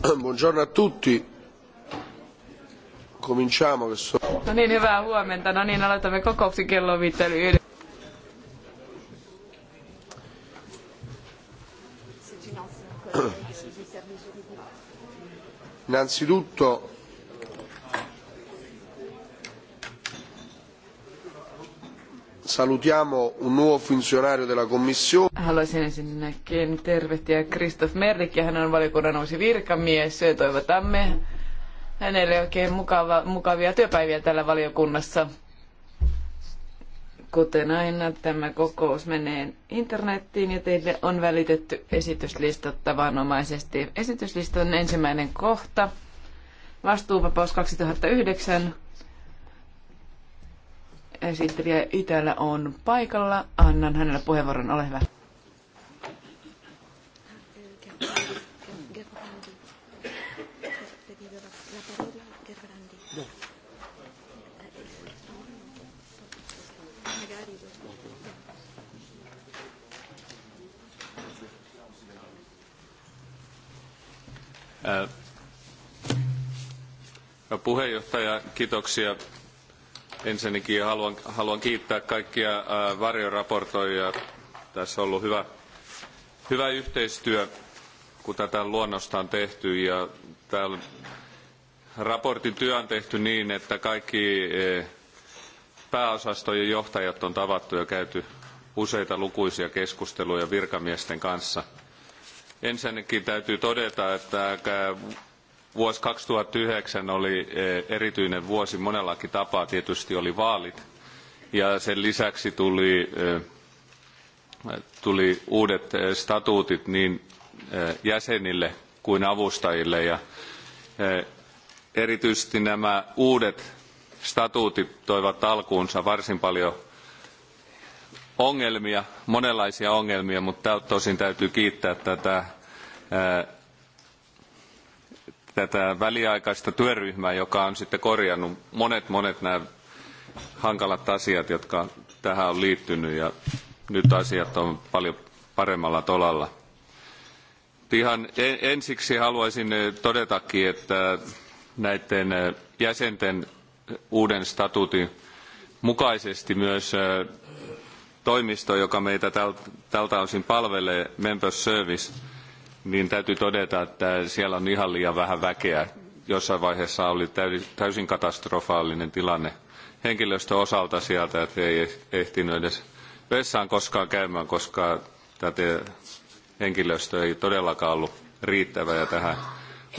Buongiorno a tutti. Cominciamo. No niin, hyvää huomenta. No niin, aloitamme kokouksen kello viittelyyn. Innanzitutto Salutiamo un nuovo funzionario della Commissione. Haluaisin ensinnäkin tervehtiä Kristof Merlik ja hän on valiokunnan uusi virkamies. Toivotamme hänelle oikein mukava, mukavia työpäiviä täällä valiokunnassa. Kuten aina, tämä kokous menee internettiin ja teille on välitetty esityslistat tavanomaisesti. Esityslistan ensimmäinen kohta, vastuuvapaus 2009, esittelijä Itälä on paikalla. Annan hänelle puheenvuoron. Ole hyvä. Äh, no, puheenjohtaja, kiitoksia Ensinnäkin haluan, haluan kiittää kaikkia varjoraportoijia. Tässä on ollut hyvä, hyvä yhteistyö, kun tätä luonnosta on tehty. Ja täällä raportin työ on tehty niin, että kaikki pääosastojen johtajat on tavattu ja käyty useita lukuisia keskusteluja virkamiesten kanssa. Ensinnäkin täytyy todeta, että Vuosi 2009 oli eh, erityinen vuosi monellakin tapaa. Tietysti oli vaalit ja sen lisäksi tuli, eh, tuli uudet eh, statuutit niin jäsenille kuin avustajille. Ja erityisesti nämä uudet statuutit toivat alkuunsa varsin paljon ongelmia, monenlaisia ongelmia, mutta tosin täytyy kiittää tätä tätä väliaikaista työryhmää, joka on sitten korjannut monet monet nämä hankalat asiat, jotka tähän on liittynyt ja nyt asiat on paljon paremmalla tolalla. Ihan e-, ensiksi haluaisin e, todetakin, että näiden e, jäsenten uuden statuutin mukaisesti myös toimisto, joka meitä tältä osin palvelee, member Service, niin täytyy todeta, että siellä on ihan liian vähän väkeä. Jossain vaiheessa oli täysin katastrofaalinen tilanne henkilöstön osalta sieltä, että ei ehtinyt edes vessaan koskaan käymään, koska tätä henkilöstö ei todellakaan ollut riittävä ja tähän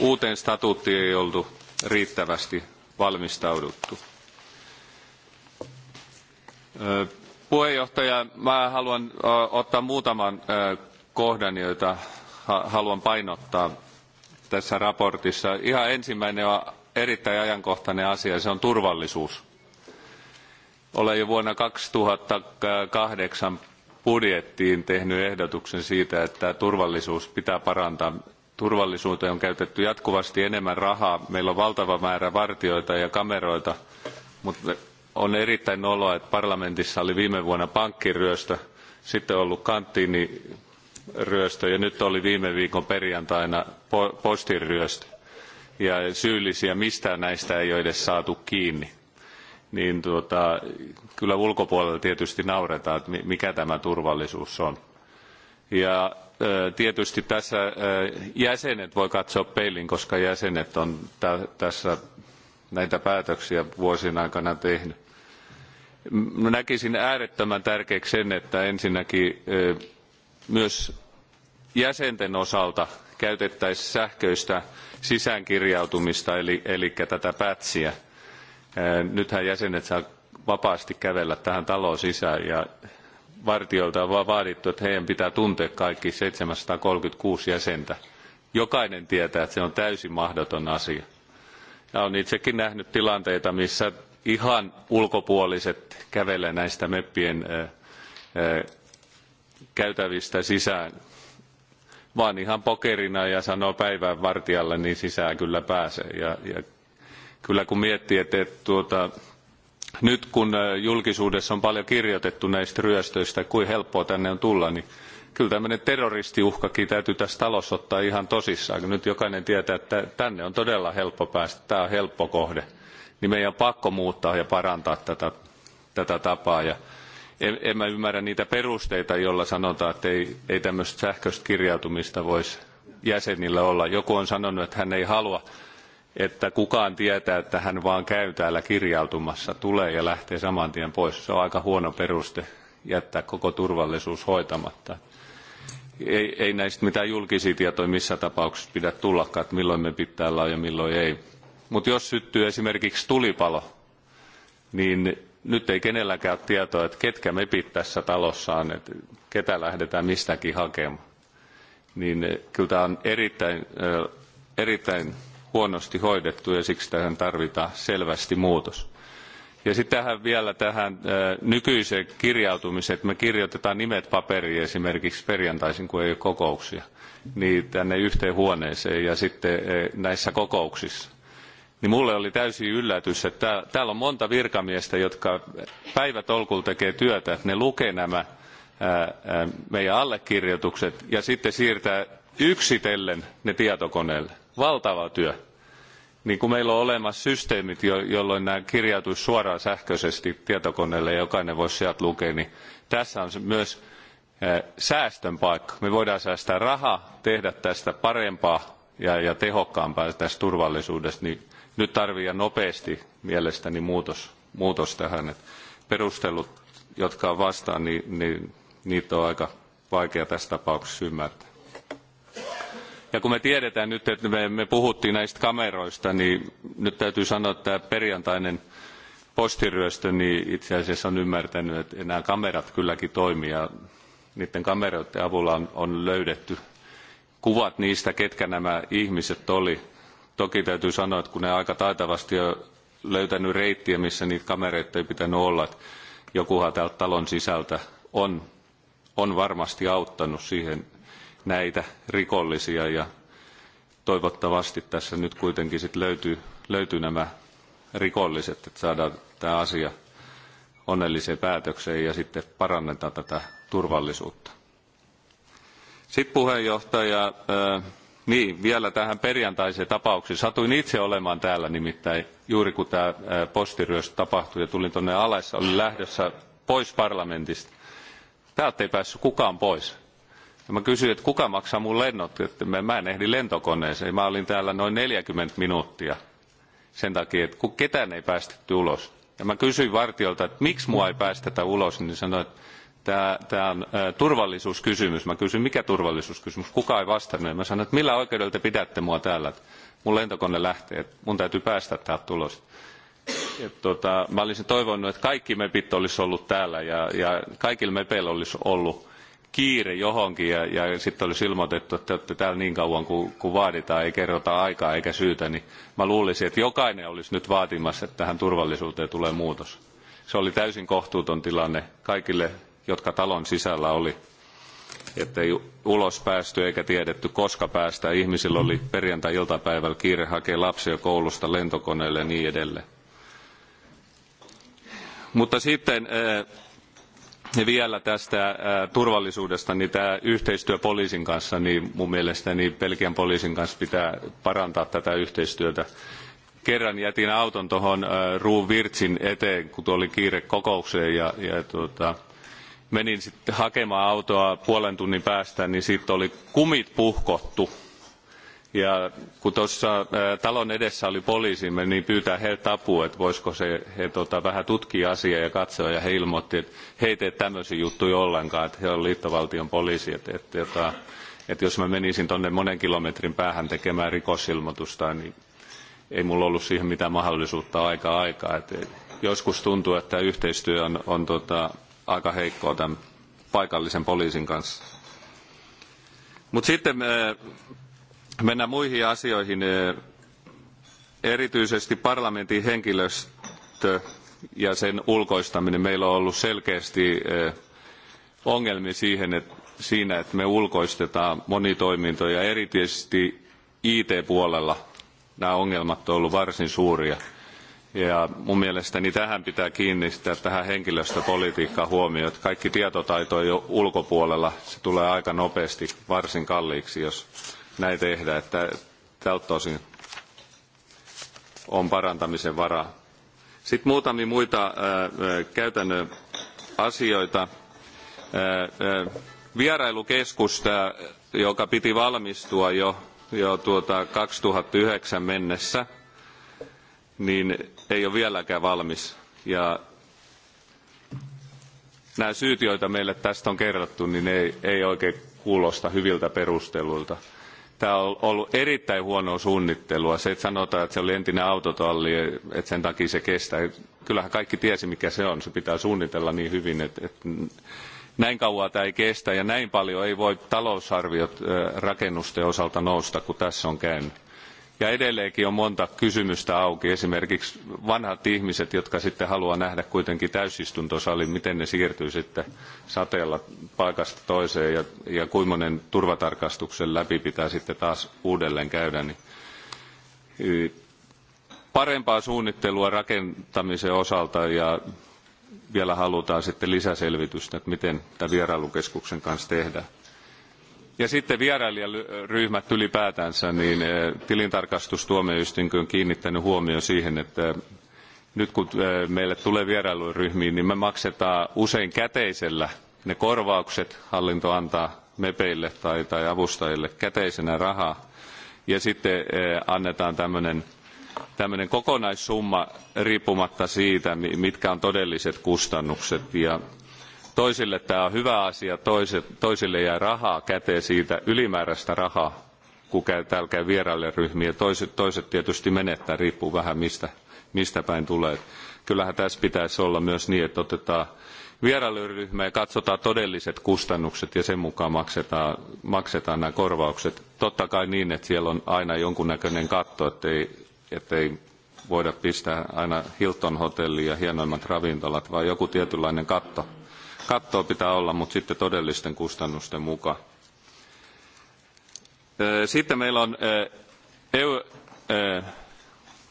uuteen statuuttiin ei oltu riittävästi valmistauduttu. Puheenjohtaja, mä haluan ottaa muutaman kohdan, joita haluan painottaa tässä raportissa. Ihan ensimmäinen on erittäin ajankohtainen asia, se on turvallisuus. Olen jo vuonna 2008 budjettiin tehnyt ehdotuksen siitä, että turvallisuus pitää parantaa. Turvallisuuteen on käytetty jatkuvasti enemmän rahaa. Meillä on valtava määrä vartioita ja kameroita, mutta on erittäin noloa, että parlamentissa oli viime vuonna pankkiryöstö, sitten on ollut kanttiini ryöstö ja nyt oli viime viikon perjantaina postiryöstö ja syyllisiä mistään näistä ei ole edes saatu kiinni. Niin tuota, kyllä ulkopuolella tietysti nauretaan, että mikä tämä turvallisuus on. Ja tietysti tässä jäsenet voi katsoa peilin, koska jäsenet on tässä näitä päätöksiä vuosien aikana tehnyt. Näkisin äärettömän tärkeäksi sen, että ensinnäkin myös jäsenten osalta käytettäisiin sähköistä sisäänkirjautumista eli, eli tätä pätsiä. Nythän jäsenet saa vapaasti kävellä tähän taloon sisään ja vartijoilta on vaan vaadittu, että heidän pitää tuntea kaikki 736 jäsentä. Jokainen tietää, että se on täysin mahdoton asia. Ja olen itsekin nähnyt tilanteita, missä ihan ulkopuoliset kävelee näistä meppien käytävistä sisään, vaan ihan pokerina ja sanoo päivän vartijalle, niin sisään kyllä pääsee. Ja, ja kyllä kun miettii, että, tuota, nyt kun julkisuudessa on paljon kirjoitettu näistä ryöstöistä, kuin helppoa tänne on tulla, niin kyllä tämmöinen terroristiuhkakin täytyy tässä talossa ottaa ihan tosissaan. Nyt jokainen tietää, että tänne on todella helppo päästä, tämä on helppo kohde. Niin meidän on pakko muuttaa ja parantaa tätä, tätä tapaa. Ja en, en mä ymmärrä niitä perusteita, joilla sanotaan, että ei, ei tämmöistä sähköistä kirjautumista voisi jäsenillä olla. Joku on sanonut, että hän ei halua, että kukaan tietää, että hän vaan käy täällä kirjautumassa, tulee ja lähtee saman tien pois. Se on aika huono peruste jättää koko turvallisuus hoitamatta. Ei, ei näistä mitään julkisia tietoja missä tapauksessa pidä tullakaan, että milloin me pitää olla ja milloin ei. Mutta jos syttyy esimerkiksi tulipalo, niin nyt ei kenelläkään ole tietoa, että ketkä mepit tässä talossa on, että ketä lähdetään mistäkin hakemaan. Niin eh, kyllä tämä on erittäin, eh, erittäin huonosti hoidettu ja siksi tähän tarvitaan selvästi muutos. Ja sitten tähän vielä tähän eh, nykyiseen kirjautumiseen, että me kirjoitetaan nimet paperiin esimerkiksi perjantaisin, kun ei ole kokouksia, niin tänne yhteen huoneeseen ja sitten näissä kokouksissa niin mulle oli täysi yllätys, että täällä on monta virkamiestä, jotka päivätolkulla tekee työtä, että ne lukee nämä meidän allekirjoitukset ja sitten siirtää yksitellen ne tietokoneelle. Valtava työ. Niin kuin meillä on olemassa systeemit, jolloin nämä kirjautuisi suoraan sähköisesti tietokoneelle ja jokainen voisi sieltä lukea, niin tässä on myös säästön paikka. Me voidaan säästää rahaa, tehdä tästä parempaa ja, ja tehokkaampaa tästä turvallisuudesta, niin nyt tarvii ja nopeasti mielestäni muutos, muutos tähän. Et perustelut, jotka on vastaan, niin, niin niitä on aika vaikea tässä tapauksessa ymmärtää. Ja kun me tiedetään nyt, että me, me puhuttiin näistä kameroista, niin nyt täytyy sanoa, että tämä perjantainen postiryöstö, niin itse asiassa on ymmärtänyt, että nämä kamerat kylläkin toimii ja niiden kameroiden avulla on, on löydetty kuvat niistä, ketkä nämä ihmiset olivat. Toki täytyy sanoa, että kun ne aika taitavasti on löytänyt reittiä, missä niitä kamereita ei pitänyt olla, että jokuhan täältä talon sisältä on, on varmasti auttanut siihen näitä rikollisia ja toivottavasti tässä nyt kuitenkin sit löytyy, löytyy nämä rikolliset, että saadaan tämä asia onnelliseen päätökseen ja sitten parannetaan tätä turvallisuutta. Sitten puheenjohtaja, niin, vielä tähän perjantaiseen tapaukseen. Satuin itse olemaan täällä nimittäin juuri kun tämä postiryöstö tapahtui ja tulin tuonne alas. Olin lähdössä pois parlamentista. Täältä ei päässyt kukaan pois. Ja mä kysyin, että kuka maksaa mun lennot, että mä en ehdi lentokoneeseen. Mä olin täällä noin 40 minuuttia sen takia, että ketään ei päästetty ulos. Ja mä kysyin vartiolta, että miksi mua ei päästetä ulos, niin sanoin, että tämä, on turvallisuuskysymys. Mä kysyin, mikä turvallisuuskysymys? Kuka ei vastannut? Mä sanoin, että millä oikeudella te pidätte mua täällä? Mun lentokone lähtee, mun täytyy päästä täältä tulos. tota, mä olisin toivonut, että kaikki mepit olisi ollut täällä ja, ja kaikilla mepeillä olisi ollut kiire johonkin ja, ja sitten olisi ilmoitettu, että te olette täällä niin kauan kuin, vaaditaan, ei kerrota aikaa eikä syytä, niin mä luulisin, että jokainen olisi nyt vaatimassa, että tähän turvallisuuteen tulee muutos. Se oli täysin kohtuuton tilanne kaikille jotka talon sisällä oli. Ettei ulos päästy eikä tiedetty, koska päästään. Ihmisillä oli perjantai-iltapäivällä kiire hakea lapsia koulusta lentokoneelle ja niin edelleen. Mutta sitten ja eh, vielä tästä eh, turvallisuudesta, niin tämä yhteistyö poliisin kanssa, niin mun mielestä niin Belgian poliisin kanssa pitää parantaa tätä yhteistyötä. Kerran jätin auton tuohon eh, Ruu Virtsin eteen, kun oli kiire kokoukseen ja, ja tuota, menin sitten hakemaan autoa puolen tunnin päästä, niin siitä oli kumit puhkottu. Ja kun tuossa talon edessä oli poliisi, niin pyytää heiltä apua, että voisiko se, he tota, vähän tutkia asiaa ja katsoa. Ja he ilmoitti, että he ei tee tämmöisiä juttuja ollenkaan, että he on liittovaltion poliisi. Että, että, että, että jos mä menisin tuonne monen kilometrin päähän tekemään rikosilmoitusta, niin ei mulla ollut siihen mitään mahdollisuutta aika aikaa. Että joskus tuntuu, että yhteistyö on, on tota, aika heikkoa tämän paikallisen poliisin kanssa. Mutta sitten äh, mennään muihin asioihin. Äh, erityisesti parlamentin henkilöstö ja sen ulkoistaminen. Meillä on ollut selkeästi äh, ongelmia siihen, että siinä, että me ulkoistetaan monitoimintoja, erityisesti IT-puolella nämä ongelmat ovat olleet varsin suuria. Ja mun mielestäni tähän pitää kiinnittää tähän henkilöstöpolitiikkaan huomioon, että kaikki tietotaito ei ole ulkopuolella. Se tulee aika nopeasti varsin kalliiksi, jos näin tehdään. Että tältä osin on parantamisen varaa. Sitten muutamia muita ää, käytännön asioita. Ää, ää, vierailukeskus, tää, joka piti valmistua jo, jo tuota 2009 mennessä – niin ei ole vieläkään valmis. Ja nämä syyt, joita meille tästä on kerrottu, niin ei, ei oikein kuulosta hyviltä perusteluilta. Tämä on ollut erittäin huonoa suunnittelua. Se, että sanotaan, että se oli entinen autotalli, että sen takia se kestää. Kyllähän kaikki tiesi, mikä se on. Se pitää suunnitella niin hyvin, että, että näin kauan tämä ei kestä ja näin paljon ei voi talousarviot rakennusten osalta nousta, kuin tässä on käynyt ja edelleenkin on monta kysymystä auki. Esimerkiksi vanhat ihmiset, jotka sitten haluaa nähdä kuitenkin täysistuntosalin, miten ne siirtyy sitten sateella paikasta toiseen ja, ja kuimonen turvatarkastuksen läpi pitää sitten taas uudelleen käydä. Niin parempaa suunnittelua rakentamisen osalta ja vielä halutaan sitten lisäselvitystä, että miten tämän vierailukeskuksen kanssa tehdään. Ja sitten vierailijaryhmät ylipäätänsä, niin eh, tilintarkastustuomioistuin on kiinnittänyt huomioon siihen, että nyt kun eh, meille tulee vierailuryhmiin, niin me maksetaan usein käteisellä ne korvaukset hallinto antaa mepeille tai, tai avustajille käteisenä rahaa. Ja sitten eh, annetaan tämmöinen tämmöinen kokonaissumma riippumatta siitä, mitkä on todelliset kustannukset. Ja toisille tämä on hyvä asia, toisille jää rahaa käteen siitä ylimääräistä rahaa, kun käy, täällä käy ryhmiä. Toiset, toiset tietysti menettää, riippuu vähän mistä, mistä päin tulee. Kyllähän tässä pitäisi olla myös niin, että otetaan vierailuryhmä ja katsotaan todelliset kustannukset ja sen mukaan maksetaan, maksetaan nämä korvaukset. Totta kai niin, että siellä on aina jonkunnäköinen katto, ettei, voida pistää aina Hilton hotelliin ja hienoimmat ravintolat, vaan joku tietynlainen katto kattoa pitää olla, mutta sitten todellisten kustannusten mukaan. Sitten meillä on EU,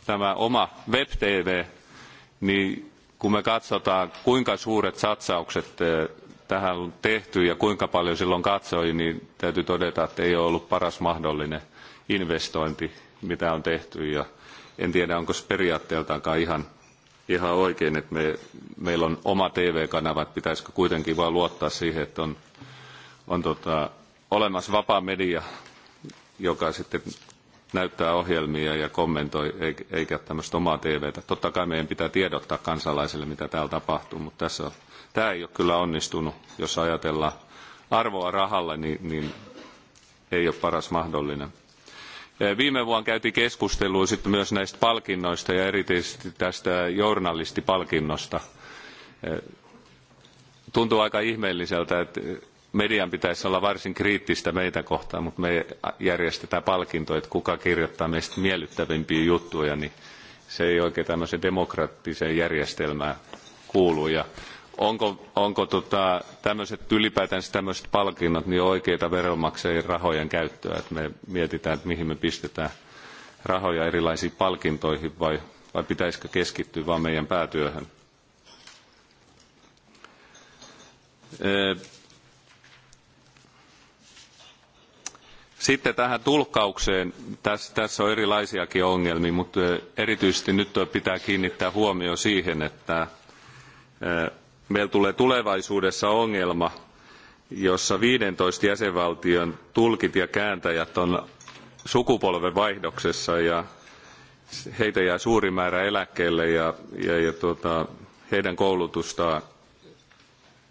tämä oma web-tv, niin kun me katsotaan kuinka suuret satsaukset tähän on tehty ja kuinka paljon silloin katsoi, niin täytyy todeta, että ei ole ollut paras mahdollinen investointi, mitä on tehty. Ja en tiedä, onko se periaatteeltaankaan ihan ihan oikein, että me, meillä on oma tv kanava että Pitäisikö kuitenkin vaan luottaa siihen, että on, on tota, olemassa vapaa media, joka sitten näyttää ohjelmia ja kommentoi, eikä tämmöistä omaa TVtä. Totta kai meidän pitää tiedottaa kansalaisille, mitä täällä tapahtuu, mutta tässä tämä ei ole kyllä onnistunut. Jos ajatellaan arvoa rahalle, niin, niin ei ole paras mahdollinen. Viime vuonna käytiin keskustelua sitten myös näistä palkinnoista ja erityisesti tästä journalistipalkinnosta. Tuntuu aika ihmeelliseltä, että median pitäisi olla varsin kriittistä meitä kohtaan, mutta me järjestetään palkintoja, että kuka kirjoittaa meistä miellyttävimpiä juttuja, niin se ei oikein tämmöiseen demokraattiseen järjestelmään kuulu. Ja onko, onko tota, tämmöiset ylipäätänsä tämmöiset palkinnot niin oikeita veronmaksajien rahojen käyttöä, että me mietitään, mihin me pistetään rahoja erilaisiin palkintoihin vai, vai pitäisikö keskittyä vain meidän päätyöhön. Sitten tähän tulkkaukseen. Tässä, tässä on erilaisiakin ongelmia, mutta erityisesti nyt pitää kiinnittää huomio siihen, että meillä tulee tulevaisuudessa ongelma, jossa 15 jäsenvaltion tulkit ja kääntäjät on sukupolven vaihdoksessa ja heitä jää suuri määrä eläkkeelle ja, ja, ja tuota, heidän koulutustaan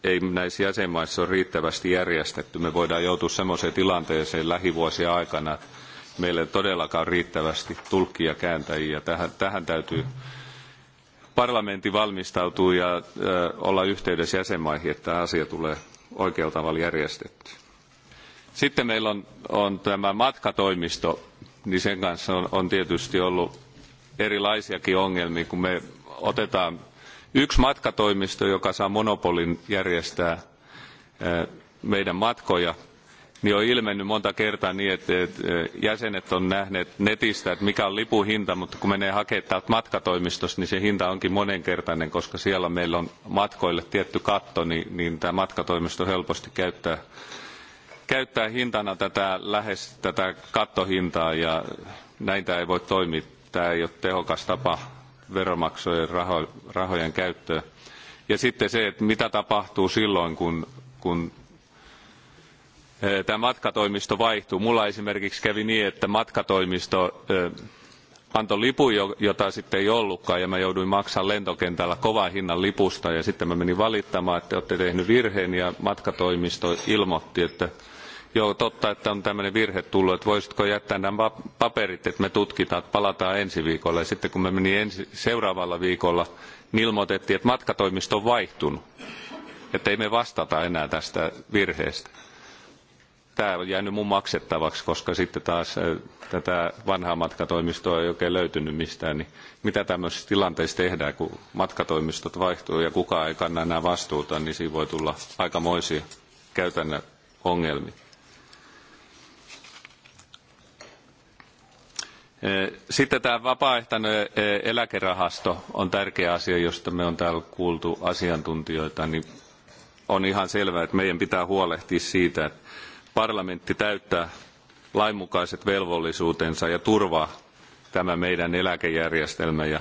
ei näissä jäsenmaissa ole riittävästi järjestetty. Me voidaan joutua sellaiseen tilanteeseen lähivuosien aikana, että meillä ei todellakaan riittävästi tulkkia kääntäjiä. Tähän, tähän täytyy parlamentti valmistautuu ja olla yhteydessä jäsenmaihin, että asia tulee oikealla tavalla järjestetty. Sitten meillä on, on tämä matkatoimisto, niin sen kanssa on, on tietysti ollut erilaisiakin ongelmia, kun me otetaan yksi matkatoimisto, joka saa monopolin järjestää meidän matkoja niin on ilmennyt monta kertaa niin, että, että jäsenet on nähneet netistä, että mikä on lipun hinta, mutta kun menee hakemaan täältä matkatoimistosta, niin se hinta onkin monenkertainen, koska siellä meillä on matkoille tietty katto, niin, niin tämä matkatoimisto helposti käyttää, käyttää hintana tätä lähes tätä kattohintaa ja näin tämä ei voi toimia. Tämä ei ole tehokas tapa veromaksojen raho, rahojen käyttöön. Ja sitten se, että mitä tapahtuu silloin, kun, kun tämä matkatoimisto vaihtuu. Mulla esimerkiksi kävi niin, että matkatoimisto antoi lipun, jota sitten ei ollutkaan, ja mä jouduin maksamaan lentokentällä kovan hinnan lipusta, ja sitten mä menin valittamaan, että olette tehnyt virheen, ja matkatoimisto ilmoitti, että joo, totta, että on tämmöinen virhe tullut, että voisitko jättää nämä paperit, että me tutkitaan, että palataan ensi viikolla. Ja sitten kun me menin ensi, seuraavalla viikolla, niin ilmoitettiin, että matkatoimisto on vaihtunut, että ei me vastata enää tästä virheestä tämä on jäänyt mun maksettavaksi, koska sitten taas tätä vanhaa matkatoimistoa ei oikein löytynyt mistään, niin mitä tämmöisissä tilanteissa tehdään, kun matkatoimistot vaihtuu ja kukaan ei kanna enää vastuuta, niin siinä voi tulla aikamoisia käytännön ongelmia. Sitten tämä vapaaehtoinen eläkerahasto on tärkeä asia, josta me on täällä kuultu asiantuntijoita, niin on ihan selvää, että meidän pitää huolehtia siitä, että parlamentti täyttää lainmukaiset velvollisuutensa ja turvaa tämä meidän eläkejärjestelmä. Ja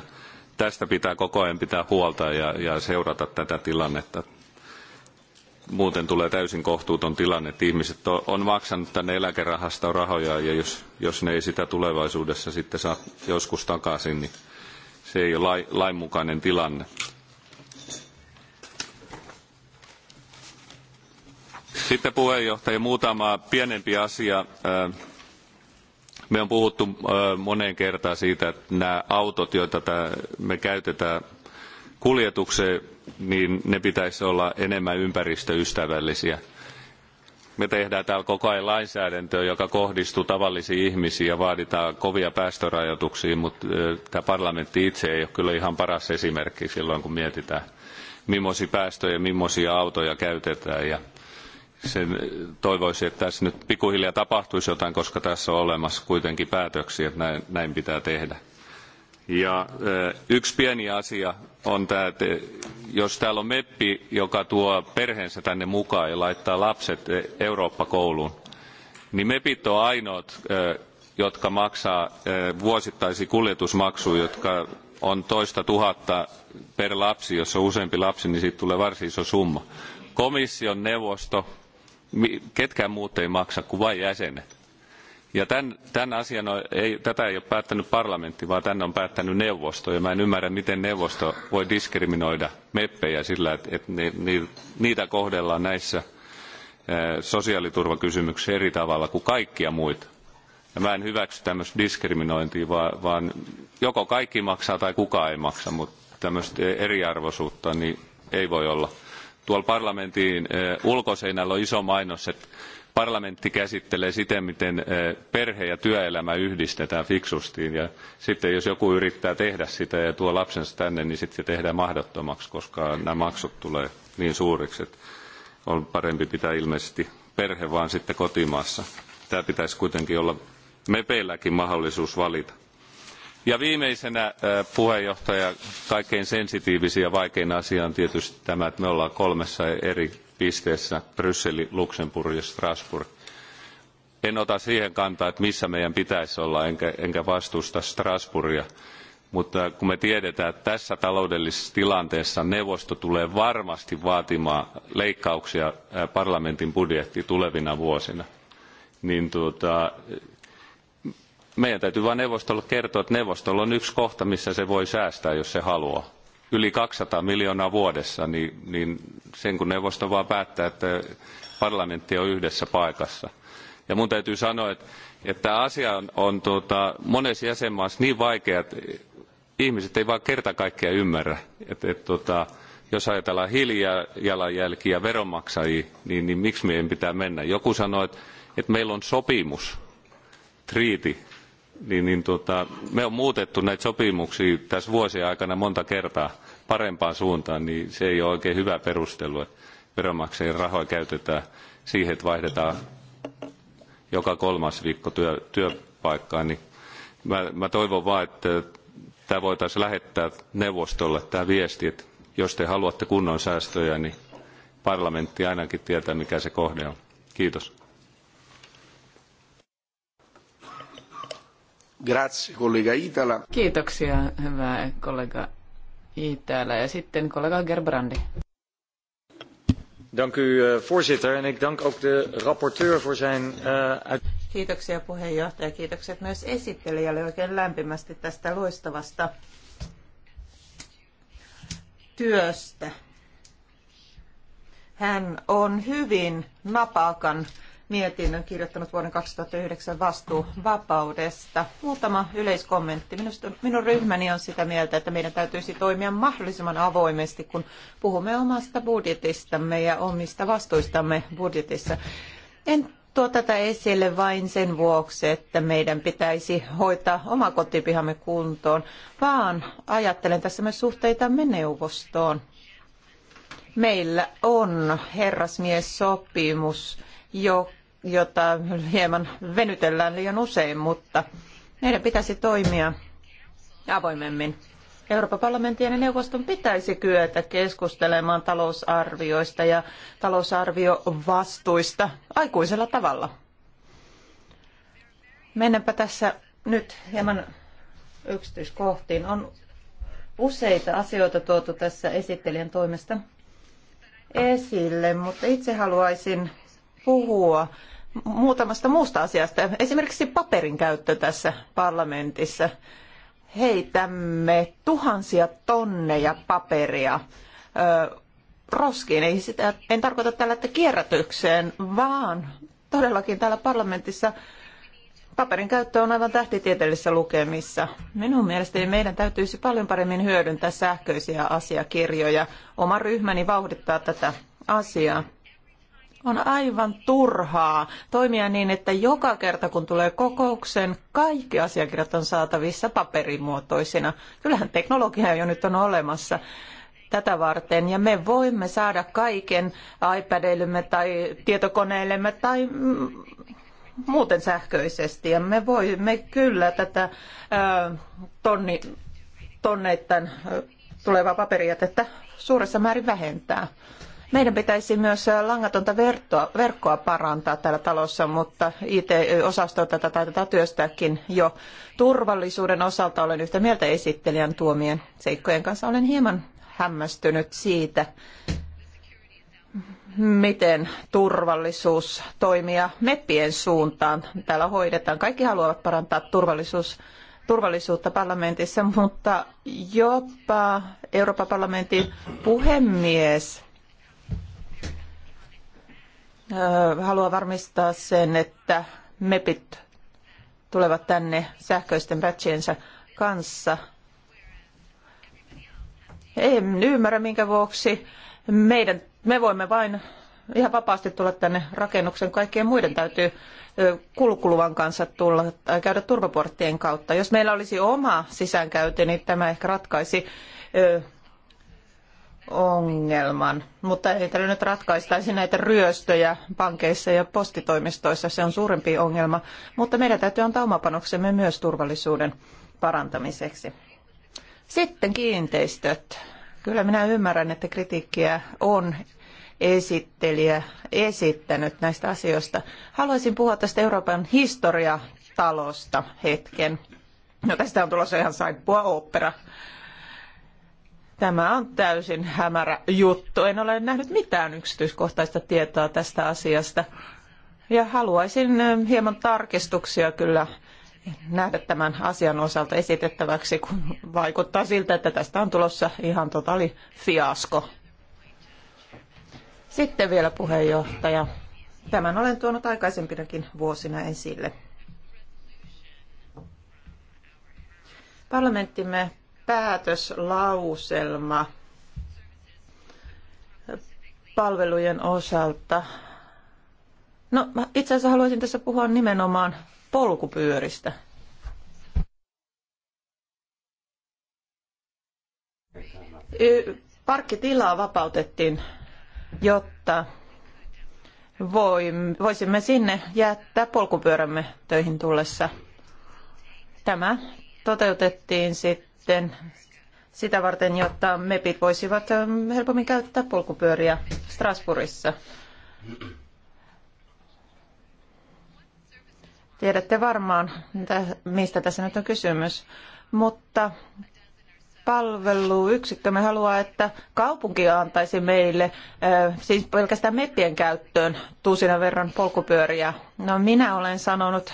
tästä pitää koko ajan pitää huolta ja, ja seurata tätä tilannetta. Muuten tulee täysin kohtuuton tilanne, että ihmiset on maksanut tänne eläkerahasta rahoja ja jos, jos ne ei sitä tulevaisuudessa sitten saa joskus takaisin, niin se ei ole lainmukainen tilanne. Sitten puheenjohtaja, muutama pienempi asia. Me on puhuttu moneen kertaan siitä, että nämä autot, joita me käytetään kuljetukseen, niin ne pitäisi olla enemmän ympäristöystävällisiä. Me tehdään täällä koko ajan lainsäädäntöä, joka kohdistuu tavallisiin ihmisiin ja vaaditaan kovia päästörajoituksia, mutta tämä parlamentti itse ei ole kyllä ihan paras esimerkki silloin, kun mietitään, millaisia päästöjä millaisia autoja käytetään. Ja sen eh, toivoisi, että tässä nyt pikkuhiljaa tapahtuisi jotain, koska tässä on olemassa kuitenkin päätöksiä, että näin, näin pitää tehdä. Ja eh, yksi pieni asia on tämä, että jos täällä on meppi, joka tuo perheensä tänne mukaan ja laittaa lapset eh, Eurooppa-kouluun, niin mepit on ainoat, jotka maksaa vuosittaisia kuljetusmaksuja, jotka on toista tuhatta per lapsi, jos on useampi lapsi, niin siitä tulee varsin iso summa. Komission neuvosto ketkään muut ei maksa kuin vain jäsenet. Ja tämän, tämän asian on, ei, tätä ei ole päättänyt parlamentti, vaan tämän on päättänyt neuvosto. Ja mä en ymmärrä, miten neuvosto voi diskriminoida meppejä sillä, että, että ni, ni, niitä kohdellaan näissä sosiaaliturvakysymyksissä eri tavalla kuin kaikkia muita. Ja mä en hyväksy tämmöistä diskriminointia, vaan, vaan joko kaikki maksaa tai kukaan ei maksa, mutta tämmöistä e- eriarvoisuutta niin ei voi olla tuolla parlamentin eh, ulkoseinällä on iso mainos, että parlamentti käsittelee siten, miten eh, perhe ja työelämä yhdistetään fiksusti. Ja sitten jos joku yrittää tehdä sitä ja tuo lapsensa tänne, niin sitten se tehdään mahdottomaksi, koska nämä maksut tulee niin suuriksi, että on parempi pitää ilmeisesti perhe vaan sitten kotimaassa. Tämä pitäisi kuitenkin olla mepeilläkin mahdollisuus valita. Ja viimeisenä äh, puheenjohtaja, kaikkein sensitiivisin ja vaikein asia on tietysti tämä, että me ollaan kolmessa eri pisteessä, Brysseli, Luxemburg ja Strasbourg. En ota siihen kantaa, että missä meidän pitäisi olla, enkä, enkä vastusta Strasbourgia. Mutta kun me tiedetään, että tässä taloudellisessa tilanteessa neuvosto tulee varmasti vaatimaan leikkauksia äh, parlamentin budjetti tulevina vuosina, niin tuota, meidän täytyy vain neuvostolle kertoa, että neuvostolla on yksi kohta, missä se voi säästää, jos se haluaa. Yli 200 miljoonaa vuodessa, niin, niin sen kun neuvosto vaan päättää, että parlamentti on yhdessä paikassa. Ja mun täytyy sanoa, että, että tämä asia on, on tuota, monessa jäsenmaassa niin vaikea, että ihmiset ei vaan kerta kaikkiaan ymmärrä. että tuota, jos ajatellaan hiilijalanjälkiä veronmaksajia, niin, niin miksi meidän pitää mennä? Joku sanoi, että, että meillä on sopimus, triiti, niin, niin tuota, me on muutettu näitä sopimuksia tässä vuosien aikana monta kertaa parempaan suuntaan, niin se ei ole oikein hyvä perustelu, että veronmaksajien rahoja käytetään siihen, että vaihdetaan joka kolmas viikko työ, työpaikkaa, niin mä, mä toivon vain, että tämä voitaisiin lähettää neuvostolle tämä viesti, että jos te haluatte kunnon säästöjä, niin parlamentti ainakin tietää, mikä se kohde on. Kiitos. Grazie, kollega Itala. Kiitoksia, hyvä kollega Itala. Ja sitten kollega Gerbrandi. Dank u, eh, voorzitter. En ik dank ook de rapporteur voor zijn... Uh, Kiitoksia puheenjohtaja. Kiitokset myös esittelijälle oikein lämpimästi tästä loistavasta työstä. Hän on hyvin napakan mietinnön kirjoittanut vuoden 2009 vastuuvapaudesta. Muutama yleiskommentti. Minusta, minun ryhmäni on sitä mieltä, että meidän täytyisi toimia mahdollisimman avoimesti, kun puhumme omasta budjetistamme ja omista vastuistamme budjetissa. En tuo tätä esille vain sen vuoksi, että meidän pitäisi hoitaa oma kotipihamme kuntoon, vaan ajattelen tässä myös suhteitamme neuvostoon. Meillä on herrasmies sopimus, joka jota hieman venytellään liian usein, mutta meidän pitäisi toimia avoimemmin. Euroopan parlamentin ja neuvoston pitäisi kyetä keskustelemaan talousarvioista ja talousarviovastuista aikuisella tavalla. Mennäänpä tässä nyt hieman yksityiskohtiin. On useita asioita tuotu tässä esittelijän toimesta esille, mutta itse haluaisin puhua muutamasta muusta asiasta. Esimerkiksi paperin käyttö tässä parlamentissa. Heitämme tuhansia tonneja paperia ö, roskiin. Ei sitä, en tarkoita tällä, että kierrätykseen, vaan todellakin täällä parlamentissa paperin käyttö on aivan tähtitieteellisissä lukemissa. Minun mielestäni meidän täytyisi paljon paremmin hyödyntää sähköisiä asiakirjoja. Oma ryhmäni vauhdittaa tätä asiaa on aivan turhaa toimia niin, että joka kerta kun tulee kokoukseen, kaikki asiakirjat on saatavissa paperimuotoisina. Kyllähän teknologia jo nyt on olemassa tätä varten ja me voimme saada kaiken iPadillemme tai tietokoneillemme tai mm, muuten sähköisesti ja me voimme kyllä tätä tonni, tonneittain tulevaa paperijätettä suuressa määrin vähentää. Meidän pitäisi myös langatonta verkkoa, verkkoa parantaa täällä talossa, mutta IT-osasto tätä taitaa työstääkin jo. Turvallisuuden osalta olen yhtä mieltä esittelijän tuomien seikkojen kanssa. Olen hieman hämmästynyt siitä, miten turvallisuus toimia meppien suuntaan täällä hoidetaan. Kaikki haluavat parantaa turvallisuus, turvallisuutta parlamentissa, mutta jopa Euroopan parlamentin puhemies haluaa varmistaa sen, että MEPit tulevat tänne sähköisten batchiensa kanssa. En ymmärrä, minkä vuoksi meidän, me voimme vain ihan vapaasti tulla tänne rakennuksen. Kaikkien muiden täytyy kulkuluvan kanssa tulla tai käydä turvaporttien kautta. Jos meillä olisi oma sisäänkäynti, niin tämä ehkä ratkaisi ongelman, mutta ei tällä nyt ratkaistaisi näitä ryöstöjä pankeissa ja postitoimistoissa, se on suurempi ongelma, mutta meidän täytyy antaa oma panoksemme myös turvallisuuden parantamiseksi. Sitten kiinteistöt. Kyllä minä ymmärrän, että kritiikkiä on esittelijä esittänyt näistä asioista. Haluaisin puhua tästä Euroopan historiatalosta hetken. No tästä on tulossa ihan saippua opera. Tämä on täysin hämärä juttu. En ole nähnyt mitään yksityiskohtaista tietoa tästä asiasta. Ja haluaisin hieman tarkistuksia kyllä nähdä tämän asian osalta esitettäväksi, kun vaikuttaa siltä, että tästä on tulossa ihan totaali fiasko. Sitten vielä puheenjohtaja. Tämän olen tuonut aikaisempinakin vuosina esille. Parlamenttimme päätöslauselma palvelujen osalta. No, itse asiassa haluaisin tässä puhua nimenomaan polkupyöristä. Parkkitilaa vapautettiin, jotta voisimme sinne jättää polkupyörämme töihin tullessa. Tämä toteutettiin sitten sitten sitä varten, jotta MEPit voisivat ähm, helpommin käyttää polkupyöriä Strasbourgissa. Tiedätte varmaan, mistä tässä nyt on kysymys, mutta palveluyksikkö me haluaa, että kaupunki antaisi meille, äh, siis pelkästään meppien käyttöön, tuusina verran polkupyöriä. No minä olen sanonut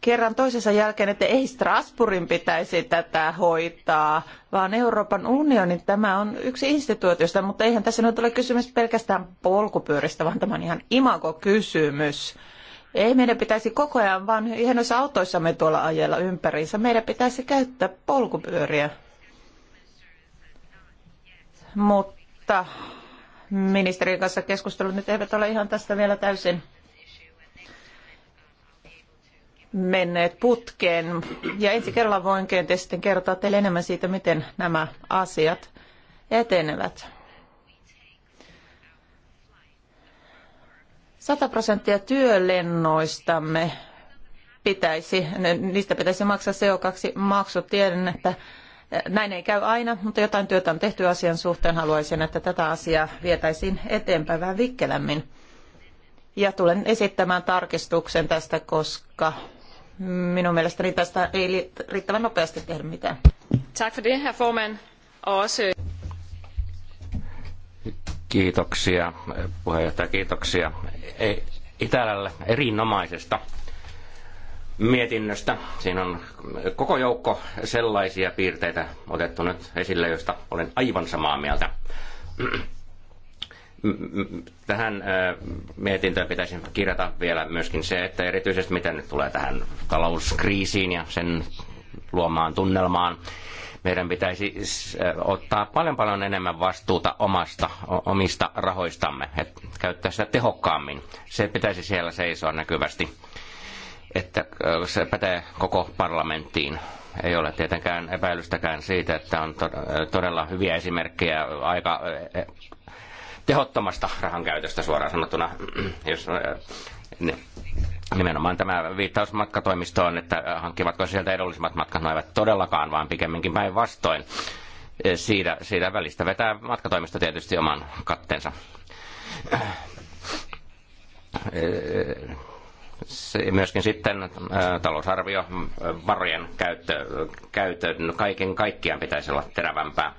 kerran toisensa jälkeen, että ei Strasbourgin pitäisi tätä hoitaa, vaan Euroopan unionin. Tämä on yksi instituutiosta, mutta eihän tässä nyt ole kysymys pelkästään polkupyöristä, vaan tämä on ihan imagokysymys. Ei meidän pitäisi koko ajan vaan hienoissa autoissamme tuolla ajella ympäriinsä. Meidän pitäisi käyttää polkupyöriä. Mutta ministerin kanssa keskustelut nyt eivät ole ihan tästä vielä täysin menneet putkeen. Ja ensi kerralla voin kenties sitten kertoa teille enemmän siitä, miten nämä asiat etenevät. 100 prosenttia työlennoistamme pitäisi, niistä pitäisi maksaa CO2-maksu. Tiedän, että eh, näin ei käy aina, mutta jotain työtä on tehty asian suhteen. Haluaisin, että tätä asiaa vietäisiin eteenpäin vähän vikkelämmin. Ja tulen esittämään tarkistuksen tästä, koska minun mielestäni tästä ei riittävän nopeasti tehdä mitään. Tack för det, herr forman. Kiitoksia, puheenjohtaja, kiitoksia e- Itälälle erinomaisesta mietinnöstä. Siinä on koko joukko sellaisia piirteitä otettu nyt esille, joista olen aivan samaa mieltä tähän mietintöön pitäisi kirjata vielä myöskin se, että erityisesti mitä nyt tulee tähän talouskriisiin ja sen luomaan tunnelmaan, meidän pitäisi ottaa paljon paljon enemmän vastuuta omasta, omista rahoistamme, että käyttää sitä tehokkaammin. Se pitäisi siellä seisoa näkyvästi, että se pätee koko parlamenttiin. Ei ole tietenkään epäilystäkään siitä, että on todella hyviä esimerkkejä aika tehottomasta rahankäytöstä suoraan sanottuna, jos äh, ne, nimenomaan tämä viittaus matkatoimistoon, että äh, hankkivatko sieltä edullisimmat matkat, no eivät todellakaan, vaan pikemminkin päinvastoin. Äh, siitä, siitä välistä vetää matkatoimisto tietysti oman kattensa. Myöskin sitten talousarvio, varojen käyttö, käyttö kaiken kaikkiaan pitäisi olla terävämpää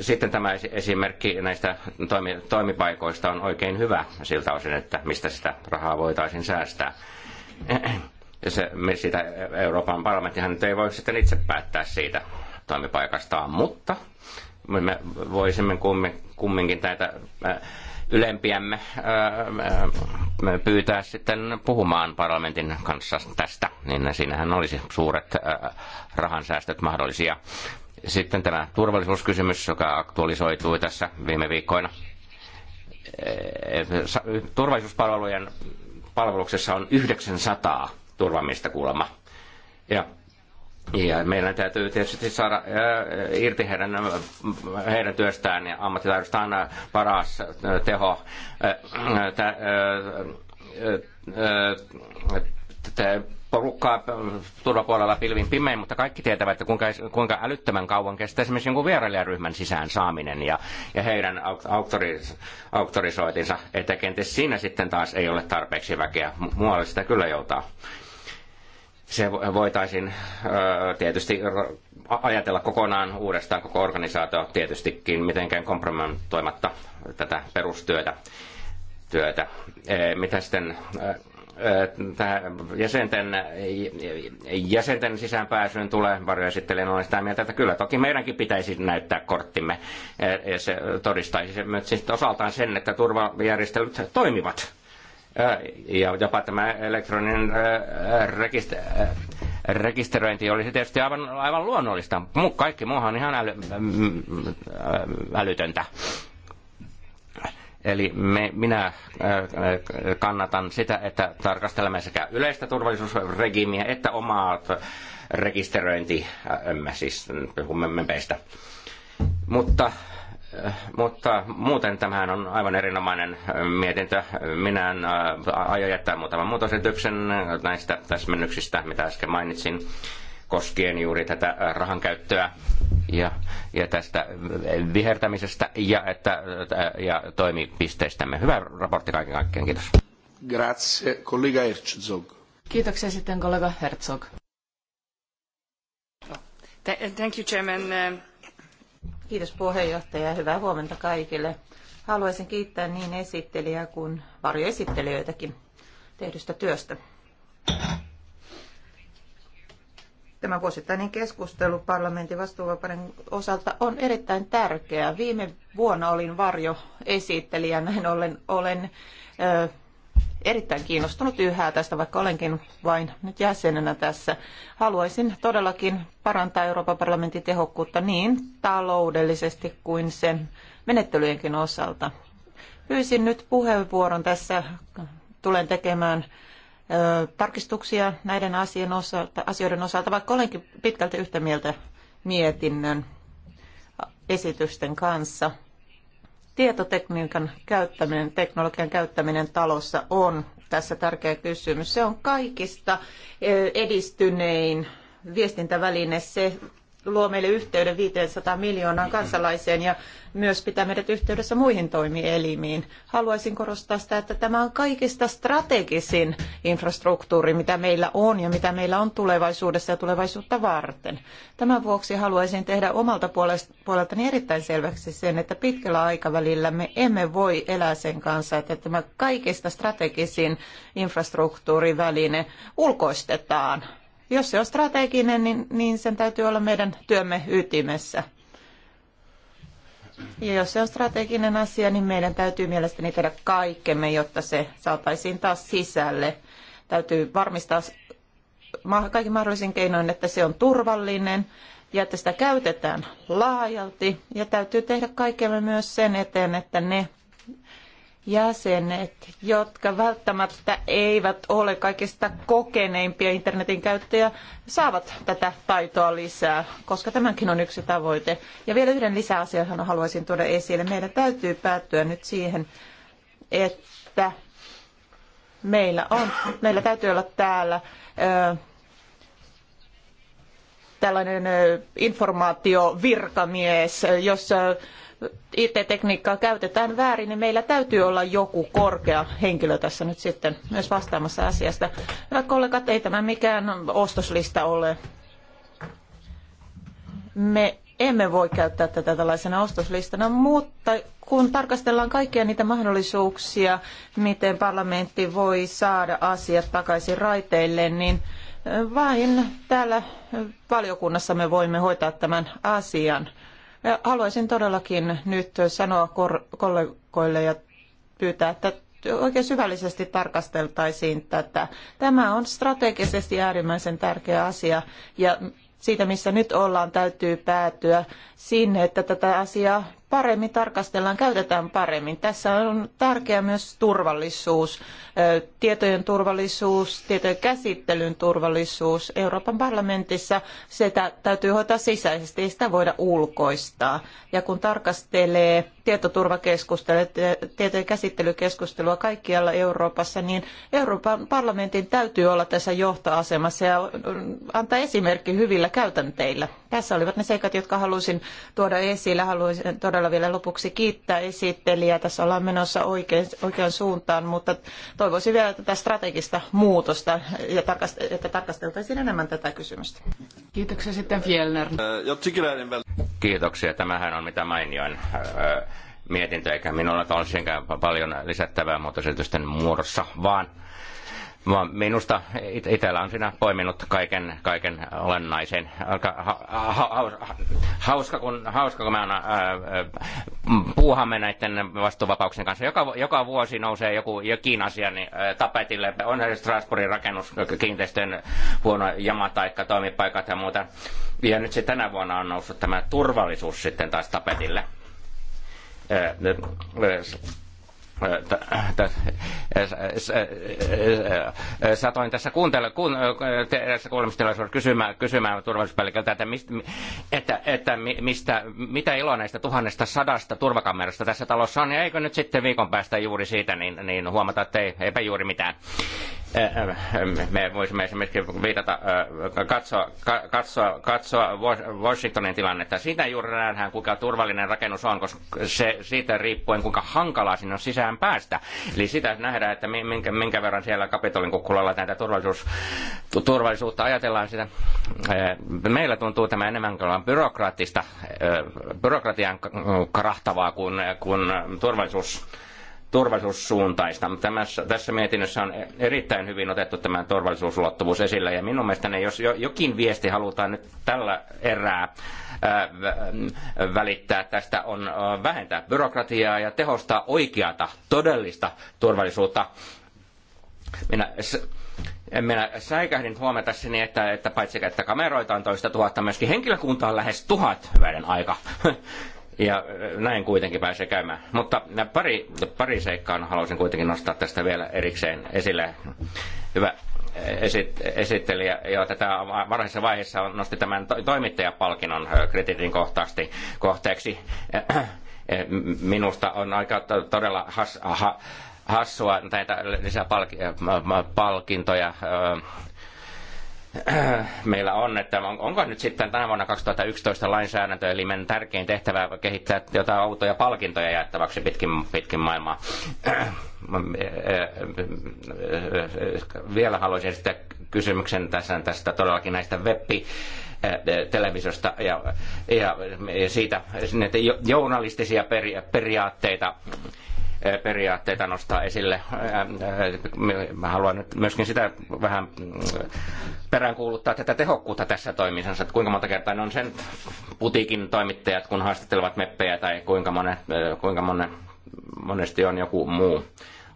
sitten tämä esimerkki näistä toimi, toimipaikoista on oikein hyvä siltä osin, että mistä sitä rahaa voitaisiin säästää. Se, sitä Euroopan parlamenttihan nyt ei voi sitten itse päättää siitä toimipaikastaan, mutta me voisimme kumminkin näitä äh, ylempiämme äh, äh, pyytää sitten puhumaan parlamentin kanssa tästä, niin siinähän olisi suuret rahansäästöt mahdollisia. Sitten tämä turvallisuuskysymys, joka aktualisoitui tässä viime viikkoina. Eh, turvallisuuspalvelujen palveluksessa on 900 turvamista kuulemma. Ja ja meidän täytyy tietysti saada eh, irti heidän, heidän työstään ja ammattitaidostaan eh, paras teho. Äh, porukkaa äh, turvapuolella pilvin pimein, mutta kaikki tietävät, että kuinka, kuinka älyttömän kauan kestää esimerkiksi jonkun vierailijaryhmän sisään saaminen ja, ja heidän auktoris, auktorisoitinsa, että kenties siinä sitten taas ei ole tarpeeksi väkeä. Muualle sitä kyllä joutaa. Se voitaisiin äh, tietysti ajatella kokonaan uudestaan koko organisaatio tietystikin mitenkään kompromentoimatta tätä perustyötä. Työtä. Mitä sitten äh, jäsenten, jäsenten sisäänpääsyyn tulee varjoesittelijän olen sitä mieltä, että kyllä toki meidänkin pitäisi näyttää korttimme. Ja se todistaisi se myös osaltaan sen, että turvajärjestelyt toimivat. Ja jopa tämä elektroninen rekister- rekisteröinti olisi tietysti aivan, aivan luonnollista. Kaikki muuhan on ihan äly, mm, älytöntä. Eli me, minä äh, äh, kannatan sitä, että tarkastelemme sekä yleistä turvallisuusregiimiä että omaa rekisteröintiämme, siis puhumme Mutta äh, mutta muuten tämähän on aivan erinomainen mietintö. Minä en aio jättää muutaman muutosetyksen näistä täsmennyksistä, mitä äsken mainitsin koskien juuri tätä rahankäyttöä ja, ja tästä vihertämisestä ja, että, ja toimipisteistämme. Hyvä raportti kaiken kaikkiaan, kiitos. Grazie, kollega Herzog. Kiitoksia sitten kollega Herzog. Thank you, Chairman. Kiitos puheenjohtaja hyvää huomenta kaikille. Haluaisin kiittää niin esittelijää kuin varjoesittelijöitäkin tehdystä työstä. Tämä vuosittainen keskustelu parlamentin vastuuvapauden osalta on erittäin tärkeää. Viime vuonna olin esittelijä, näin ollen olen ö, erittäin kiinnostunut yhä tästä, vaikka olenkin vain nyt jäsenenä tässä. Haluaisin todellakin parantaa Euroopan parlamentin tehokkuutta niin taloudellisesti kuin sen menettelyjenkin osalta. Pyysin nyt puheenvuoron tässä, tulen tekemään tarkistuksia näiden asioiden osalta, vaikka olenkin pitkälti yhtä mieltä mietinnön esitysten kanssa. Tietotekniikan käyttäminen, teknologian käyttäminen talossa on tässä tärkeä kysymys. Se on kaikista edistynein viestintäväline. Se luo meille yhteyden 500 miljoonaan kansalaiseen ja myös pitää meidät yhteydessä muihin toimielimiin. Haluaisin korostaa sitä, että tämä on kaikista strategisin infrastruktuuri, mitä meillä on ja mitä meillä on tulevaisuudessa ja tulevaisuutta varten. Tämän vuoksi haluaisin tehdä omalta puoleltani erittäin selväksi sen, että pitkällä aikavälillä me emme voi elää sen kanssa, että tämä kaikista strategisin infrastruktuuriväline ulkoistetaan – jos se on strateginen, niin, niin sen täytyy olla meidän työmme ytimessä. Ja jos se on strateginen asia, niin meidän täytyy mielestäni tehdä kaikkemme, jotta se saataisiin taas sisälle. Täytyy varmistaa kaikki mahdollisin keinoin, että se on turvallinen ja että sitä käytetään laajalti. Ja täytyy tehdä kaikkemme myös sen eteen, että ne jäsenet, jotka välttämättä eivät ole kaikista kokeneimpia internetin käyttäjiä, saavat tätä taitoa lisää, koska tämänkin on yksi tavoite. Ja vielä yhden lisäasian haluaisin tuoda esille. Meidän täytyy päättyä nyt siihen, että meillä, on, meillä täytyy olla täällä ö, tällainen ö, informaatiovirkamies, jossa IT-tekniikkaa käytetään väärin, niin meillä täytyy olla joku korkea henkilö tässä nyt sitten myös vastaamassa asiasta. Hyvät kollegat, ei tämä mikään ostoslista ole. Me emme voi käyttää tätä tällaisena ostoslistana, mutta kun tarkastellaan kaikkia niitä mahdollisuuksia, miten parlamentti voi saada asiat takaisin raiteille, niin vain täällä valiokunnassa me voimme hoitaa tämän asian. Haluaisin todellakin nyt sanoa kollegoille ja pyytää, että oikein syvällisesti tarkasteltaisiin tätä. Tämä on strategisesti äärimmäisen tärkeä asia ja siitä, missä nyt ollaan, täytyy päätyä sinne, että tätä asiaa paremmin tarkastellaan, käytetään paremmin. Tässä on tärkeää myös turvallisuus, tietojen turvallisuus, tietojen käsittelyn turvallisuus. Euroopan parlamentissa sitä täytyy hoitaa sisäisesti, ei sitä voida ulkoistaa. Ja kun tarkastelee tietoturvakeskustelua, tietojen käsittelykeskustelua kaikkialla Euroopassa, niin Euroopan parlamentin täytyy olla tässä johtoasemassa ja antaa esimerkki hyvillä käytänteillä. Tässä olivat ne seikat, jotka halusin tuoda esille. Haluaisin tuoda todella vielä lopuksi kiittää esittelijää. Tässä ollaan menossa oikein, oikeaan suuntaan, mutta toivoisin vielä tätä strategista muutosta, ja tarkast- että tarkasteltaisiin enemmän tätä kysymystä. Kiitoksia sitten Fjellner. Kiitoksia. Tämähän on mitä mainioin mietintö, eikä minulla ole senkään paljon lisättävää muotoisetusten muodossa, vaan vaan minusta itsellä on siinä poiminut kaiken, kaiken olennaisen. ha, ha, ha, hauska, kun, hauska, kun me aina puuhamme näiden vastuuvapauksien kanssa. Joka, joka vuosi nousee joku jokin asia niin, ää, tapetille. On se Strasbourgin rakennus, kiinteistön huono jama tai toimipaikat ja muuta. Ja nyt se tänä vuonna on noussut tämä turvallisuus sitten taas tapetille. Ää, satoin tässä kuuntele, kun, äh, tässä kuulemistilaisuudessa kysymään, kysymään turvallisuuspäälliköltä, että, mist, että, että mistä, mitä iloa näistä tuhannesta sadasta turvakamerasta tässä talossa on, ja eikö nyt sitten viikon päästä juuri siitä, niin, niin huomata, että ei, eipä juuri mitään. Me voisimme esimerkiksi viitata, katsoa, katsoa, katsoa Washingtonin tilannetta. Siitä juuri nähdään, kuinka turvallinen rakennus on, koska se, siitä riippuen, kuinka hankalaa sinne on sisään sisään päästä. Eli sitä nähdään, että minkä, minkä verran siellä kapitolin kukkulalla näitä turvallisuus, turvallisuutta ajatellaan sitä. Eh, meillä tuntuu tämä enemmän kuin byrokraattista, eh, byrokratian karahtavaa kuin, eh, kuin turvallisuus turvallisuussuuntaista. Tässä, tässä mietinnössä on erittäin hyvin otettu tämä turvallisuusulottuvuus esille, ja minun mielestäni jos jokin viesti halutaan nyt tällä erää äh, äh, välittää tästä, on äh, vähentää byrokratiaa ja tehostaa oikeata, todellista turvallisuutta. Minä, minä säikähdin huomata sinne, että, että paitsi että kameroita on toista tuhatta, myöskin henkilökunta on lähes tuhat hyvän aika. Ja äh, näin kuitenkin pääsee käymään. Mutta äh, pari, pari seikkaa haluaisin kuitenkin nostaa tästä vielä erikseen esille. Hyvä äh, esit, esittelijä jo tätä varhaisessa vaiheessa nosti tämän toimittajapalkinnon kreditin kohtaasti, kohteeksi. Minusta on aika todella has, ha, hassua näitä lisäpalkintoja meillä on, että on, onko nyt sitten tänä vuonna 2011 lainsäädäntö, eli meidän tärkein tehtävä kehittää jotain autoja palkintoja jaettavaksi pitkin, pitkin maailmaa. Vielä haluaisin sitten kysymyksen tässä, tästä todellakin näistä webbi televisiosta ja, ja, siitä näitä journalistisia peri, periaatteita Eh, periaatteita nostaa esille. Eh, eh, mä haluan nyt myöskin sitä vähän mm, peräänkuuluttaa tätä tehokkuutta tässä toiminnassa, että kuinka monta kertaa ne on sen putiikin toimittajat, kun haastattelevat meppejä tai kuinka, monen, kuinka monen, monesti on joku muu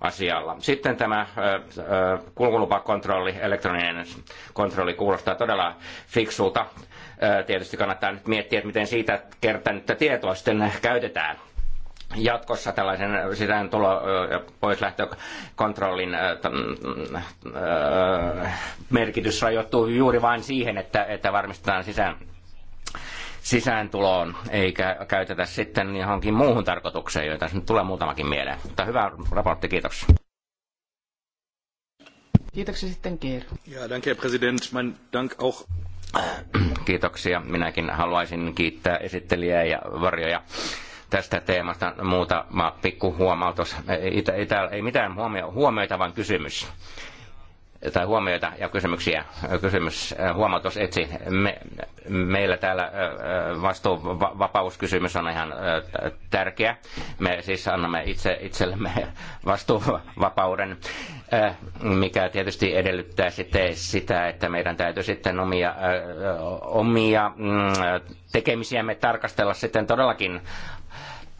asialla. Sitten tämä kulkulupakontrolli, elektroninen kontrolli kuulostaa todella fiksulta. Tietysti kannattaa nyt miettiä, että miten siitä kertänyttä tietoa sitten käytetään jatkossa tällaisen sisään tulo pois kontrollin merkitys rajoittuu juuri vain siihen, että, että varmistetaan sisään sisääntuloon, eikä käytetä sitten johonkin muuhun tarkoitukseen, joita nyt tulee muutamakin mieleen. Mutta hyvä raportti, kiitos. Kiitoksia sitten Keir. Ja, danke, president, Mein Dank auch Kiitoksia. Minäkin haluaisin kiittää esittelijää ja varjoja tästä teemasta muutama pikku huomautus. Ei, ei, ei mitään huomio, huomioita, vaan kysymys tai huomioita ja kysymyksiä. Kysymys, äh, huomautus etsi. Me, meillä täällä äh, äh, vastuuvapauskysymys on ihan tärkeä. Me siis annamme itse, itsellemme vastuuvapauden, mikä tietysti edellyttää sitten sitä, että meidän täytyy sitten omia, omia mm, tekemisiämme tarkastella sitten todellakin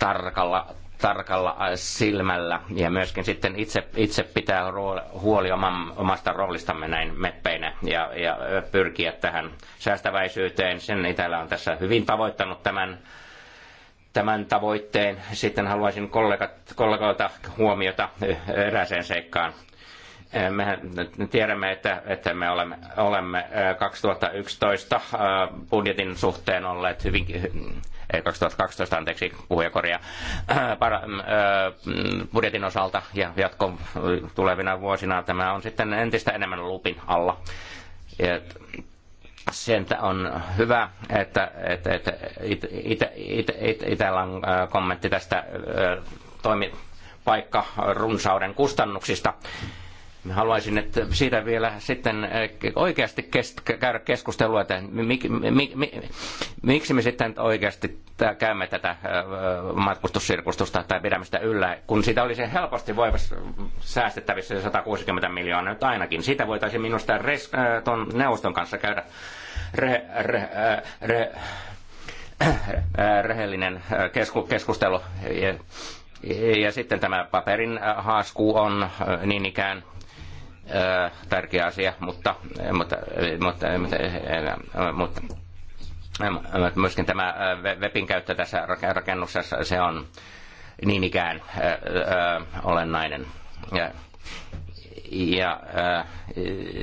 tarkalla, tarkalla äh, silmällä ja myöskin sitten itse, itse pitää huoli oman, omasta roolistamme näin meppeinä ja, ja pyrkiä tähän säästäväisyyteen. Sen itällä on tässä hyvin tavoittanut tämän, tämän tavoitteen. Sitten haluaisin kollegat, kollegoilta huomiota erääseen seikkaan. Mehän tiedämme, että, että me olemme, olemme 2011 budjetin suhteen olleet hyvin 2012 eh, anteeksi, puhujakorja, äh, äh, budjetin osalta ja jatko tulevina vuosina tämä on sitten entistä enemmän lupin alla. Et, sen on hyvä, että, että, että it, it, it, it, on kommentti tästä äh, toimi, paikka runsauden kustannuksista haluaisin, että siitä vielä sitten äh, oikeasti käydä keskustelua, että miksi me sitten oikeasti käymme tätä äh, matkustussirkustusta tai pidämme sitä yllä, kun siitä olisi helposti voivassa säästettävissä 160 miljoonaa nyt ainakin. Siitä voitaisiin minusta res, äh, ton neuvoston kanssa käydä re, re, re, rehellinen kesku, keskustelu. Ja sitten tämä paperin haasku on niin ikään tärkeä asia, mutta, mutta, mutta, mutta, mutta myöskin tämä webin käyttö tässä rakennuksessa, se on niin ikään olennainen. Ja, ja äh,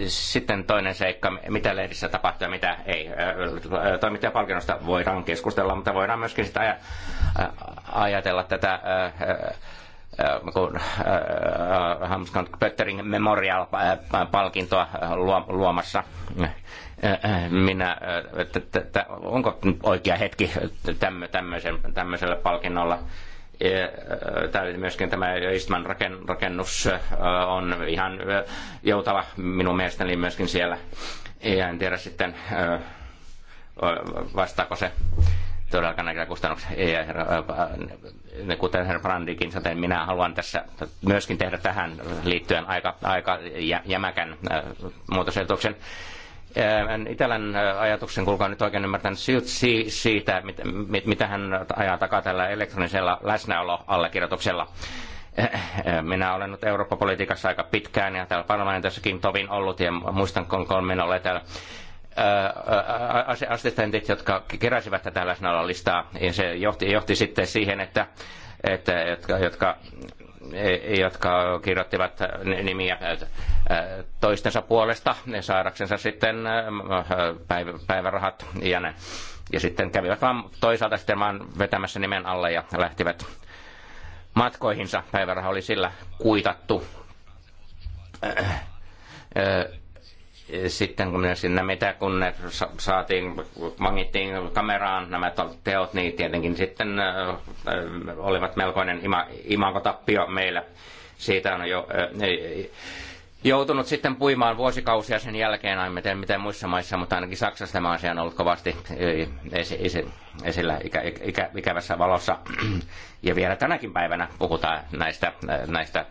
sitten toinen seikka, mitä lehdissä tapahtuu ja mitä ei. toimittajapalkinnosta voidaan keskustella, mutta voidaan myöskin sitä aj- ajatella tätä äh, Äh, kun äh, äh, Hamskon Pöttering Memorial-palkintoa luomassa. Minä, että, onko oikea hetki tämmöisen, tämmöiselle palkinnolla? Tämä myöskin tämä Istman rakennus on ihan joutava minun mielestäni myöskin siellä. Ja en tiedä sitten, vastaako se todellakaan näitä kustannuksia. Ei, herra, äh, äh, kuten herra Brandikin, joten minä haluan tässä myöskin tehdä tähän liittyen aika, aika jämäkän äh, muutosehdotuksen. Itälän ajatuksen kulkaa nyt oikein ymmärtän siitä, mitä hän ajaa takaa tällä elektronisella läsnäoloallekirjoituksella. Minä olen nyt Eurooppa-politiikassa aika pitkään ja täällä parlamentissakin tovin ollut ja muistan, kun olen täällä assistentit, jotka keräsivät tätä läsnäololistaa, se johti, johti sitten siihen, että, että jotka, jotka e, jotka kirjoittivat nimiä toistensa puolesta saadaksensa sitten päivärahat ja ne. Ja sitten kävivät vaan toisaalta sitten vaan vetämässä nimen alle ja lähtivät matkoihinsa. Päiväraha oli sillä kuitattu sitten kun sinne mitä kun ne saatiin, vangittiin kameraan nämä teot, niin tietenkin sitten äh, äh, olivat melkoinen ima, imakotappio meillä. Siitä on jo äh, joutunut sitten puimaan vuosikausia sen jälkeen, en tiedä miten muissa maissa, mutta ainakin Saksassa tämä asia on ollut kovasti esillä ikä, ikä, ikävässä valossa. Ja vielä tänäkin päivänä puhutaan näistä, näistä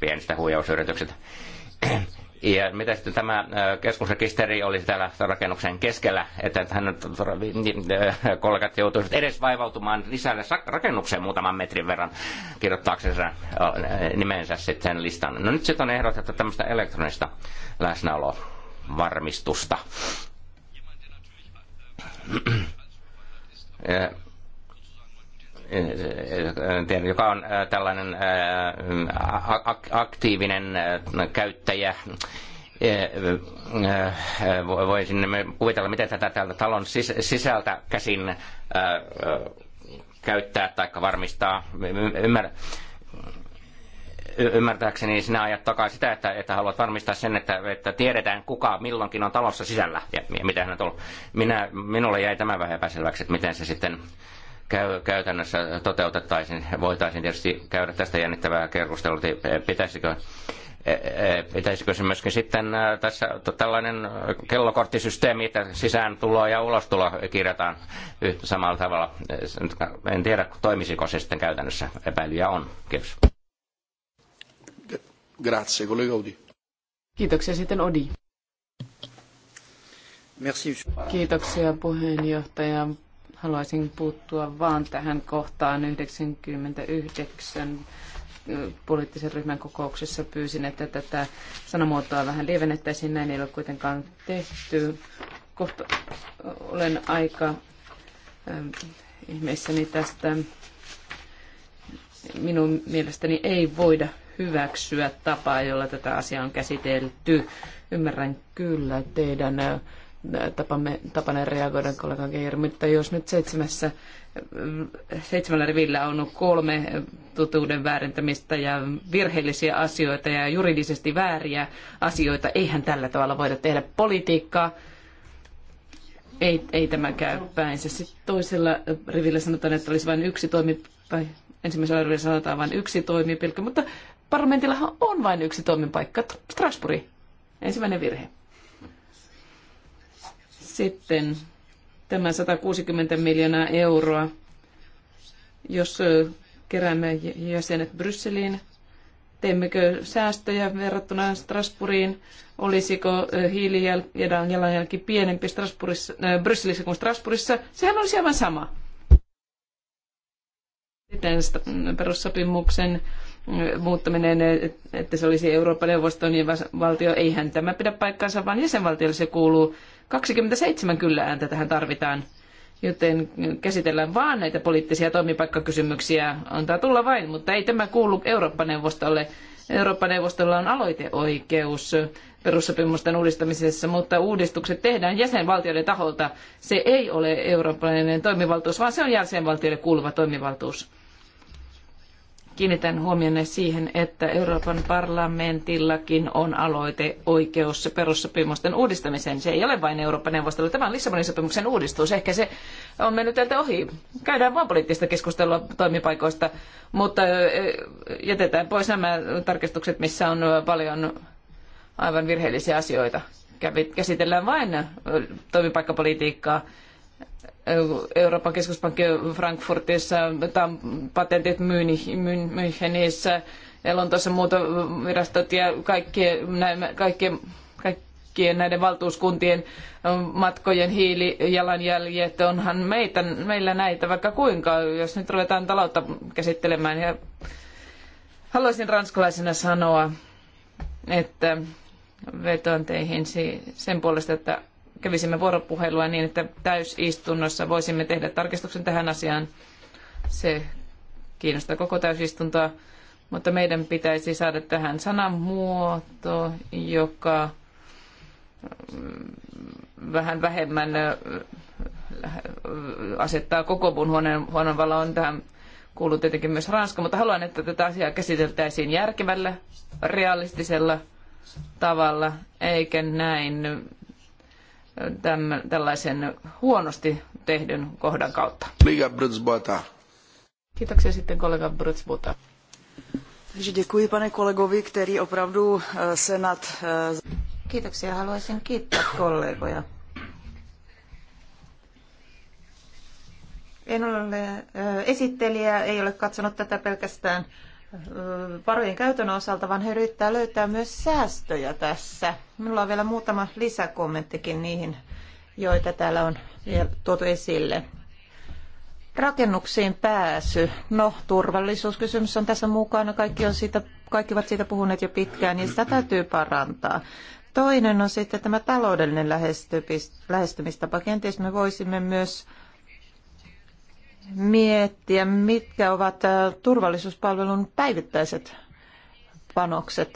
pienistä huijausyrityksistä Ja mitä sitten tämä keskusrekisteri oli täällä rakennuksen keskellä, että hän, kollegat joutuisivat edes vaivautumaan lisälle rakennukseen muutaman metrin verran kirjoittaaksensa nimensä sitten listan. No nyt sitten on ehdotettu tämmöistä elektronista läsnäolovarmistusta. Ja Eh, eh, joka on eh, tällainen aktiivinen käyttäjä, voisin kuvitella, miten tätä täältä talon sisältä käsin käyttää tai varmistaa. Ymmär, ymmärtääkseni sinä ajat takaa sitä, että, että haluat varmistaa sen, että, että tiedetään kuka milloinkin on talossa sisällä ja, ja mitä hän on tullut. Minä, minulle jäi tämä vähän epäselväksi, että miten se sitten käy, käytännössä toteutettaisiin. Voitaisiin tietysti käydä tästä jännittävää keskustelua, pitäisikö e, e, pitäisikö se myöskin sitten tässä tällainen kellokorttisysteemi, että sisään ja ulostulo kirjataan yhtä samalla tavalla. En tiedä, toimisiko se sitten käytännössä. Epäilyjä on. Kiitos. Grazie, collega Odi. Kiitoksia sitten Odi. Merci. Kiitoksia puheenjohtaja haluaisin puuttua vaan tähän kohtaan 99 poliittisen ryhmän kokouksessa pyysin, että tätä sanamuotoa vähän lievennettäisiin. Näin ei ole kuitenkaan tehty. Kohta olen aika ähm, ihmeissäni tästä. Minun mielestäni ei voida hyväksyä tapaa, jolla tätä asiaa on käsitelty. Ymmärrän kyllä teidän äh, tapamme, tapana reagoida kollega Geir, mutta jos nyt seitsemässä, seitsemällä rivillä on kolme totuuden väärentämistä ja virheellisiä asioita ja juridisesti vääriä asioita, eihän tällä tavalla voida tehdä politiikkaa. Ei, ei tämä käy päinsä. Sitten toisella rivillä sanotaan, että olisi vain yksi toimi, tai ensimmäisellä rivillä sanotaan vain yksi toimipilkka, mutta parlamentillahan on vain yksi toimipaikka, Strasbourg. Ensimmäinen virhe. Sitten tämä 160 miljoonaa euroa, jos keräämme jäsenet Brysseliin, teemmekö säästöjä verrattuna Strasbourgiin, olisiko hiilijalanjälki pienempi Strasbourgissa, äh, Brysselissä kuin Strasbourgissa, sehän olisi aivan sama. Sitten perussopimuksen muuttaminen, että se olisi Euroopan neuvoston ja valtio, eihän tämä pidä paikkaansa, vaan jäsenvaltiolle se kuuluu 27 kyllä ääntä tähän tarvitaan, joten käsitellään vaan näitä poliittisia toimipaikkakysymyksiä. Antaa tulla vain, mutta ei tämä kuulu Eurooppa-neuvostolle. Eurooppa-neuvostolla on aloiteoikeus perussopimusten uudistamisessa, mutta uudistukset tehdään jäsenvaltioiden taholta. Se ei ole eurooppalainen toimivaltuus, vaan se on jäsenvaltioille kuuluva toimivaltuus. Kiinnitän huomionne siihen, että Euroopan parlamentillakin on aloite oikeus perussopimusten uudistamiseen. Se ei ole vain Euroopan neuvostolla. Tämä on Lissabonin sopimuksen uudistus. Ehkä se on mennyt täältä ohi. Käydään vaan poliittista keskustelua toimipaikoista, mutta jätetään pois nämä tarkistukset, missä on paljon aivan virheellisiä asioita. Käsitellään vain toimipaikkapolitiikkaa Euroopan keskuspankki Frankfurtissa, patentit Münchenissä, Lontoossa muuta virastot ja kaikkien, kaikkien, kaikkien näiden valtuuskuntien matkojen hiilijalanjäljet. Onhan meitä, meillä näitä vaikka kuinka, jos nyt ruvetaan taloutta käsittelemään. Ja haluaisin ranskalaisena sanoa, että vetoan teihin sen puolesta, että kävisimme vuoropuhelua niin, että täysistunnossa voisimme tehdä tarkistuksen tähän asiaan. Se kiinnostaa koko täysistuntoa, mutta meidän pitäisi saada tähän sanamuoto, joka mm, vähän vähemmän asettaa koko huoneen, huonon valoon. tähän kuuluu tietenkin myös Ranska, mutta haluan, että tätä asiaa käsiteltäisiin järkevällä, realistisella tavalla, eikä näin tämän, tällaisen huonosti tehdyn kohdan kautta. Kiitoksia sitten kollega Brutsbuta. Takže pane kolegovi, který opravdu eh, se eh, Kiitoksia, haluaisin kiittää kollegoja. En ole, eh, esittelijä ei ole katsonut tätä pelkästään varojen käytön osalta, vaan he yrittävät löytää myös säästöjä tässä. Minulla on vielä muutama lisäkommenttikin niihin, joita täällä on vielä tuotu esille. Rakennuksiin pääsy. No, turvallisuuskysymys on tässä mukana. Kaikki, on siitä, kaikki ovat siitä puhuneet jo pitkään, niin sitä täytyy parantaa. Toinen on sitten tämä taloudellinen lähestymistapa. Kenties me voisimme myös miettiä, mitkä ovat turvallisuuspalvelun päivittäiset panokset.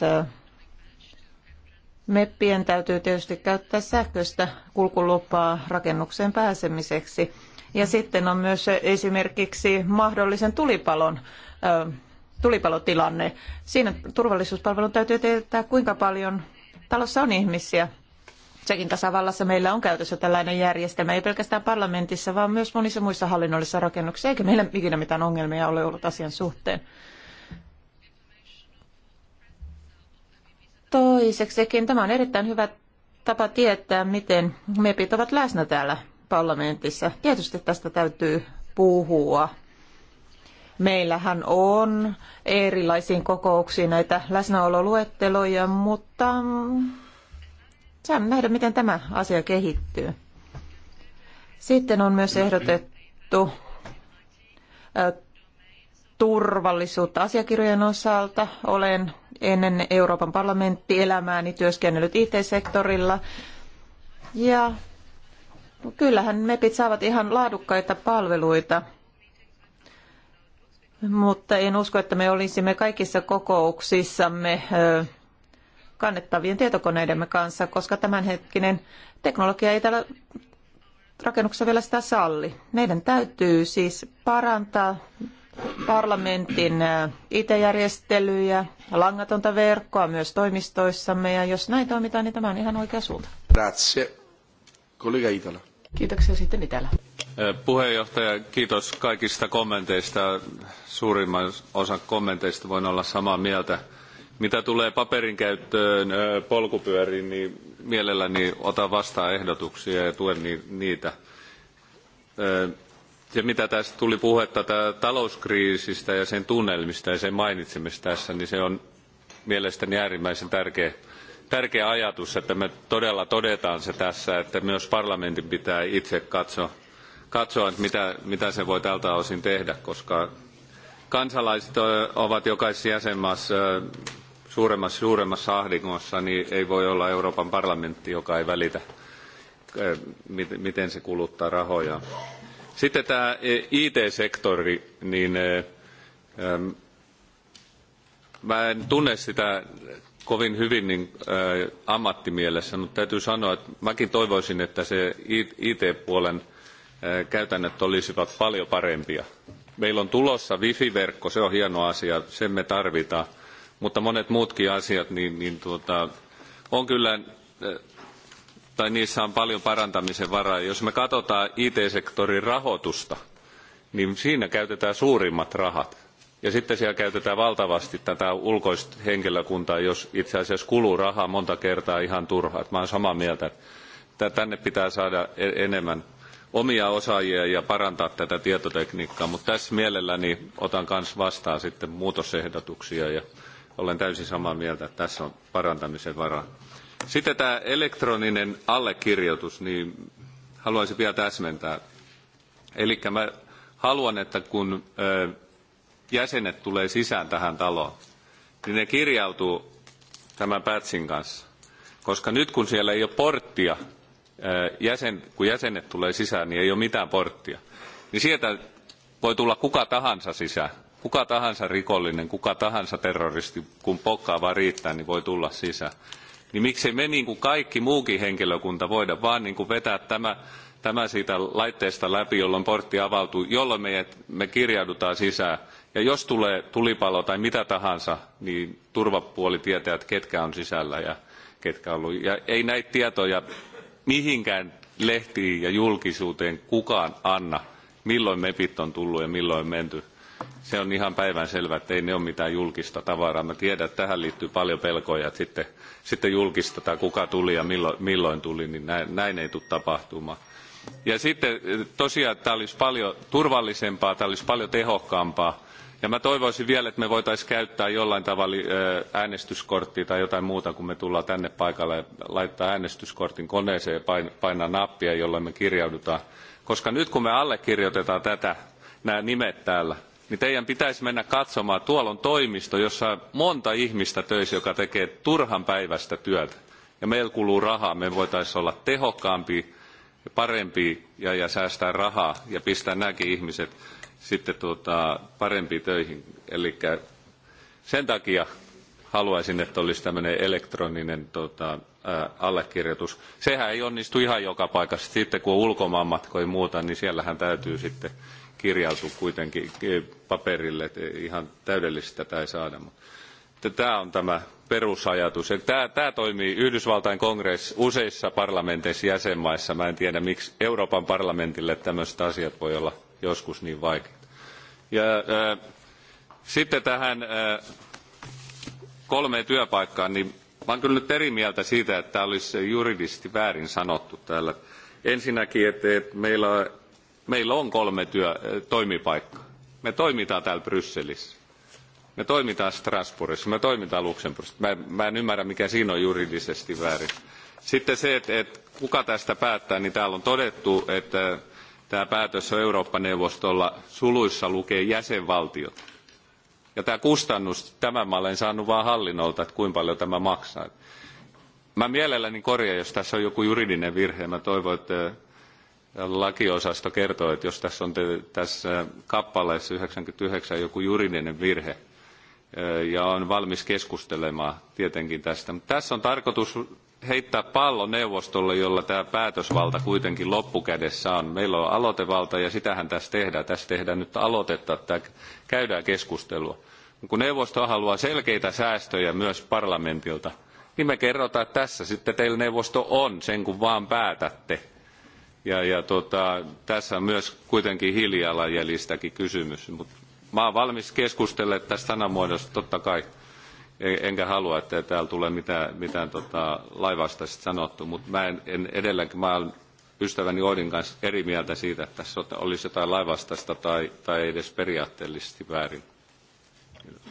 Meppien täytyy tietysti käyttää sähköistä kulkulupaa rakennukseen pääsemiseksi. Ja sitten on myös esimerkiksi mahdollisen tulipalon tulipalotilanne. Siinä turvallisuuspalvelun täytyy tietää, kuinka paljon talossa on ihmisiä Tsekin tasavallassa meillä on käytössä tällainen järjestelmä, ei pelkästään parlamentissa, vaan myös monissa muissa hallinnollisissa rakennuksissa, eikä meillä ikinä mitään ongelmia ole ollut asian suhteen. Toiseksikin tämä on erittäin hyvä tapa tietää, miten MEPit ovat läsnä täällä parlamentissa. Tietysti tästä täytyy puhua. Meillähän on erilaisiin kokouksiin näitä läsnäololuetteloja, mutta Saamme nähdä, miten tämä asia kehittyy. Sitten on myös ehdotettu turvallisuutta asiakirjojen osalta. Olen ennen Euroopan parlamenttielämääni työskennellyt IT-sektorilla. Ja kyllähän MEPit saavat ihan laadukkaita palveluita, mutta en usko, että me olisimme kaikissa kokouksissamme kannettavien tietokoneidemme kanssa, koska tämänhetkinen teknologia ei täällä rakennuksessa vielä sitä salli. Meidän täytyy siis parantaa parlamentin IT-järjestelyjä, langatonta verkkoa myös toimistoissamme, ja jos näin toimitaan, niin tämä on ihan oikea suunta. Grazie. Kollega Itala. Kiitoksia sitten Itälä. Puheenjohtaja, kiitos kaikista kommenteista. Suurimman osan kommenteista voin olla samaa mieltä mitä tulee paperin käyttöön polkupyöriin, niin mielelläni otan vastaan ehdotuksia ja tuen niitä. Ja mitä tässä tuli puhetta talouskriisistä ja sen tunnelmista ja sen mainitsemista tässä, niin se on mielestäni äärimmäisen tärkeä, tärkeä ajatus, että me todella todetaan se tässä, että myös parlamentin pitää itse katsoa, katsoa mitä, mitä se voi tältä osin tehdä, koska kansalaiset ovat jokaisessa jäsenmaassa suuremmassa suuremmassa ahdingossa, niin ei voi olla Euroopan parlamentti, joka ei välitä, eh, miten se kuluttaa rahoja. Sitten tämä eh, IT-sektori, niin eh, mä en tunne sitä kovin hyvin niin, ammattimielessä, mutta täytyy sanoa, että mäkin toivoisin, että se IT-puolen käytännöt olisivat paljon parempia. Meillä on tulossa wifi-verkko, se on hieno asia, sen me tarvitaan mutta monet muutkin asiat, niin, niin tuota, on kyllä, eh, tai niissä on paljon parantamisen varaa. Jos me katsotaan IT-sektorin rahoitusta, niin siinä käytetään suurimmat rahat. Ja sitten siellä käytetään valtavasti tätä ulkoista henkilökuntaa, jos itse asiassa kuluu rahaa monta kertaa ihan turhaa. Mä olen samaa mieltä, että tänne pitää saada e-, enemmän omia osaajia ja parantaa tätä tietotekniikkaa, mutta tässä mielelläni otan myös vastaan sitten muutosehdotuksia ja olen täysin samaa mieltä, että tässä on parantamisen varaa. Sitten tämä elektroninen allekirjoitus, niin haluaisin vielä täsmentää. Eli mä haluan, että kun jäsenet tulee sisään tähän taloon, niin ne kirjautuu tämän pätsin kanssa. Koska nyt kun siellä ei ole porttia, jäsen, kun jäsenet tulee sisään, niin ei ole mitään porttia. Niin sieltä voi tulla kuka tahansa sisään kuka tahansa rikollinen, kuka tahansa terroristi, kun pokkaa vaan riittää, niin voi tulla sisään. Niin miksei me niin kuin kaikki muukin henkilökunta voida vaan niin kuin vetää tämä, tämä siitä laitteesta läpi, jolloin portti avautuu, jolloin me, me kirjaudutaan sisään. Ja jos tulee tulipalo tai mitä tahansa, niin turvapuoli tietää, että ketkä on sisällä ja ketkä on ollut. Ja ei näitä tietoja mihinkään lehtiin ja julkisuuteen kukaan anna, milloin mepit on tullut ja milloin menty se on ihan päivän selvä, että ei ne ole mitään julkista tavaraa. Mä tiedän, että tähän liittyy paljon pelkoja, että sitten, sitten julkistetaan kuka tuli ja milloin, milloin tuli, niin näin, näin ei tule tapahtumaan. Ja sitten tosiaan tämä olisi paljon turvallisempaa, tämä olisi paljon tehokkaampaa. Ja mä toivoisin vielä, että me voitaisiin käyttää jollain tavalla äänestyskorttia tai jotain muuta, kun me tullaan tänne paikalle ja laittaa äänestyskortin koneeseen ja painaa nappia, jolloin me kirjaudutaan. Koska nyt kun me allekirjoitetaan tätä, nämä nimet täällä, niin teidän pitäisi mennä katsomaan, tuolla on toimisto, jossa on monta ihmistä töissä, joka tekee turhan päivästä työtä. Ja meillä kuluu rahaa, me voitaisiin olla tehokkaampia, parempi ja, ja säästää rahaa ja pistää nämäkin ihmiset sitten tuota, parempiin töihin. Eli sen takia haluaisin, että olisi tämmöinen elektroninen tota, ää, allekirjoitus. Sehän ei onnistu ihan joka paikassa. Sitten kun on ulkomaanmatkoja ja muuta, niin siellähän täytyy sitten kirjautuu kuitenkin eh, paperille, että ihan täydellistä tätä ei saada. tämä on tämä perusajatus. Tämä, tämä toimii Yhdysvaltain kongress useissa parlamenteissa jäsenmaissa. Mä en tiedä, miksi Euroopan parlamentille tämmöiset asiat voi olla joskus niin vaikeita. Ja, eh, sitten tähän ää, eh, kolmeen työpaikkaan, niin mä olen kyllä nyt eri mieltä siitä, että tämä olisi juridisesti väärin sanottu täällä. Ensinnäkin, että, että meillä meillä on kolme työ, äh, toimipaikkaa. Me toimitaan täällä Brysselissä. Me toimitaan Strasbourgissa, me toimitaan Luxemburgissa. Mä, mä en ymmärrä, mikä siinä on juridisesti väärin. Sitten se, että et kuka tästä päättää, niin täällä on todettu, että äh, tämä päätös on Eurooppa-neuvostolla suluissa lukee jäsenvaltiot. Ja tämä kustannus, tämän mä olen saanut vaan hallinnolta, että kuinka paljon tämä maksaa. Mä mielelläni korjaan, jos tässä on joku juridinen virhe. Mä toivon, että lakiosasto kertoo, että jos tässä on te, tässä kappaleessa 99 joku juridinen virhe, ja on valmis keskustelemaan tietenkin tästä. Mutta tässä on tarkoitus heittää pallo neuvostolle, jolla tämä päätösvalta kuitenkin loppukädessä on. Meillä on aloitevalta ja sitähän tässä tehdään. Tässä tehdään nyt aloitetta, että käydään keskustelua. Kun neuvosto haluaa selkeitä säästöjä myös parlamentilta, niin me kerrotaan, että tässä sitten teillä neuvosto on, sen kun vaan päätätte ja, ja tota, tässä on myös kuitenkin hiilijalanjäljistäkin kysymys. Mutta mä olen valmis keskustelemaan tästä sanamuodosta totta kai. E, enkä halua, että täällä tulee mitään, mitään tota, laivasta sanottu, mutta mä en, en edelleenkin, mä olen ystäväni Oodin kanssa eri mieltä siitä, että tässä olisi jotain laivastasta tai, tai edes periaatteellisesti väärin. Kiitos.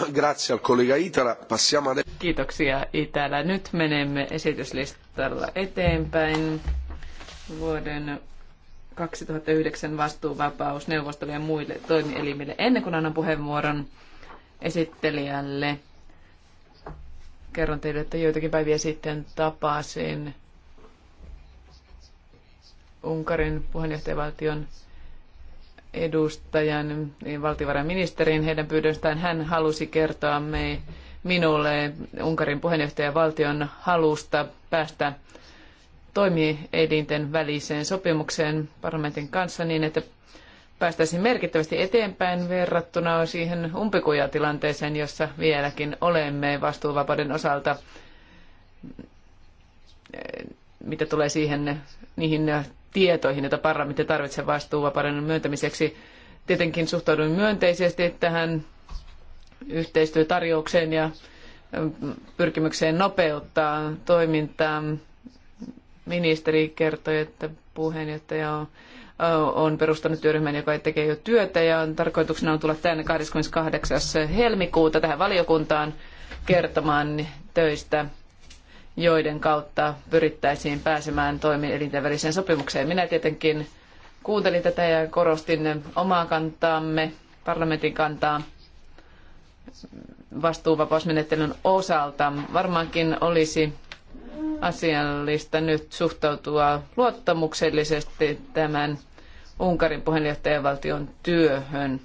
Grazie al collega Itala. Passiamo adesso. Kiitoksia Itälä. Nyt menemme esityslistalla eteenpäin. Vuoden 2009 vastuuvapaus neuvostolle ja muille toimielimille. Ennen kuin annan puheenvuoron esittelijälle, kerron teille, että joitakin päiviä sitten tapasin Unkarin puheenjohtajavaltion edustajan, niin valtiovarainministerin, heidän pyydöstään. Hän halusi kertoa me, minulle Unkarin puheenjohtajavaltion halusta päästä toimielinten väliseen sopimukseen parlamentin kanssa niin, että päästäisiin merkittävästi eteenpäin verrattuna siihen umpikujatilanteeseen, jossa vieläkin olemme vastuuvapauden osalta mitä tulee siihen, niihin tietoihin, joita parlamentti tarvitsee vastuuvapauden myöntämiseksi. Tietenkin suhtauduin myönteisesti tähän yhteistyötarjoukseen ja mm, pyrkimykseen nopeuttaa toimintaa. Ministeri kertoi, että puheenjohtaja on, on perustanut työryhmän, joka tekee jo työtä ja on tarkoituksena on tulla tänne 28. helmikuuta tähän valiokuntaan kertomaan töistä joiden kautta pyrittäisiin pääsemään toimielinten väliseen sopimukseen. Minä tietenkin kuuntelin tätä ja korostin omaa kantaamme, parlamentin kantaa vastuuvapausmenettelyn osalta. Varmaankin olisi asiallista nyt suhtautua luottamuksellisesti tämän Unkarin puheenjohtajavaltion työhön.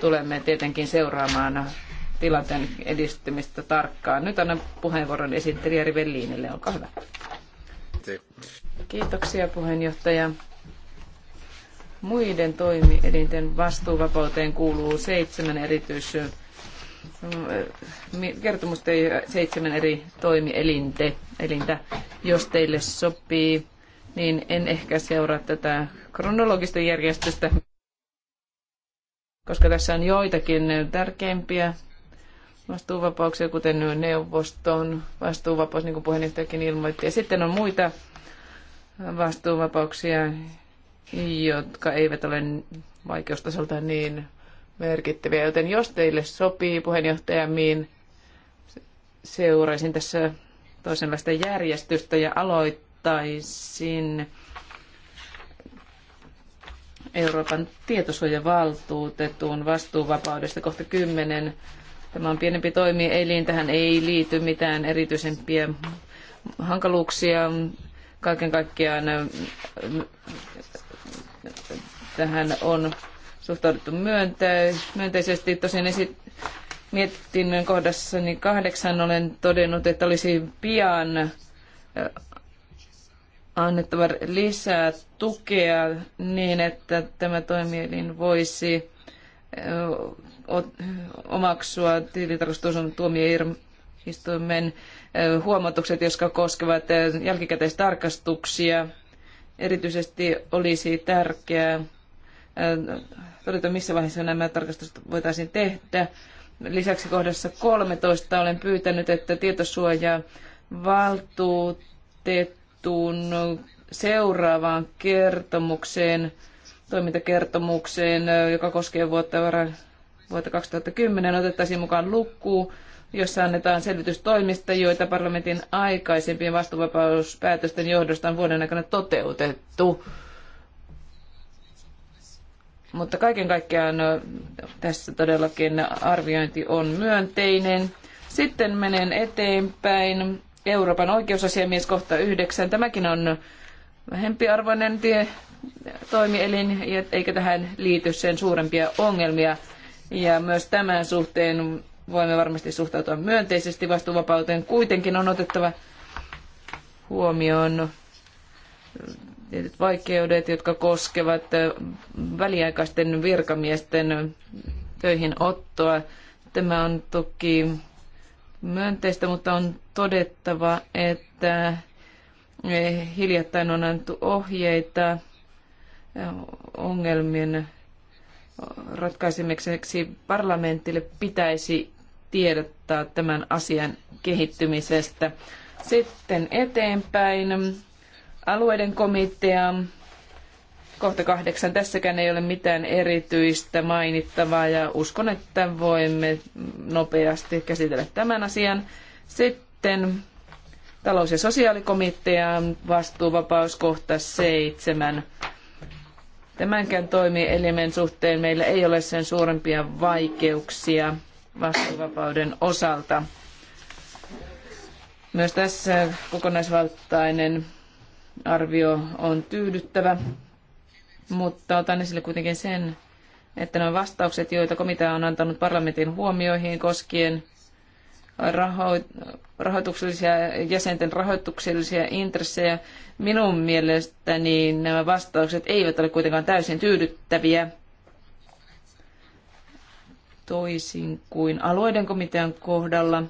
Tulemme tietenkin seuraamaan tilanteen edistymistä tarkkaan. Nyt annan puheenvuoron esittelijä Rivelliinille. Olkaa hyvä. Kiitoksia puheenjohtaja. Muiden toimielinten vastuuvapauteen kuuluu seitsemän erityis mm, eh, kertomusta seitsemän eri toimielintä. Elintä. Jos teille sopii, niin en ehkä seuraa tätä kronologista järjestystä, koska tässä on joitakin tärkeimpiä vastuuvapauksia, kuten neuvoston vastuuvapaus, niin kuin puheenjohtajakin ilmoitti. Ja sitten on muita vastuuvapauksia, jotka eivät ole vaikeustasolta niin merkittäviä. Joten jos teille sopii puheenjohtaja, seuraisin tässä toisenlaista järjestystä ja aloittaisin Euroopan tietosuojavaltuutetun vastuuvapaudesta kohta 10 Tämä on pienempi toimielin, tähän ei liity mitään erityisempiä hankaluuksia. Kaiken kaikkiaan tähän on suhtauduttu myönteisesti. Tosin esit- mietinnön niin kahdeksan olen todennut, että olisi pian annettava lisää tukea niin, että tämä toimielin voisi omaksua tilintarkastuksen tuomioistuimen huomautukset, jotka koskevat jälkikäteistarkastuksia. Erityisesti olisi tärkeää todeta, missä vaiheessa nämä tarkastukset voitaisiin tehdä. Lisäksi kohdassa 13 olen pyytänyt, että tietosuojaa valtuutettuun seuraavaan kertomukseen, toimintakertomukseen, joka koskee vuotta vuotta 2010 otettaisiin mukaan luku, jossa annetaan selvitys toimista, joita parlamentin aikaisempien vastuuvapauspäätösten johdosta on vuoden aikana toteutettu. Mutta kaiken kaikkiaan tässä todellakin arviointi on myönteinen. Sitten menen eteenpäin. Euroopan oikeusasiamies kohta yhdeksän. Tämäkin on vähempiarvoinen tie, toimielin, eikä tähän liity sen suurempia ongelmia. Ja myös tämän suhteen voimme varmasti suhtautua myönteisesti vastuuvapauteen. Kuitenkin on otettava huomioon tietyt vaikeudet, jotka koskevat väliaikaisten virkamiesten töihin ottoa. Tämä on toki myönteistä, mutta on todettava, että hiljattain on annettu ohjeita ongelmien ratkaisemiseksi parlamentille pitäisi tiedottaa tämän asian kehittymisestä. Sitten eteenpäin alueiden komitea. Kohta kahdeksan. Tässäkään ei ole mitään erityistä mainittavaa ja uskon, että voimme nopeasti käsitellä tämän asian. Sitten talous- ja sosiaalikomitea, vastuuvapauskohta seitsemän. Tämänkään toimielimen suhteen meillä ei ole sen suurempia vaikeuksia vastuuvapauden osalta. Myös tässä kokonaisvaltainen arvio on tyydyttävä, mutta otan esille kuitenkin sen, että nämä vastaukset, joita komitea on antanut parlamentin huomioihin koskien rahoituksellisia, jäsenten rahoituksellisia intressejä. Minun mielestäni nämä vastaukset eivät ole kuitenkaan täysin tyydyttäviä toisin kuin alueiden komitean kohdalla,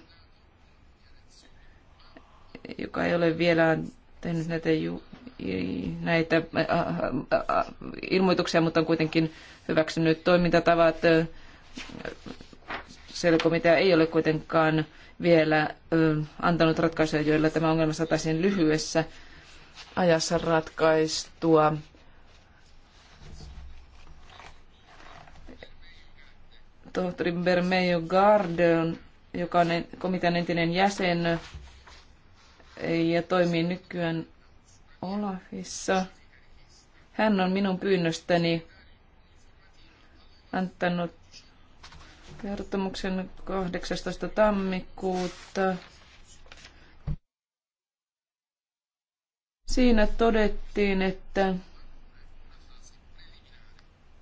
joka ei ole vielä tehnyt näitä, ju- näitä äh, äh, äh, ilmoituksia, mutta on kuitenkin hyväksynyt toimintatavat sosiaalikomitea ei ole kuitenkaan vielä antanut ratkaisuja, joilla tämä ongelma saataisiin lyhyessä ajassa ratkaistua. Tohtori Bermejo Garden, joka on komitean entinen jäsen ja toimii nykyään Olafissa. Hän on minun pyynnöstäni antanut kertomuksen 18. tammikuuta. Siinä todettiin, että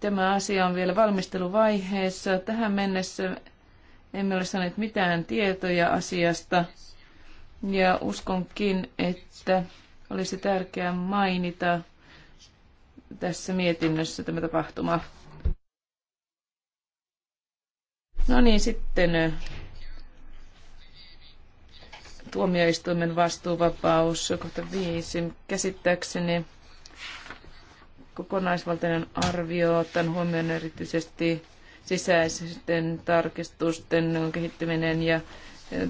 tämä asia on vielä valmisteluvaiheessa. Tähän mennessä emme ole saaneet mitään tietoja asiasta ja uskonkin, että olisi tärkeää mainita tässä mietinnössä tämä tapahtuma. No niin, sitten tuomioistuimen vastuuvapaus, kohta viisi. Käsittääkseni kokonaisvaltainen arvio, ottaen huomioon erityisesti sisäisten tarkistusten kehittyminen ja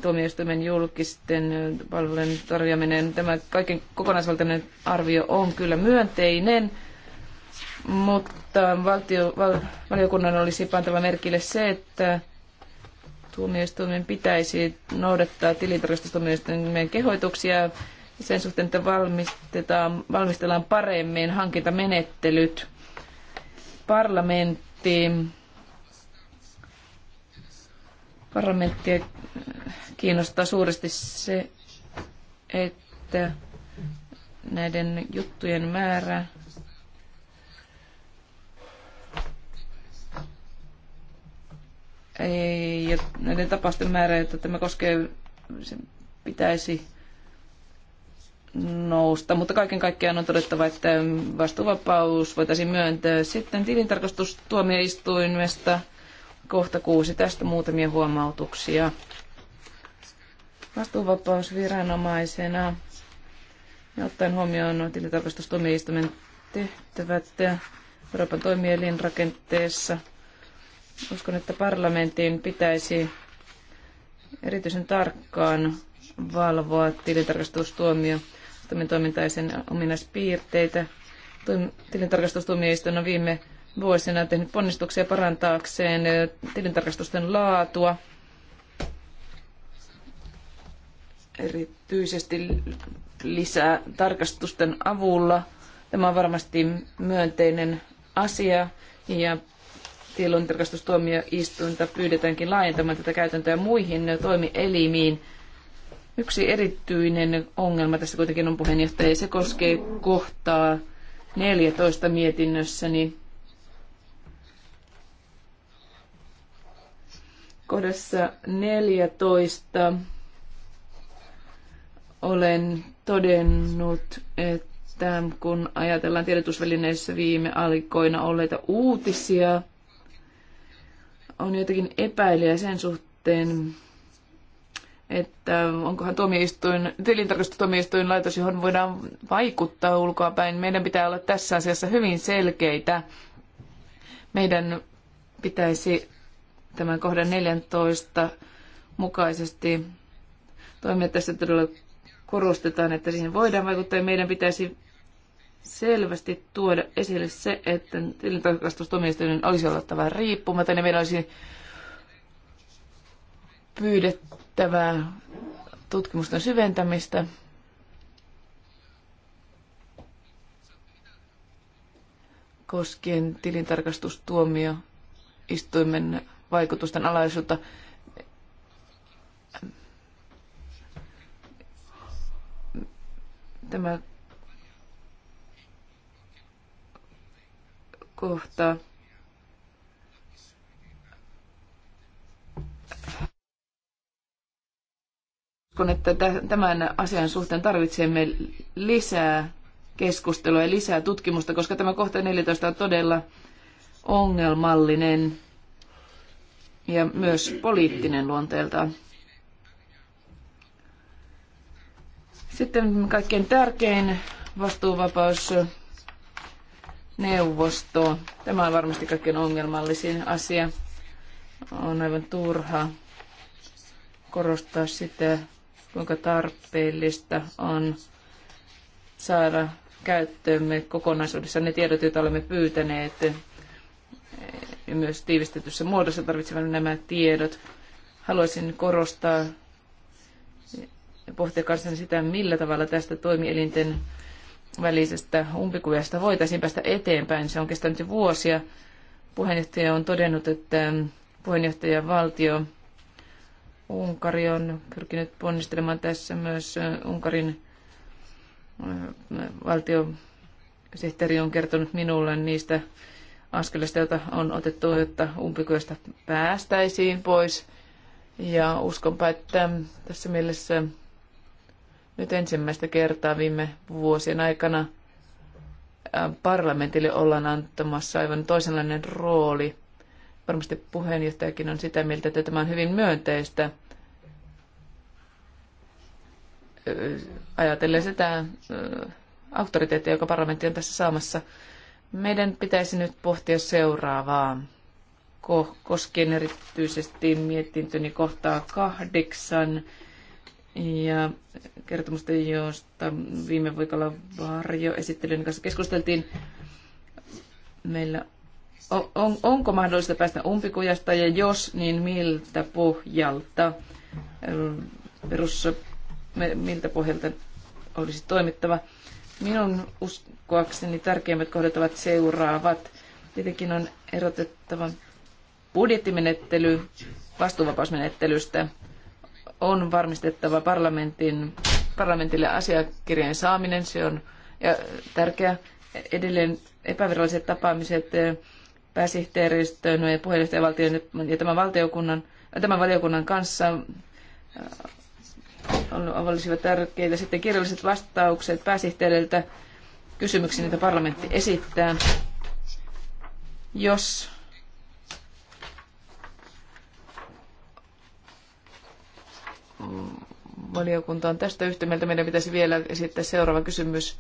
tuomioistuimen julkisten palvelujen tarjoaminen. Tämä kaiken kokonaisvaltainen arvio on kyllä myönteinen mutta valtio, val, valiokunnan olisi pantava merkille se, että tuomioistuimen pitäisi noudattaa tilintarkastustuomioistuimen kehoituksia sen suhteen, että valmistetaan, valmistellaan paremmin hankintamenettelyt. Parlamentti, parlamenttia kiinnostaa suuresti se, että näiden juttujen määrä ei, ja näiden tapausten määrä, että tämä koskee, sen pitäisi nousta. Mutta kaiken kaikkiaan on todettava, että vastuuvapaus voitaisiin myöntää. Sitten tilintarkastustuomioistuimesta kohta kuusi. Tästä muutamia huomautuksia. Vastuuvapausviranomaisena ja ottaen huomioon tilintarkastustuomioistuimen tehtävät Euroopan toimielin rakenteessa – Uskon, että parlamentin pitäisi erityisen tarkkaan valvoa tilintarkastustuomio toimintaa ja sen ominaispiirteitä. Tilintarkastustuomioistuin on viime vuosina tehnyt ponnistuksia parantaakseen tilintarkastusten laatua. Erityisesti lisää tarkastusten avulla. Tämä on varmasti myönteinen asia ja tilintarkastustuomioistuinta pyydetäänkin laajentamaan tätä käytäntöä muihin toimielimiin. Yksi erityinen ongelma tässä kuitenkin on puheenjohtaja, ja se koskee kohtaa 14 niin Kohdassa 14 olen todennut, että kun ajatellaan tiedotusvälineissä viime aikoina olleita uutisia – on jotenkin epäilyjä sen suhteen, että onkohan tuomioistuin, tilintarkastustuomioistuin laitos, johon voidaan vaikuttaa ulkoapäin. Meidän pitää olla tässä asiassa hyvin selkeitä. Meidän pitäisi tämän kohdan 14 mukaisesti toimia tässä todella korostetaan, että siihen voidaan vaikuttaa ja meidän pitäisi selvästi tuoda esille se, että tilintarkastustuomioistuimen olisi oltava riippumaton ja meidän olisi pyydettävää tutkimusten syventämistä. koskien tilintarkastustuomio istuimen vaikutusten alaisuutta. Tämä kohta. Uskon, että tämän asian suhteen tarvitsemme lisää keskustelua ja lisää tutkimusta, koska tämä kohta 14 on todella ongelmallinen ja myös poliittinen luonteeltaan. Sitten kaikkein tärkein vastuuvapaus neuvostoon. Tämä on varmasti kaikkein ongelmallisin asia. On aivan turha korostaa sitä, kuinka tarpeellista on saada käyttöömme kokonaisuudessa ne tiedot, joita olemme pyytäneet ja myös tiivistetyssä muodossa tarvitsemme nämä tiedot. Haluaisin korostaa ja pohtia kanssani sitä, millä tavalla tästä toimielinten välisestä umpikujasta voitaisiin päästä eteenpäin. Se on kestänyt jo vuosia. Puheenjohtaja on todennut, että valtio Unkari on pyrkinyt ponnistelemaan tässä myös Unkarin äh, valtio. sihteeri on kertonut minulle niistä askelista, joita on otettu, jotta umpikujasta päästäisiin pois. Ja uskonpa, että tässä mielessä nyt ensimmäistä kertaa viime vuosien aikana parlamentille ollaan antamassa aivan toisenlainen rooli. Varmasti puheenjohtajakin on sitä mieltä, että tämä on hyvin myönteistä. Ajatellen sitä auktoriteettia, joka parlamentti on tässä saamassa, meidän pitäisi nyt pohtia seuraavaa koskien erityisesti mietintöni kohtaa kahdeksan ja kertomusta, josta viime viikolla varjo varjoesittelyn kanssa keskusteltiin. Meillä on, on, onko mahdollista päästä umpikujasta ja jos, niin miltä pohjalta? Perus, miltä pohjalta olisi toimittava? Minun uskoakseni tärkeimmät kohdat ovat seuraavat. Tietenkin on erotettava budjettimenettely vastuuvapausmenettelystä on varmistettava parlamentin, parlamentille asiakirjojen saaminen. Se on ja tärkeä. Edelleen epäviralliset tapaamiset eh, pääsihteeristön ja puheenjohtajavaltion ja tämän, valtiokunnan, eh, tämän valiokunnan kanssa eh, olisivat tärkeitä. Sitten kirjalliset vastaukset pääsihteeriltä kysymyksiin, joita parlamentti esittää. Jos valiokunta on tästä yhtä mieltä. Meidän pitäisi vielä esittää seuraava kysymys.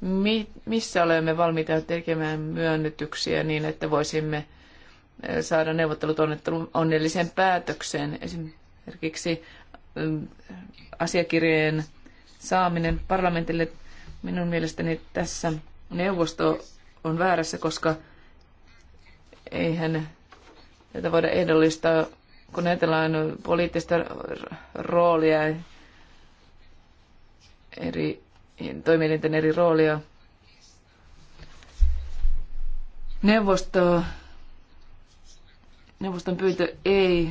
Mi- missä olemme valmiita tekemään myönnytyksiä niin, että voisimme eh, saada neuvottelut onnelliseen päätökseen? Esimerkiksi eh, asiakirjojen saaminen parlamentille minun mielestäni tässä neuvosto on väärässä, koska eihän tätä voida ehdollistaa kun ajatellaan poliittista roolia, eri toimielinten eri roolia, neuvosto, neuvoston pyyntö ei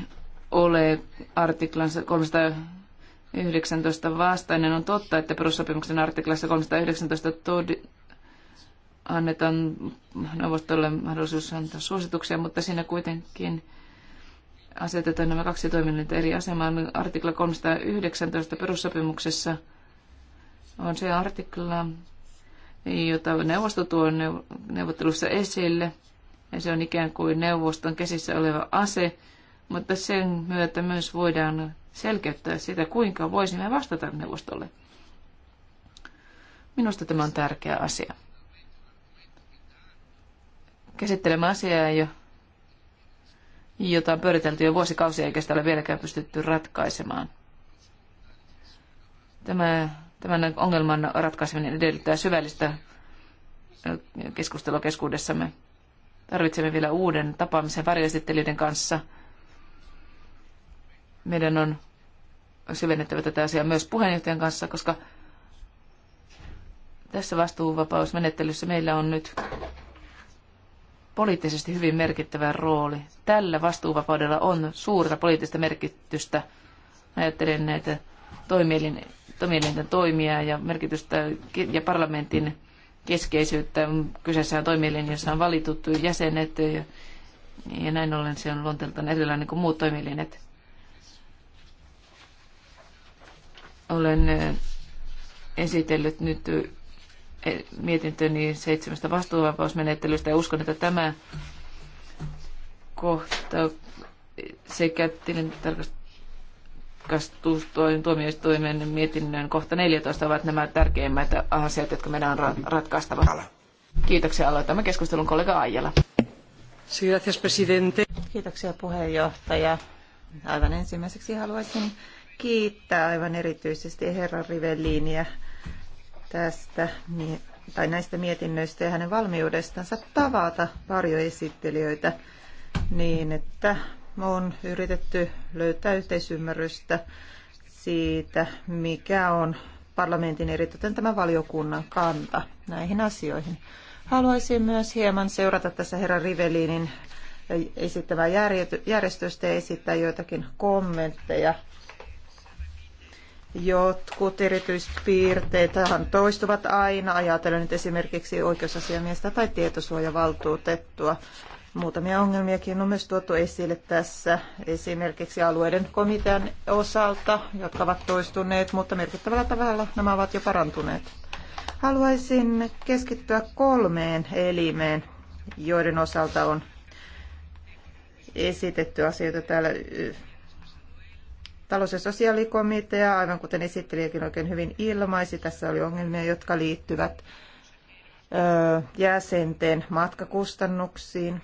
ole artiklansa 319 vastainen. On totta, että perussopimuksen artiklassa 319 todi- annetaan neuvostolle mahdollisuus antaa suosituksia, mutta siinä kuitenkin asetetaan nämä kaksi toiminnetta eri asemaan. Artikla 319 perussopimuksessa on se artikla, jota neuvosto tuo neuvottelussa esille. Ja se on ikään kuin neuvoston käsissä oleva ase, mutta sen myötä myös voidaan selkeyttää sitä, kuinka voisimme vastata neuvostolle. Minusta tämä on tärkeä asia. Käsittelemme asiaa, jota on pyöritelty jo vuosikausia eikä sitä ole vieläkään pystytty ratkaisemaan. Tämä, tämän ongelman ratkaiseminen edellyttää syvällistä keskustelua keskuudessamme. Tarvitsemme vielä uuden tapaamisen varjoesittelijöiden kanssa. Meidän on syvennettävä tätä asiaa myös puheenjohtajan kanssa, koska tässä vastuuvapausmenettelyssä meillä on nyt poliittisesti hyvin merkittävä rooli. Tällä vastuuvapaudella on suurta poliittista merkitystä. Ajattelen näitä toimielin, toimielinten toimia ja merkitystä ja parlamentin keskeisyyttä. Kyseessä on toimielin, jossa on valitut jäsenet ja, ja näin ollen se on luonteeltaan erilainen kuin muut toimielinet. Olen esitellyt nyt mietintöni seitsemästä vastuuvapausmenettelystä ja uskon, että tämä kohta sekä tuomioistuimen mietinnön kohta 14 ovat nämä tärkeimmät asiat, jotka meidän on ratkaistava. Kiitoksia. Aloitamme keskustelun kollega Aijala. Kiitoksia puheenjohtaja. Aivan ensimmäiseksi haluaisin kiittää aivan erityisesti herra Rivelliniä tästä tai näistä mietinnöistä ja hänen valmiudestansa tavata varjoesittelijöitä niin, että on yritetty löytää yhteisymmärrystä siitä, mikä on parlamentin eritoten tämän valiokunnan kanta näihin asioihin. Haluaisin myös hieman seurata tässä herra Rivelinin esittämää järjestystä ja esittää joitakin kommentteja Jotkut erityispiirteet toistuvat aina, ajatellen nyt esimerkiksi oikeusasiamiestä tai tietosuojavaltuutettua. Muutamia ongelmiakin on myös tuotu esille tässä, esimerkiksi alueiden komitean osalta, jotka ovat toistuneet, mutta merkittävällä tavalla nämä ovat jo parantuneet. Haluaisin keskittyä kolmeen elimeen, joiden osalta on esitetty asioita täällä Talous- ja sosiaalikomitea, aivan kuten esittelijäkin oikein hyvin ilmaisi, tässä oli ongelmia, jotka liittyvät jäsenten matkakustannuksiin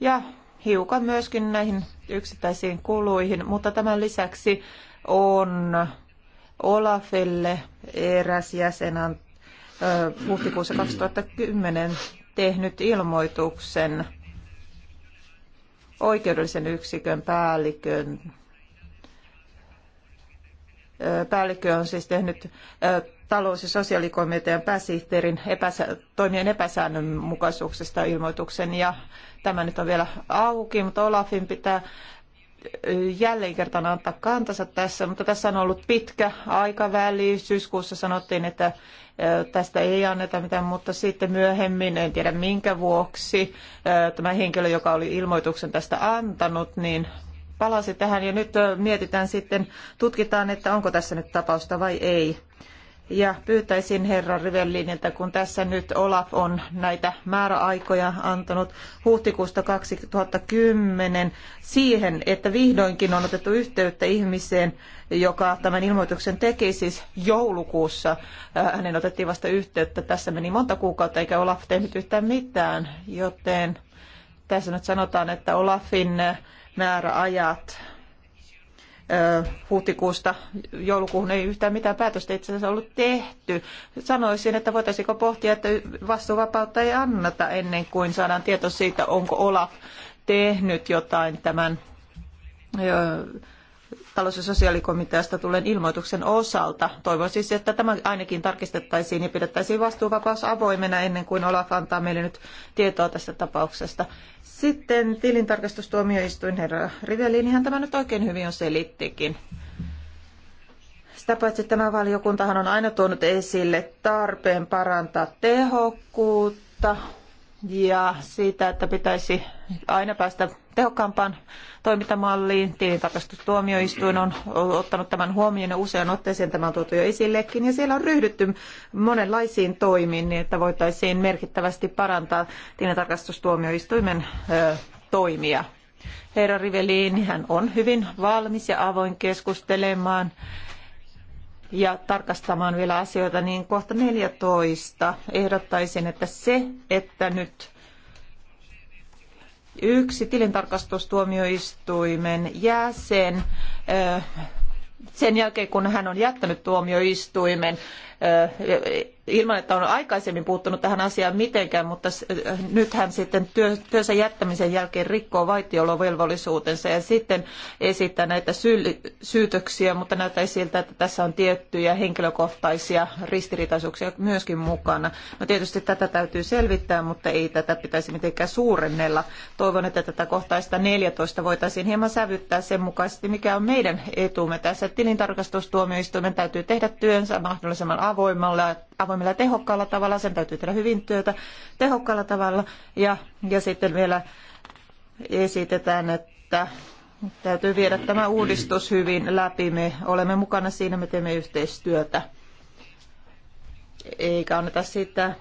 ja hiukan myöskin näihin yksittäisiin kuluihin, mutta tämän lisäksi on Olafille eräs jäsen huhtikuussa 2010 tehnyt ilmoituksen oikeudellisen yksikön päällikön päällikkö on siis tehnyt talous- ja sosiaalikomitean pääsihteerin epäsä, toimien epäsäännönmukaisuuksista ilmoituksen ja tämä nyt on vielä auki, mutta Olafin pitää jälleen kertaan antaa kantansa tässä, mutta tässä on ollut pitkä aikaväli. Syyskuussa sanottiin, että tästä ei anneta mitään, mutta sitten myöhemmin, en tiedä minkä vuoksi, tämä henkilö, joka oli ilmoituksen tästä antanut, niin palasi tähän ja nyt mietitään sitten, tutkitaan, että onko tässä nyt tapausta vai ei. Ja pyytäisin herra että kun tässä nyt Olaf on näitä määräaikoja antanut huhtikuusta 2010 siihen, että vihdoinkin on otettu yhteyttä ihmiseen, joka tämän ilmoituksen teki siis joulukuussa. Hänen otettiin vasta yhteyttä. Tässä meni monta kuukautta eikä Olaf tehnyt yhtään mitään, joten tässä nyt sanotaan, että Olafin määräajat huhtikuusta joulukuuhun ei yhtään mitään päätöstä itse asiassa ollut tehty. Sanoisin, että voitaisiinko pohtia, että vastuuvapautta ei anneta ennen kuin saadaan tieto siitä, onko Olaf tehnyt jotain tämän talous- ja sosiaalikomiteasta tulen ilmoituksen osalta. Toivon siis, että tämä ainakin tarkistettaisiin ja pidettäisiin vastuuvapaus avoimena ennen kuin Olaf antaa meille nyt tietoa tästä tapauksesta. Sitten tilintarkastustuomioistuin herra Riveliin, hän tämä nyt oikein hyvin on selittikin. Sitä paitsi tämä valiokuntahan on aina tuonut esille tarpeen parantaa tehokkuutta ja siitä, että pitäisi aina päästä tehokkaampaan toimintamalliin. Tilintarkastustuomioistuin on ottanut tämän huomioon ja usean otteeseen tämä on tuotu jo esillekin. Ja siellä on ryhdytty monenlaisiin toimiin, niin että voitaisiin merkittävästi parantaa tilintarkastustuomioistuimen toimia. Herra Riveliin, hän on hyvin valmis ja avoin keskustelemaan ja tarkastamaan vielä asioita, niin kohta 14 ehdottaisin, että se, että nyt yksi tilintarkastustuomioistuimen jäsen sen jälkeen, kun hän on jättänyt tuomioistuimen ilman, että on aikaisemmin puuttunut tähän asiaan mitenkään, mutta nyt hän sitten työnsä jättämisen jälkeen rikkoo vaitiolovelvollisuutensa ja sitten esittää näitä syytöksiä, mutta näyttäisi siltä, että tässä on tiettyjä henkilökohtaisia ristiriitaisuuksia myöskin mukana. No tietysti tätä täytyy selvittää, mutta ei tätä pitäisi mitenkään suurennella. Toivon, että tätä kohtaista 14 voitaisiin hieman sävyttää sen mukaisesti, mikä on meidän etumme tässä. Tilintarkastustuomioistuimen täytyy tehdä työnsä mahdollisimman avoimella, avoimella ja tehokkaalla tavalla, sen täytyy tehdä hyvin työtä tehokkaalla tavalla. Ja, ja sitten vielä esitetään, että täytyy viedä tämä uudistus hyvin läpi. Me olemme mukana siinä, me teemme yhteistyötä. Eikä anneta sitä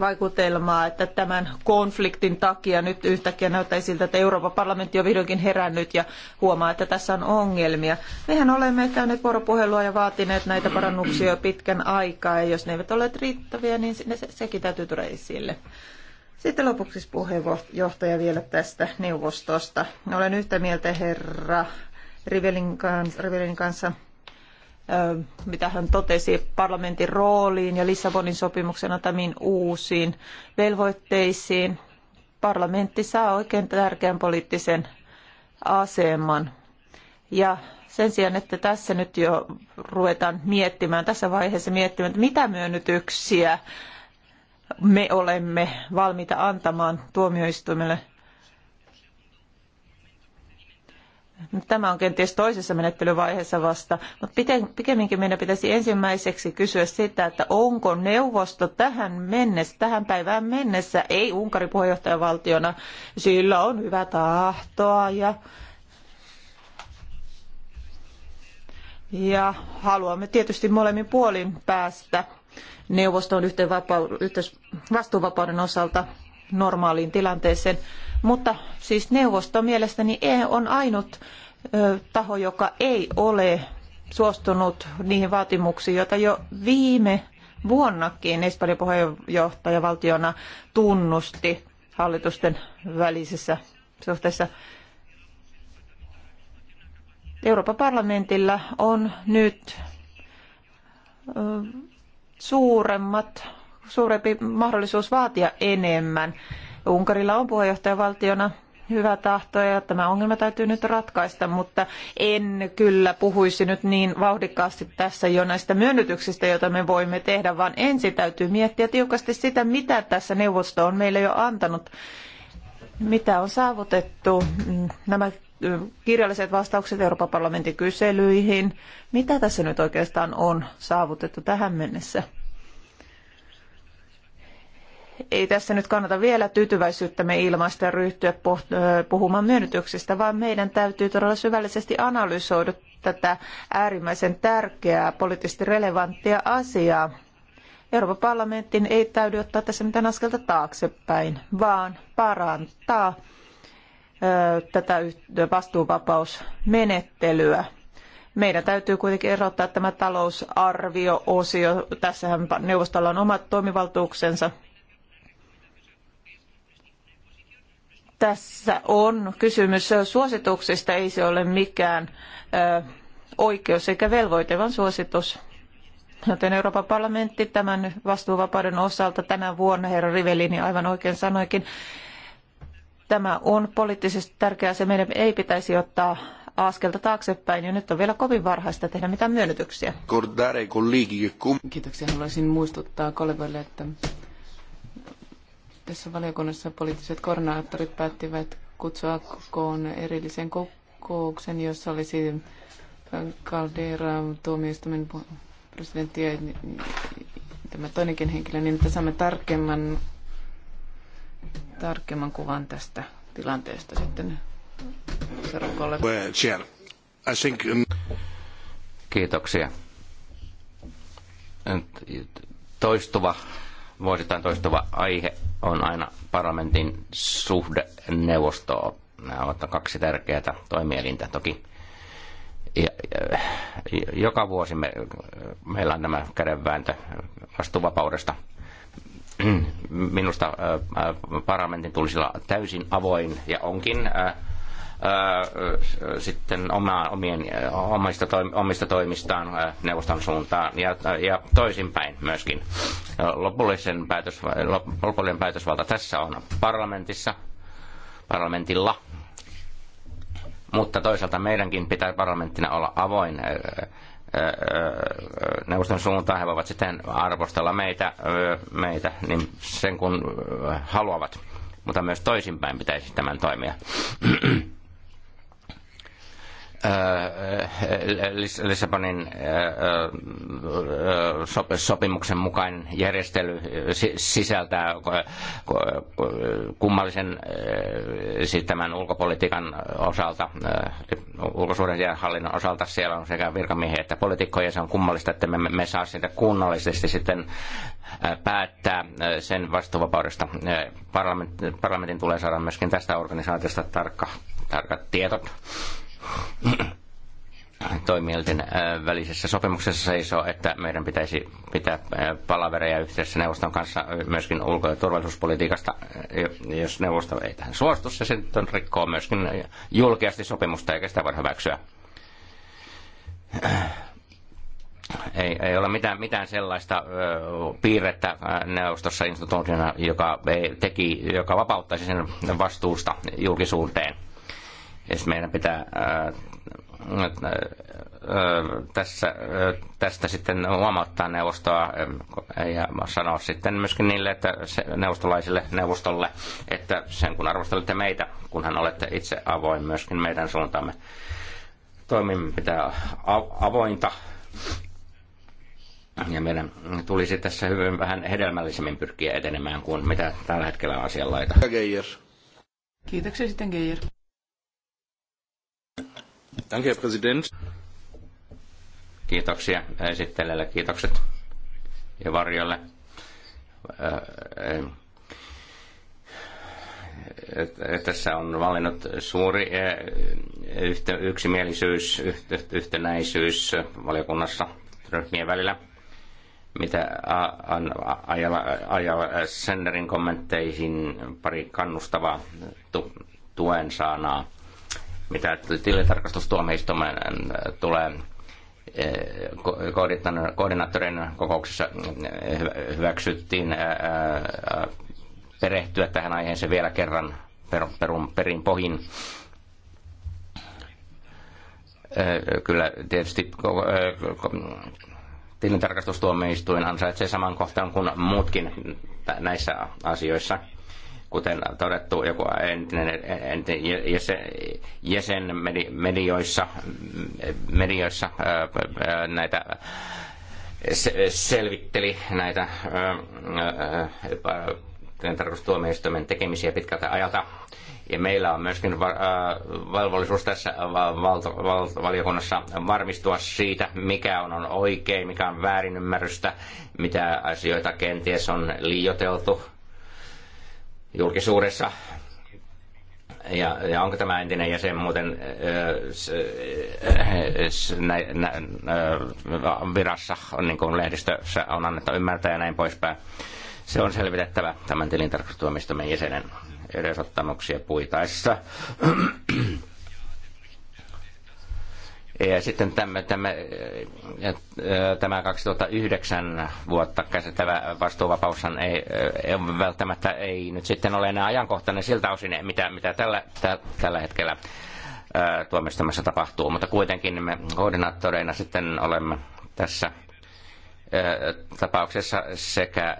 vaikutelmaa, että tämän konfliktin takia nyt yhtäkkiä näyttää siltä, että Euroopan parlamentti on vihdoinkin herännyt ja huomaa, että tässä on ongelmia. Mehän olemme käyneet vuoropuhelua ja vaatineet näitä parannuksia jo pitkän aikaa, ja jos ne eivät ole riittäviä, niin se, sekin täytyy tulla esille. Sitten lopuksi puheenjohtaja vielä tästä neuvostosta. Olen yhtä mieltä herra Rivelin kanssa, Rivelin kanssa mitä hän totesi parlamentin rooliin ja Lissabonin sopimuksen antamiin uusiin velvoitteisiin. Parlamentti saa oikein tärkeän poliittisen aseman. Ja sen sijaan, että tässä nyt jo ruvetaan miettimään, tässä vaiheessa miettimään, että mitä myönnytyksiä me olemme valmiita antamaan tuomioistuimelle Tämä on kenties toisessa menettelyvaiheessa vasta, mutta pikemminkin meidän pitäisi ensimmäiseksi kysyä sitä, että onko neuvosto tähän mennessä, tähän päivään mennessä, ei Unkarin puheenjohtajavaltiona, sillä on hyvä tahtoa ja Ja haluamme tietysti molemmin puolin päästä neuvoston yhteen vastuuvapauden osalta normaaliin tilanteeseen. Mutta siis neuvosto mielestäni e on ainut taho, joka ei ole suostunut niihin vaatimuksiin, joita jo viime vuonnakin Espanjan puheenjohtajavaltiona tunnusti hallitusten välisessä suhteessa. Euroopan parlamentilla on nyt suuremmat suurempi mahdollisuus vaatia enemmän. Unkarilla on puheenjohtajavaltiona hyvä tahto ja tämä ongelma täytyy nyt ratkaista, mutta en kyllä puhuisi nyt niin vauhdikkaasti tässä jo näistä myönnytyksistä, joita me voimme tehdä, vaan ensin täytyy miettiä tiukasti sitä, mitä tässä neuvosto on meille jo antanut, mitä on saavutettu, nämä kirjalliset vastaukset Euroopan parlamentin kyselyihin, mitä tässä nyt oikeastaan on saavutettu tähän mennessä ei tässä nyt kannata vielä tyytyväisyyttämme ilmaista ja ryhtyä puhumaan myönnytyksistä, vaan meidän täytyy todella syvällisesti analysoida tätä äärimmäisen tärkeää, poliittisesti relevanttia asiaa. Euroopan parlamentin ei täydy ottaa tässä mitään askelta taaksepäin, vaan parantaa tätä vastuuvapausmenettelyä. Meidän täytyy kuitenkin erottaa tämä talousarvio-osio. Tässähän neuvostolla on omat toimivaltuuksensa tässä on kysymys suosituksista, ei se ole mikään oikeus eikä velvoite, vaan suositus. Joten Euroopan parlamentti tämän vastuuvapauden osalta tänä vuonna, herra Rivellini aivan oikein sanoikin, tämä on poliittisesti tärkeää, se meidän ei pitäisi ottaa askelta taaksepäin ja nyt on vielä kovin varhaista tehdä mitään myönnytyksiä. Kiitoksia. Haluaisin muistuttaa kollegoille, että tässä valiokunnassa poliittiset koordinaattorit päättivät kutsua kokoon erillisen kokouksen, jossa olisi Caldera tuomioistuimen presidentti ja tämä toinenkin henkilö, niin että saamme tarkemman, tarkemman kuvan tästä tilanteesta sitten um, Kiitoksia. Toistuva, vuosittain toistuva aihe on aina parlamentin suhde neuvostoon. Nämä ovat kaksi tärkeää toimielintä toki. Ja, ja, joka vuosi me, meillä on nämä kädenvääntö vastuvapaudesta. Minusta parlamentin tulisi olla täysin avoin ja onkin. Ää, sitten omaa, omien, omista, omista toimistaan neuvoston suuntaan ja, ja toisinpäin myöskin. Lopullisen päätös, lopullinen päätösvalta tässä on parlamentissa, parlamentilla, mutta toisaalta meidänkin pitää parlamenttina olla avoin neuvoston suuntaan. He voivat sitten arvostella meitä, meitä niin sen kun haluavat, mutta myös toisinpäin pitäisi tämän toimia. Äh, äh, äh, Lissabonin sopimuksen mukainen järjestely sisältää kummallisen siis tämän ulkopolitiikan osalta, ja hallinnon osalta siellä on sekä virkamiehiä että poliitikkoja. Se on kummallista, että me, me saa sitä kunnallisesti sitten päättää sen vastuuvapaudesta. parlamentin tulee saada myöskin tästä organisaatiosta tarkka, tarkat tiedot toimielten äh, välisessä sopimuksessa seisoo, että meidän pitäisi pitää äh, palavereja yhteydessä neuvoston kanssa äh, myöskin ulko- ja turvallisuuspolitiikasta. Jos neuvosto ei tähän suostu, se sitten rikkoo myöskin julkeasti sopimusta, eikä sitä voi hyväksyä. Ei, ei ole mitään, mitään sellaista ö, piirrettä neuvostossa instituutiona, joka, ei, teki, joka vapauttaisi sen vastuusta julkisuuteen – jos siis meidän pitää tässä, tästä sitten huomauttaa neuvostoa ja sanoa sitten myöskin niille, että se, neuvostolaisille neuvostolle, että sen kun arvostelette meitä, kunhan olette itse avoin myöskin meidän suuntaamme. Toimimme pitää avointa ja meidän tulisi tässä hyvin vähän hedelmällisemmin pyrkiä etenemään kuin mitä tällä hetkellä asianlaita. Kiitoksia sitten Geijer. Danke, Herr Präsident. Kiitoksia esittelijälle, kiitokset ja varjolle. Tässä on valinnut suuri yksimielisyys, yhtenäisyys valiokunnassa ryhmien välillä. Mitä ajalla, Senderin kommentteihin pari kannustavaa tuen saanaa mitä tilintarkastustuomioistuimen äh, tulee äh, koordinaattorin kokouksessa äh, hyväksyttiin perehtyä tähän aiheeseen vielä kerran perun, perin pohin. Kyllä tietysti tilintarkastustuomioistuin ansaitsee saman kohtaan kuin muutkin näissä asioissa – kuten todettu, joku entinen, entinen jäsen medioissa, medioissa näitä selvitteli näitä tarkastustuomioistuimen tekemisiä pitkältä ajalta. Ja meillä on myöskin va- velvollisuus tässä val- val- valiokunnassa varmistua siitä, mikä on, on oikein, mikä on väärinymmärrystä, mitä asioita kenties on liioteltu julkisuudessa. Ja, ja onko tämä entinen jäsen muuten äh, äh, äh, virassa, niin kuin lehdistössä on annettu ymmärtää ja näin poispäin. Se on selvitettävä tämän tilintarkastustuomioistuimen jäsenen edesottamuksia puitaessa. Ja sitten tämä, tämä, tämä 2009 vuotta käsittävä vastuuvapaus ei, ei, välttämättä ei nyt sitten ole enää ajankohtainen siltä osin, mitä, mitä tällä, tä, tällä hetkellä tuomistamassa tapahtuu. Mutta kuitenkin me koordinaattoreina sitten olemme tässä tapauksessa sekä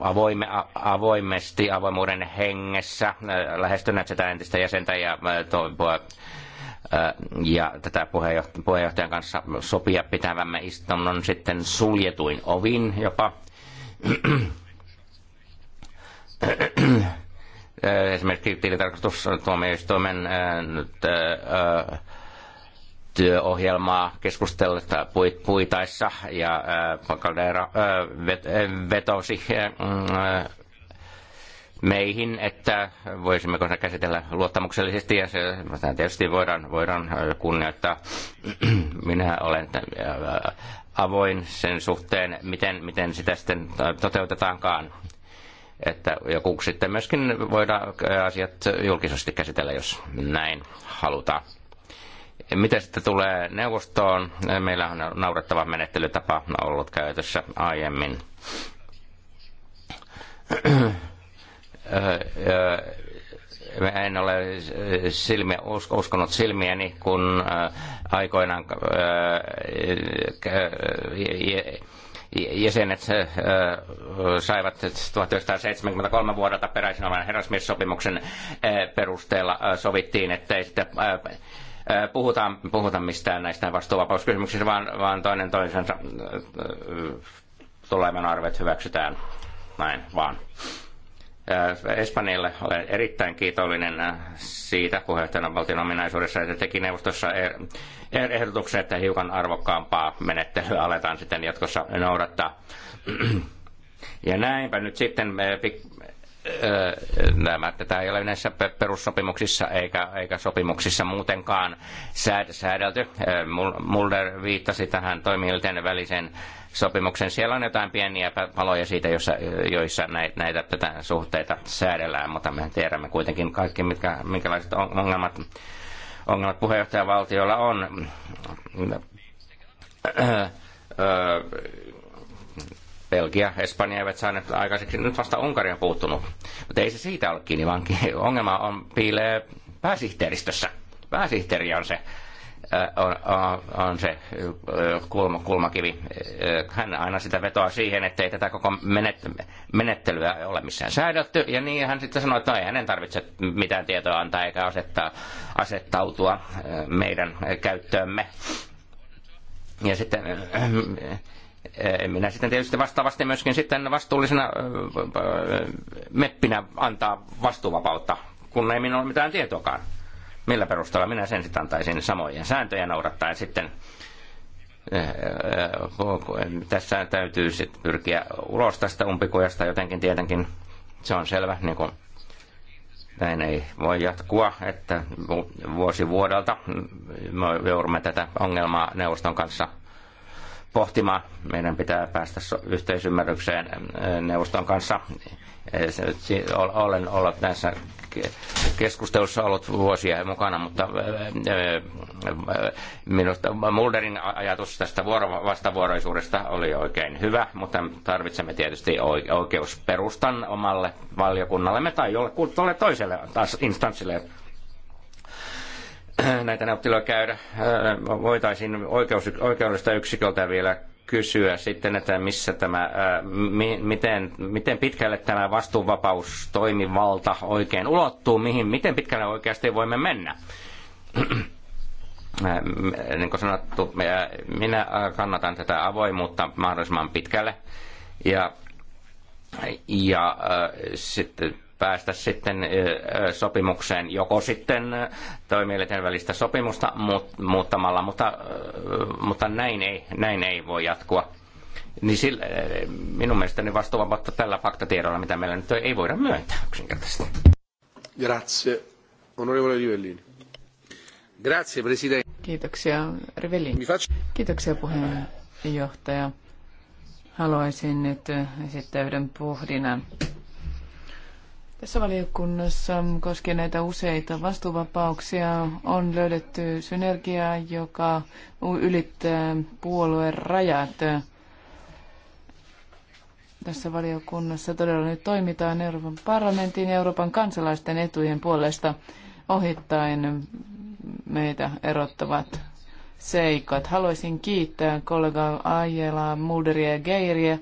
avoime, avoimesti, avoimuuden hengessä lähestyneet sitä entistä jäsentä ja ja tätä puheenjohtajan kanssa sopia pitävämme istunnon sitten suljetuin ovin jopa. Esimerkiksi tilitarkastustuomioistuimen työohjelmaa keskustelta puitaissa ja Pankaldeira vetosi mm, meihin, että voisimmeko se käsitellä luottamuksellisesti ja se tietysti voidaan, voidaan kunnioittaa. Minä olen avoin sen suhteen, miten, miten sitä sitten toteutetaankaan. Että joku sitten myöskin voidaan asiat julkisesti käsitellä, jos näin halutaan. Mitä sitten tulee neuvostoon? Meillä on naurettava menettelytapa ollut käytössä aiemmin Mä öö, öö, en ole silmiä, uskonut silmiäni, kun öö, aikoinaan jäsenet saivat 1973 vuodelta peräisin olevan herrasmiessopimuksen perusteella sovittiin, ei sitä puhutaan, puhuta mistään näistä vastuuvapauskysymyksistä, vaan, vaan toinen toisensa tulevan arvet hyväksytään näin vaan. Äh, Espanjalle olen erittäin kiitollinen äh, siitä puheenjohtajana valtion ominaisuudessa, että teki neuvostossa äh, er-, ehdotuksen, että hiukan arvokkaampaa menettelyä aletaan sitten jatkossa noudattaa. Ja näinpä nyt sitten nämä, tätä ei ole näissä perussopimuksissa eikä, eikä sopimuksissa muutenkaan säädelty. Mulder viittasi tähän toimijoiden väliseen sopimuksen. Siellä on jotain pieniä paloja siitä, joissa, joissa näitä, näitä tätä suhteita säädellään, mutta me tiedämme kuitenkin kaikki, mitkä, minkälaiset ongelmat, ongelmat puheenjohtajavaltiolla on. Belgia, Espanja eivät saaneet aikaiseksi. Nyt vasta Unkari on puuttunut. Mutta ei se siitä ole kiinni, vaan ongelma on piilee pääsihteeristössä. Pääsihteeri on se Äh, on, on se äh, kulma, kulmakivi. Äh, hän aina sitä vetoaa siihen, että ei tätä koko menettelyä ole missään säädetty. Ja niin hän sitten sanoi, että no ei hänen tarvitse mitään tietoa antaa eikä asettaa, asettautua meidän käyttöömme. Ja sitten minä sitten tietysti vastaavasti myöskin sitten vastuullisena meppinä antaa vastuuvapautta, kun ei minulla ole mitään tietoakaan millä perusteella minä sen sitten antaisin samoja sääntöjä noudattaa sitten äh, äh, tässä täytyy sitten pyrkiä ulos tästä umpikujasta jotenkin tietenkin. Se on selvä, niin kuin näin ei voi jatkua, että vuosi vuodelta me joudumme tätä ongelmaa neuvoston kanssa pohtimaan. Meidän pitää päästä yhteisymmärrykseen äh, neuvoston kanssa. Äh, olen ollut näissä keskustelussa ollut vuosia mukana, mutta äh, minusta Mulderin ajatus tästä vastavuoroisuudesta oli oikein hyvä, mutta tarvitsemme tietysti oikeusperustan omalle valiokunnallemme tai jolle toiselle taas instanssille näitä neuvotteluja käydä. Äh, voitaisiin oikeus, oikeudellista yksiköltä vielä kysyä sitten, että missä tämä, äh, mi, miten, miten pitkälle tämä vastuunvapaus toimivalta oikein ulottuu, mihin, miten pitkälle oikeasti voimme mennä. Äh, niin kuin sanottu, minä kannatan tätä avoimuutta mahdollisimman pitkälle. Ja, ja sitten päästä sitten sopimukseen joko sitten toimielinten välistä sopimusta muuttamalla, mutta, mutta näin, ei, näin ei voi jatkua. Niin sillä, minun mielestäni vastuuvapautta tällä faktatiedolla, mitä meillä nyt ei voida myöntää yksinkertaisesti. Grazie. Onorevole Rivellini. Grazie, Presidente. Kiitoksia, Rivellini. Kiitoksia, puheenjohtaja. Haluaisin nyt esittää yhden pohdinnan. Tässä valiokunnassa koskien näitä useita vastuuvapauksia on löydetty synergiaa, joka ylittää puolueen rajat. Tässä valiokunnassa todella nyt toimitaan Euroopan parlamentin ja Euroopan kansalaisten etujen puolesta ohittain meitä erottavat seikat. Haluaisin kiittää kollega Ajela, Mulderia ja Geiriä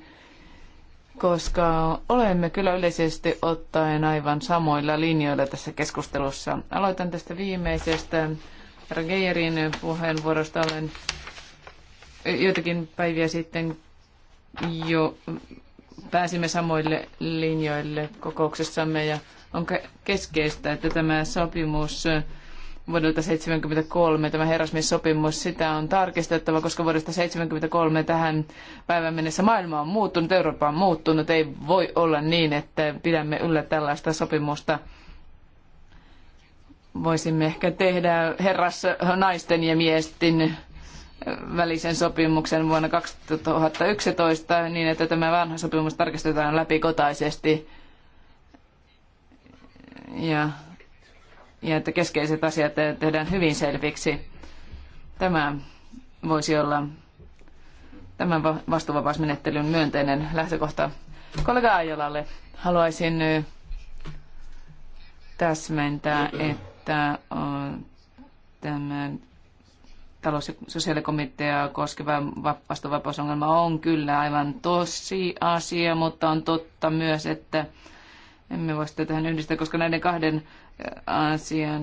koska olemme kyllä yleisesti ottaen aivan samoilla linjoilla tässä keskustelussa. Aloitan tästä viimeisestä Rageerin puheenvuorosta. Olen joitakin päiviä sitten jo pääsimme samoille linjoille kokouksessamme ja on keskeistä, että tämä sopimus vuodelta 1973 tämä herrasmies-sopimus. Sitä on tarkistettava, koska vuodesta 1973 tähän päivään mennessä maailma on muuttunut, Eurooppa on muuttunut. Ei voi olla niin, että pidämme yllä tällaista sopimusta. Voisimme ehkä tehdä herras naisten ja miesten välisen sopimuksen vuonna 2011 niin, että tämä vanha sopimus tarkistetaan läpikotaisesti. Ja ja että keskeiset asiat tehdään hyvin selviksi. Tämä voisi olla tämän vastuuvapausmenettelyn myönteinen lähtökohta. Kollega Aijalalle haluaisin täsmentää, että tämän talous- ja sosiaalikomitea koskeva vastuuvapausongelma on kyllä aivan tosi asia, mutta on totta myös, että emme voi sitä tähän yhdistää, koska näiden kahden asian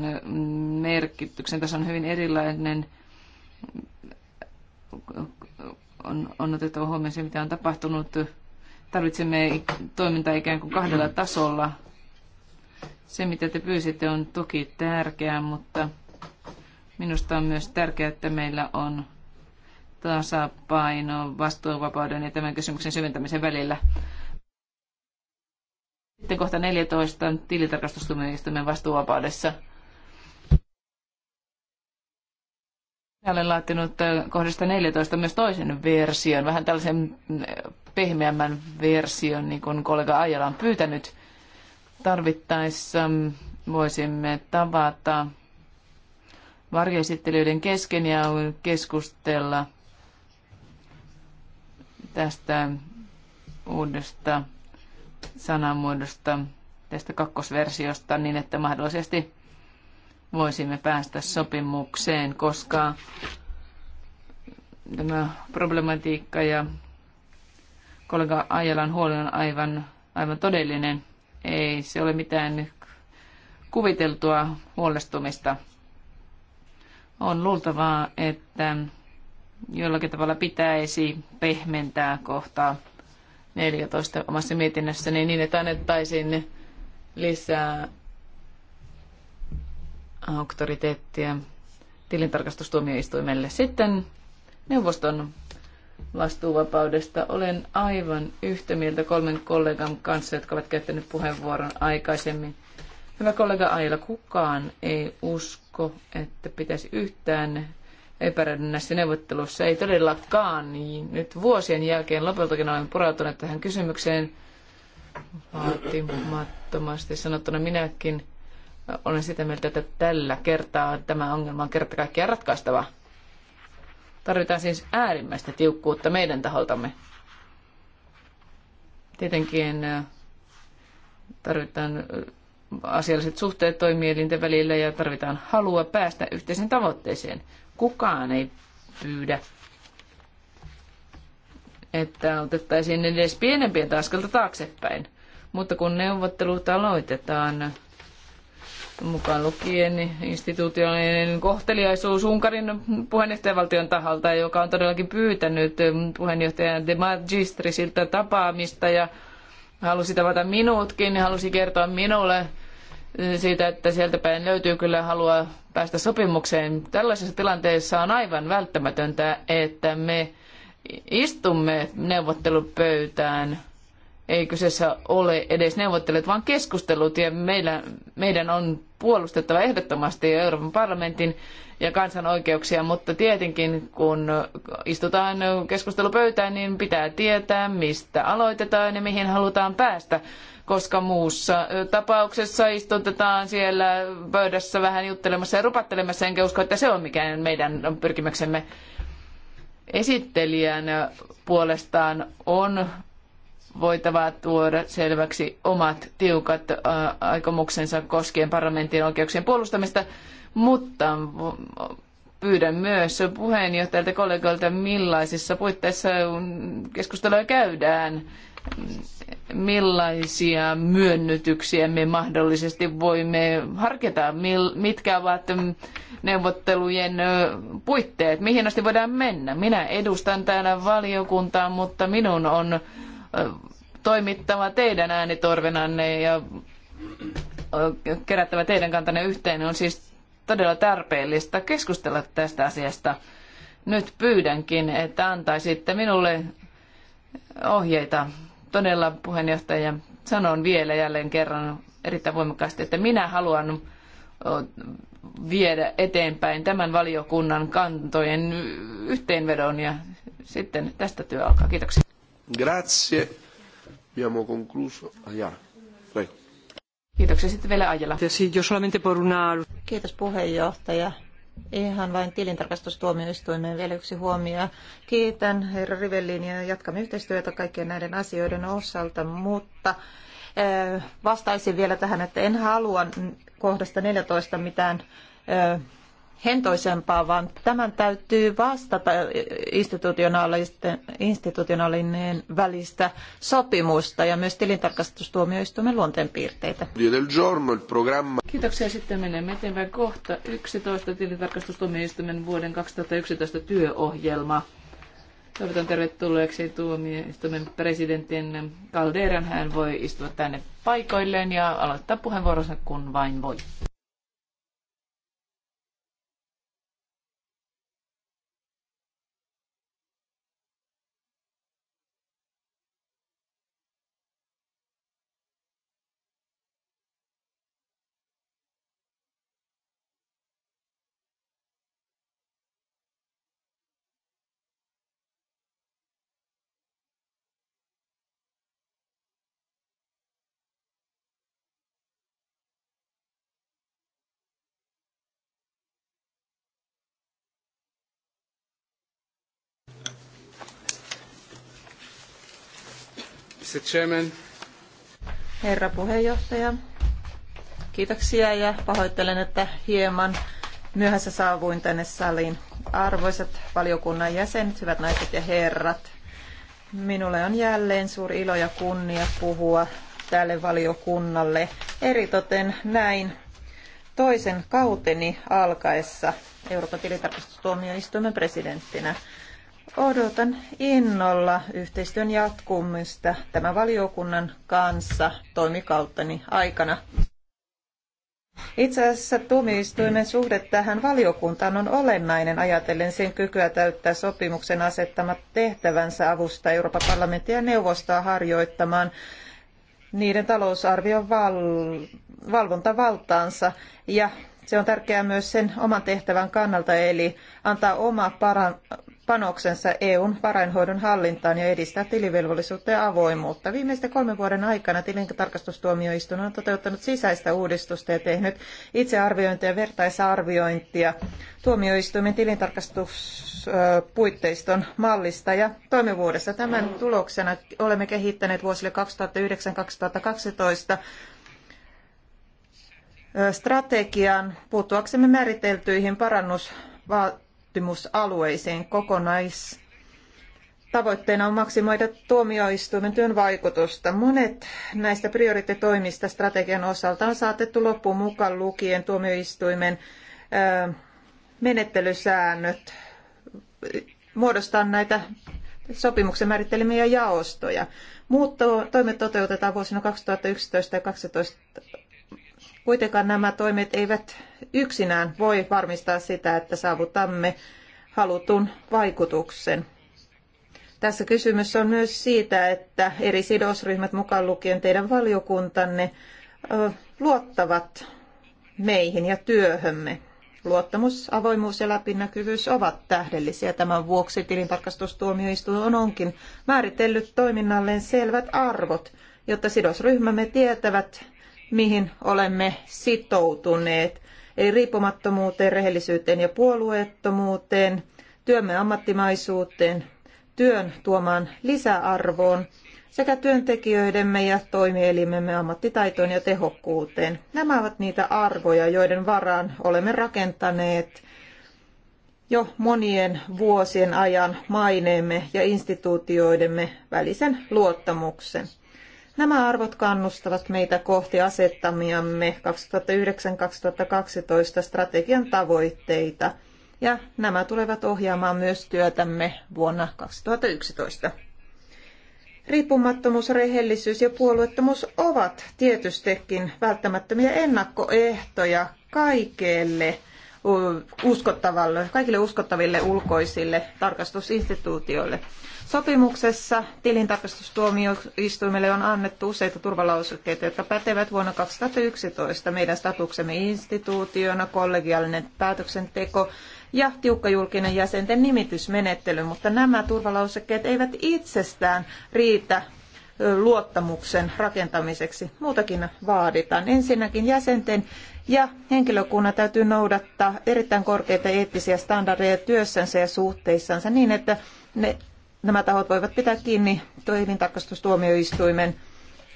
merkityksen. Tässä on hyvin erilainen, on, on otettava huomioon se, mitä on tapahtunut. Tarvitsemme toimintaa ikään kuin kahdella tasolla. Se, mitä te pyysitte, on toki tärkeää, mutta minusta on myös tärkeää, että meillä on tasapaino vastuuvapauden ja tämän kysymyksen syventämisen välillä. Sitten kohta 14 tilitarkastustuomioistuimen vastuuvapaudessa. olen laatinut äh, kohdasta 14 myös toisen version, vähän tällaisen mm, pehmeämmän version, niin kuin kollega Ajala on pyytänyt. Tarvittaessa mm, voisimme tavata varjoesittelyiden kesken ja keskustella tästä uudesta sanamuodosta tästä kakkosversiosta niin, että mahdollisesti voisimme päästä sopimukseen, koska tämä problematiikka ja kollega Aijalan huoli on aivan, aivan todellinen. Ei se ole mitään kuviteltua huolestumista. On luultavaa, että jollakin tavalla pitäisi pehmentää kohtaa 14 omassa mietinnössäni niin, että annettaisiin lisää auktoriteettia tilintarkastustuomioistuimelle. Sitten neuvoston vastuuvapaudesta. Olen aivan yhtä mieltä kolmen kollegan kanssa, jotka ovat käyttäneet puheenvuoron aikaisemmin. Hyvä kollega Aila, kukaan ei usko, että pitäisi yhtään epäröidä näissä neuvotteluissa. Ei todellakaan. Niin nyt vuosien jälkeen lopultakin olen porautunut tähän kysymykseen vaatimattomasti sanottuna. Minäkin olen sitä mieltä, että tällä kertaa tämä ongelma on kerta kaikkiaan ratkaistava. Tarvitaan siis äärimmäistä tiukkuutta meidän taholtamme. Tietenkin äh, tarvitaan äh, asialliset suhteet toimielinten välillä ja tarvitaan halua päästä yhteisen tavoitteeseen kukaan ei pyydä, että otettaisiin edes pienempiä taskelta taaksepäin. Mutta kun neuvottelut aloitetaan, mukaan lukien instituutioiden kohteliaisuus Unkarin puheenjohtajavaltion taholta, joka on todellakin pyytänyt puheenjohtajan de magistrisiltä tapaamista ja halusi tavata minutkin, halusi kertoa minulle siitä, että sieltä päin löytyy kyllä halua päästä sopimukseen. Tällaisessa tilanteessa on aivan välttämätöntä, että me istumme neuvottelupöytään. Ei kyseessä ole edes neuvottelut, vaan keskustelut, ja meillä, meidän on puolustettava ehdottomasti Euroopan parlamentin ja kansan oikeuksia, mutta tietenkin kun istutaan keskustelupöytään, niin pitää tietää, mistä aloitetaan ja mihin halutaan päästä koska muussa tapauksessa istutetaan siellä pöydässä vähän juttelemassa ja rupattelemassa, enkä usko, että se on mikään meidän pyrkimyksemme. Esittelijän puolestaan on voitava tuoda selväksi omat tiukat aikomuksensa koskien parlamentin oikeuksien puolustamista, mutta pyydän myös puheenjohtajalta kollegoilta, millaisissa puitteissa keskustelua käydään millaisia myönnytyksiä me mahdollisesti voimme harkita, mitkä ovat neuvottelujen puitteet, mihin asti voidaan mennä. Minä edustan täällä valiokuntaa, mutta minun on toimittava teidän äänitorvenanne ja kerättävä teidän kantanne yhteen. On siis todella tarpeellista keskustella tästä asiasta. Nyt pyydänkin, että antaisitte minulle ohjeita todella puheenjohtaja, sanon vielä jälleen kerran erittäin voimakkaasti, että minä haluan viedä eteenpäin tämän valiokunnan kantojen yhteenvedon ja sitten tästä työ alkaa. Kiitoksia. Grazie. Abbiamo concluso. Ajala. Kiitoksia sitten vielä Ajala. Kiitos puheenjohtaja. Ihan vain tilintarkastustuomioistuimeen vielä yksi huomio. Kiitän herra Rivellin ja jatkamme yhteistyötä kaikkien näiden asioiden osalta, mutta eh, vastaisin vielä tähän, että en halua kohdasta 14 mitään eh, hentoisempaa, vaan tämän täytyy vastata institutionaalinen välistä sopimusta ja myös tilintarkastustuomioistuimen luonteenpiirteitä. Kiitoksia. Sitten menemme eteenpäin kohta 11 tilintarkastustuomioistuimen vuoden 2011 työohjelma. Toivotan tervetulleeksi tuomioistuimen presidentin Calderan. Hän voi istua tänne paikoilleen ja aloittaa puheenvuoronsa kun vain voi. Mr. Chairman. Herra puheenjohtaja, kiitoksia ja pahoittelen, että hieman myöhässä saavuin tänne saliin. Arvoisat valiokunnan jäsenet, hyvät naiset ja herrat, minulle on jälleen suuri ilo ja kunnia puhua tälle valiokunnalle eritoten näin toisen kauteni alkaessa Euroopan tilintarkastustuomioistuimen presidenttinä. Odotan innolla yhteistyön jatkumista tämän valiokunnan kanssa toimikauttani aikana. Itse asiassa tuomioistuimen suhde tähän valiokuntaan on olennainen ajatellen sen kykyä täyttää sopimuksen asettamat tehtävänsä avusta Euroopan parlamenttia ja neuvostoa harjoittamaan niiden talousarvion val- valvontavaltaansa ja se on tärkeää myös sen oman tehtävän kannalta, eli antaa oma para- panoksensa EUn varainhoidon hallintaan ja edistää tilivelvollisuutta ja avoimuutta. Viimeisten kolmen vuoden aikana tilintarkastustuomioistuin on toteuttanut sisäistä uudistusta ja tehnyt itsearviointia ja vertaisarviointia tuomioistuimen tilintarkastuspuitteiston mallista ja toimivuudesta. Tämän tuloksena olemme kehittäneet vuosille 2009-2012 strategian puuttuaksemme määriteltyihin parannusvaatimuksiin tutkimusalueeseen kokonais. Tavoitteena on maksimoida tuomioistuimen työn vaikutusta. Monet näistä prioriteetoimista strategian osalta on saatettu loppuun mukaan lukien tuomioistuimen menettelysäännöt muodostaa näitä sopimuksen määrittelemiä jaostoja. Muut toimet toteutetaan vuosina 2011 ja 2012 Kuitenkaan nämä toimet eivät yksinään voi varmistaa sitä, että saavutamme halutun vaikutuksen. Tässä kysymys on myös siitä, että eri sidosryhmät mukaan lukien teidän valiokuntanne luottavat meihin ja työhömme. Luottamus, avoimuus ja läpinäkyvyys ovat tähdellisiä. Tämän vuoksi tilintarkastustuomioistuin on onkin määritellyt toiminnalleen selvät arvot, jotta sidosryhmämme tietävät, mihin olemme sitoutuneet, eli riippumattomuuteen, rehellisyyteen ja puolueettomuuteen, työmme ammattimaisuuteen, työn tuomaan lisäarvoon sekä työntekijöidemme ja toimielimemme ammattitaitoon ja tehokkuuteen. Nämä ovat niitä arvoja, joiden varaan olemme rakentaneet jo monien vuosien ajan maineemme ja instituutioidemme välisen luottamuksen. Nämä arvot kannustavat meitä kohti asettamiamme 2009-2012 strategian tavoitteita, ja nämä tulevat ohjaamaan myös työtämme vuonna 2011. Riippumattomuus, rehellisyys ja puolueettomuus ovat tietystikin välttämättömiä ennakkoehtoja kaikelle uskottavalle, kaikille uskottaville ulkoisille tarkastusinstituutioille. Sopimuksessa tilintarkastustuomioistuimelle on annettu useita turvalausekkeita, jotka pätevät vuonna 2011 meidän statuksemme instituutiona, kollegiaalinen päätöksenteko ja tiukka julkinen jäsenten nimitysmenettely, mutta nämä turvalausekkeet eivät itsestään riitä luottamuksen rakentamiseksi. Muutakin vaaditaan. Ensinnäkin jäsenten ja henkilökunnan täytyy noudattaa erittäin korkeita eettisiä standardeja työssänsä ja suhteissansa niin, että ne, nämä tahot voivat pitää kiinni tilintarkastustuomioistuimen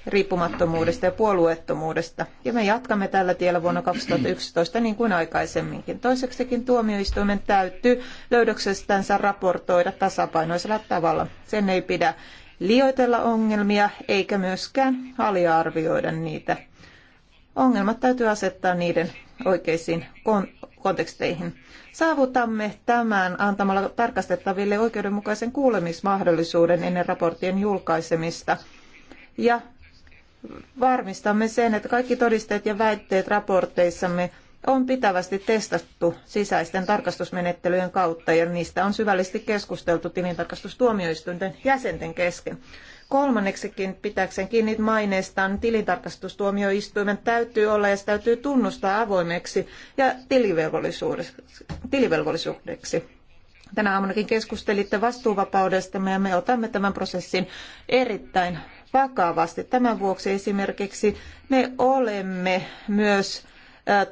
riippumattomuudesta ja puolueettomuudesta. Ja me jatkamme tällä tiellä vuonna 2011 niin kuin aikaisemminkin. Toiseksikin tuomioistuimen täytyy löydöksestänsä raportoida tasapainoisella tavalla. Sen ei pidä liioitella ongelmia eikä myöskään aliarvioida niitä. Ongelmat täytyy asettaa niiden oikeisiin kon- konteksteihin. Saavutamme tämän antamalla tarkastettaville oikeudenmukaisen kuulemismahdollisuuden ennen raporttien julkaisemista ja varmistamme sen, että kaikki todisteet ja väitteet raporteissamme on pitävästi testattu sisäisten tarkastusmenettelyjen kautta ja niistä on syvällisesti keskusteltu tilintarkastustuomioistuinten jäsenten kesken. Kolmanneksikin pitääkseen kiinni maineestaan tilintarkastustuomioistuimen täytyy olla ja se täytyy tunnustaa avoimeksi ja tilivelvollisuudeksi. Tänä aamunakin keskustelitte vastuuvapaudesta ja me otamme tämän prosessin erittäin vakavasti. Tämän vuoksi esimerkiksi me olemme myös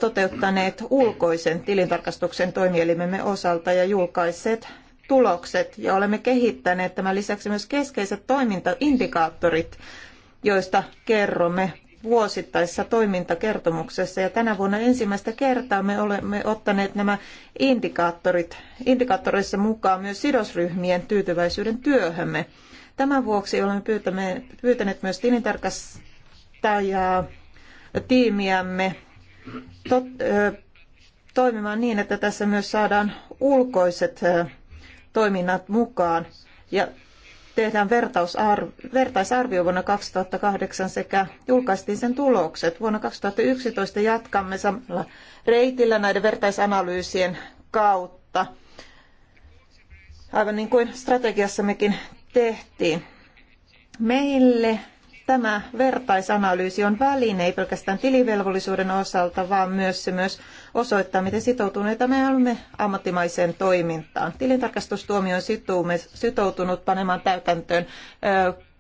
toteuttaneet ulkoisen tilintarkastuksen toimielimemme osalta ja julkaisseet tulokset ja olemme kehittäneet tämän lisäksi myös keskeiset toimintaindikaattorit, joista kerromme vuosittaisessa toimintakertomuksessa. Ja tänä vuonna ensimmäistä kertaa me olemme ottaneet nämä indikaattorit, indikaattoreissa mukaan myös sidosryhmien tyytyväisyyden työhömme. Tämän vuoksi olemme pyytäneet myös tilintarkastajaa tiimiämme tot, ö, toimimaan niin, että tässä myös saadaan ulkoiset toiminnat mukaan ja tehdään vertaisarvio vuonna 2008 sekä julkaistiin sen tulokset. Vuonna 2011 jatkamme samalla reitillä näiden vertaisanalyysien kautta, aivan niin kuin strategiassammekin tehtiin. Meille tämä vertaisanalyysi on väline ei pelkästään tilivelvollisuuden osalta, vaan myös se myös osoittaa, miten sitoutuneita me olemme ammattimaiseen toimintaan. Tilintarkastustuomio on sitoutunut panemaan täytäntöön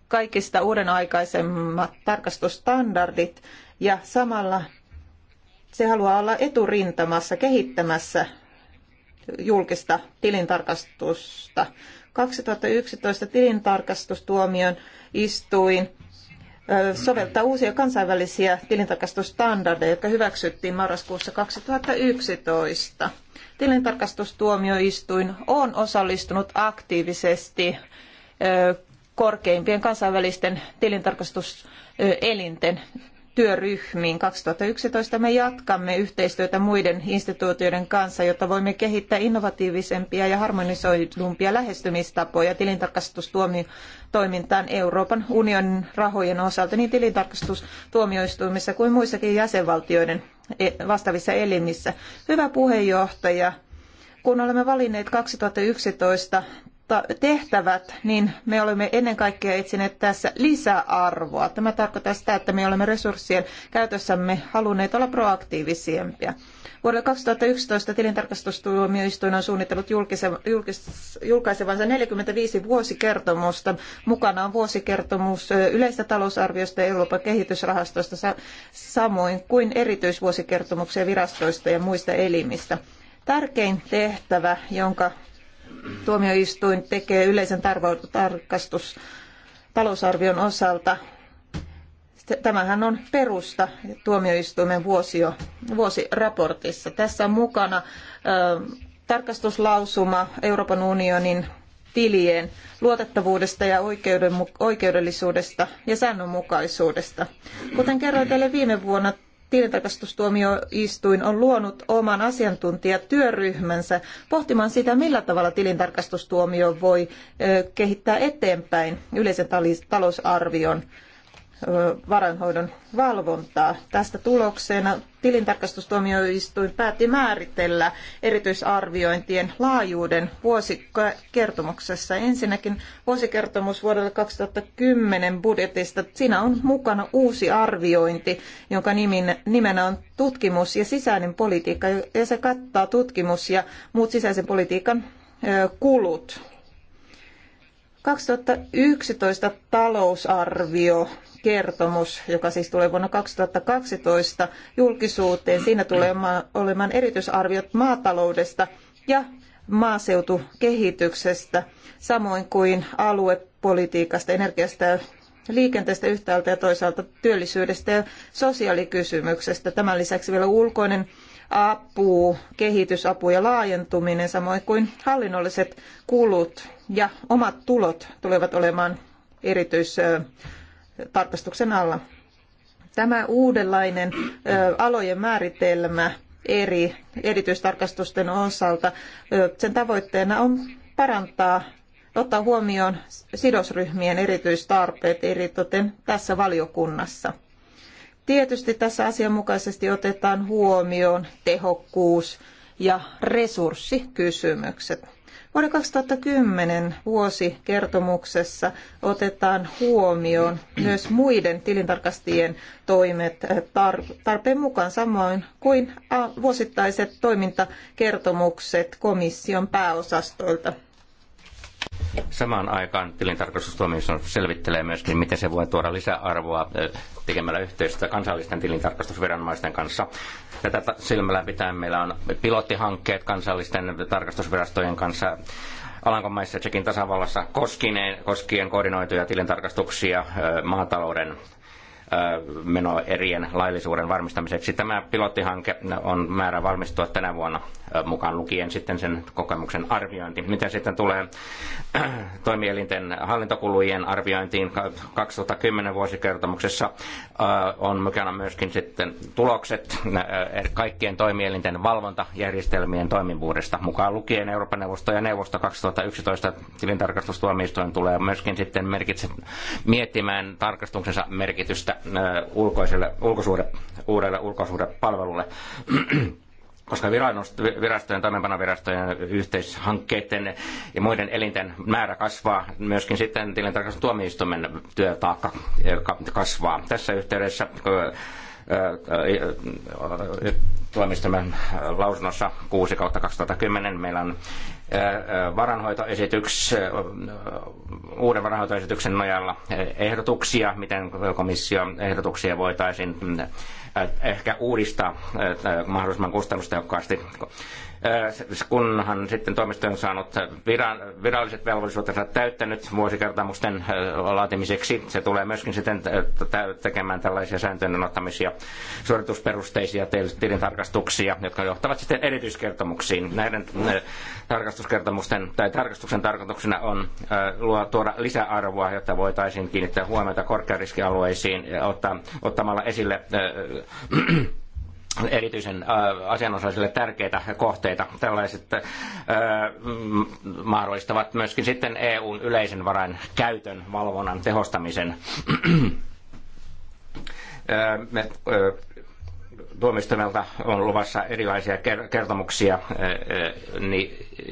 kaikista uuden aikaisemmat tarkastustandardit ja samalla se haluaa olla eturintamassa kehittämässä julkista tilintarkastusta. 2011 tilintarkastustuomion istuin soveltaa uusia kansainvälisiä tilintarkastusstandardeja, jotka hyväksyttiin marraskuussa 2011. Tilintarkastustuomioistuin on osallistunut aktiivisesti korkeimpien kansainvälisten tilintarkastuselinten työryhmiin. 2011 me jatkamme yhteistyötä muiden instituutioiden kanssa, jotta voimme kehittää innovatiivisempia ja harmonisoidumpia lähestymistapoja tilintarkastustoimintaan Euroopan unionin rahojen osalta niin tilintarkastustuomioistuimissa kuin muissakin jäsenvaltioiden e, vastaavissa elimissä. Hyvä puheenjohtaja, kun olemme valinneet 2011 tehtävät, niin me olemme ennen kaikkea etsineet tässä lisäarvoa. Tämä tarkoittaa sitä, että me olemme resurssien käytössämme halunneet olla proaktiivisempia. Vuodelle 2011 tilintarkastustuomioistuin on suunnitellut julkaisevansa 45 vuosikertomusta. Mukana on vuosikertomus yleistä talousarviosta ja Euroopan kehitysrahastosta, samoin kuin erityisvuosikertomuksia virastoista ja muista elimistä. Tärkein tehtävä, jonka tuomioistuin tekee yleisen tarkastus talousarvion osalta. Tämähän on perusta tuomioistuimen vuosio, vuosiraportissa. Tässä on mukana ö, tarkastuslausuma Euroopan unionin tilien luotettavuudesta ja oikeudellisuudesta ja säännönmukaisuudesta. Kuten kerroin teille viime vuonna, tilintarkastustuomioistuin on luonut oman asiantuntijatyöryhmänsä pohtimaan sitä, millä tavalla tilintarkastustuomio voi kehittää eteenpäin yleisen talousarvion varainhoidon valvontaa. Tästä tuloksena tilintarkastustuomioistuin päätti määritellä erityisarviointien laajuuden vuosikertomuksessa. Ensinnäkin vuosikertomus vuodelle 2010 budjetista. Siinä on mukana uusi arviointi, jonka nimenä on tutkimus ja sisäinen politiikka, ja se kattaa tutkimus ja muut sisäisen politiikan kulut 2011 talousarvio kertomus, joka siis tulee vuonna 2012 julkisuuteen. Siinä tulee olemaan erityisarviot maataloudesta ja maaseutukehityksestä, samoin kuin aluepolitiikasta, energiasta ja liikenteestä yhtäältä ja toisaalta työllisyydestä ja sosiaalikysymyksestä. Tämän lisäksi vielä ulkoinen apu, kehitysapu ja laajentuminen, samoin kuin hallinnolliset kulut ja omat tulot tulevat olemaan erityistarkastuksen alla. Tämä uudenlainen alojen määritelmä eri erityistarkastusten osalta, sen tavoitteena on parantaa ottaa huomioon sidosryhmien erityistarpeet eritoten tässä valiokunnassa. Tietysti tässä asianmukaisesti otetaan huomioon tehokkuus ja resurssikysymykset. Vuoden 2010 vuosikertomuksessa otetaan huomioon myös muiden tilintarkastajien toimet tarpeen mukaan samoin kuin vuosittaiset toimintakertomukset komission pääosastoilta. Samaan aikaan tilintarkastustuomioistuin selvittelee myöskin, miten se voi tuoda lisäarvoa tekemällä yhteistyötä kansallisten tilintarkastusviranomaisten kanssa. Tätä silmällä pitää meillä on pilottihankkeet kansallisten tarkastusvirastojen kanssa Alankomaissa ja Tsekin tasavallassa koskien, koskien koordinoituja tilintarkastuksia maatalouden menoerien laillisuuden varmistamiseksi. Tämä pilottihanke on määrä valmistua tänä vuonna mukaan lukien sitten sen kokemuksen arviointi. Mitä sitten tulee toimielinten hallintokulujen arviointiin 2010 vuosikertomuksessa on mukana myöskin sitten tulokset kaikkien toimielinten valvontajärjestelmien toimivuudesta mukaan lukien Euroopan neuvosto ja neuvosto 2011 tilintarkastustuomioistuin tulee myöskin sitten merkitse, miettimään tarkastuksensa merkitystä ulkoiselle, ulkosuhde, uudelle ulkosuhdepalvelulle. koska virastojen, toimeenpanovirastojen yhteishankkeiden ja muiden elinten määrä kasvaa, myöskin sitten tilintarkastus tuomioistuimen työtaakka kasvaa. Tässä yhteydessä tuomistomen lausunnossa 6 kautta 2010 meillä on varanhoitoesityks, uuden varanhoitoesityksen nojalla ehdotuksia, miten komission ehdotuksia voitaisiin Eh, ehkä uudistaa eh, eh, mahdollisimman kustannustehokkaasti Äh, kunhan sitten toimisto on saanut viran, viralliset velvollisuutensa täyttänyt vuosikertomusten äh, laatimiseksi. Se tulee myöskin sitten äh, tekemään tällaisia sääntöjen ottamisia suoritusperusteisia tilintarkastuksia, jotka johtavat sitten erityiskertomuksiin. Näiden tarkastuskertomusten tai tarkastuksen tarkoituksena on tuoda lisäarvoa, jotta voitaisiin kiinnittää huomiota korkeariskialueisiin ottaa, ottamalla esille erityisen äh, asianosaisille tärkeitä kohteita. Tällaiset äh, mahdollistavat myöskin sitten EUn yleisen varain käytön valvonnan tehostamisen. Äh, me äh, tuomistumelta on luvassa erilaisia kertomuksia eh, eh,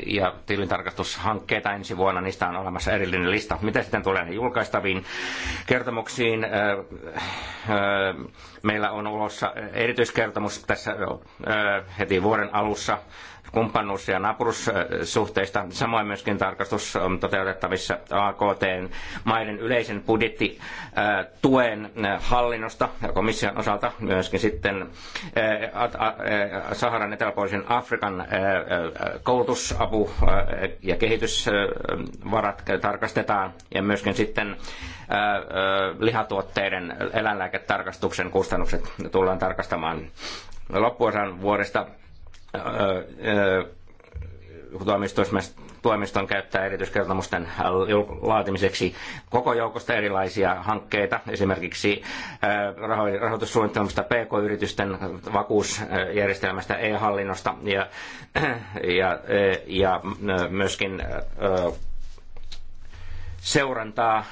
ja tilintarkastushankkeita ensi vuonna. Niistä on olemassa erillinen lista. Mitä sitten tulee julkaistaviin kertomuksiin? Eh, meillä on ulossa erityiskertomus tässä heti vuoden alussa kumppanuus- ja naapurussuhteista. Samoin myöskin tarkastus on toteutettavissa AKT-maiden yleisen budjettituen hallinnosta ja komission osalta myöskin sitten Eh, eh, Saharan eteläpuolisen Afrikan eh, koulutusapu ja kehitysvarat tarkastetaan ja myöskin sitten lihatuotteiden eläinlääketarkastuksen kustannukset tullaan tarkastamaan loppuosan vuodesta toimistossa toimiston käyttää erityiskertomusten laatimiseksi koko joukosta erilaisia hankkeita, esimerkiksi rahoitussuunnitelmasta, pk-yritysten vakuusjärjestelmästä, e-hallinnosta ja, ja, e, ja myöskin seurantaa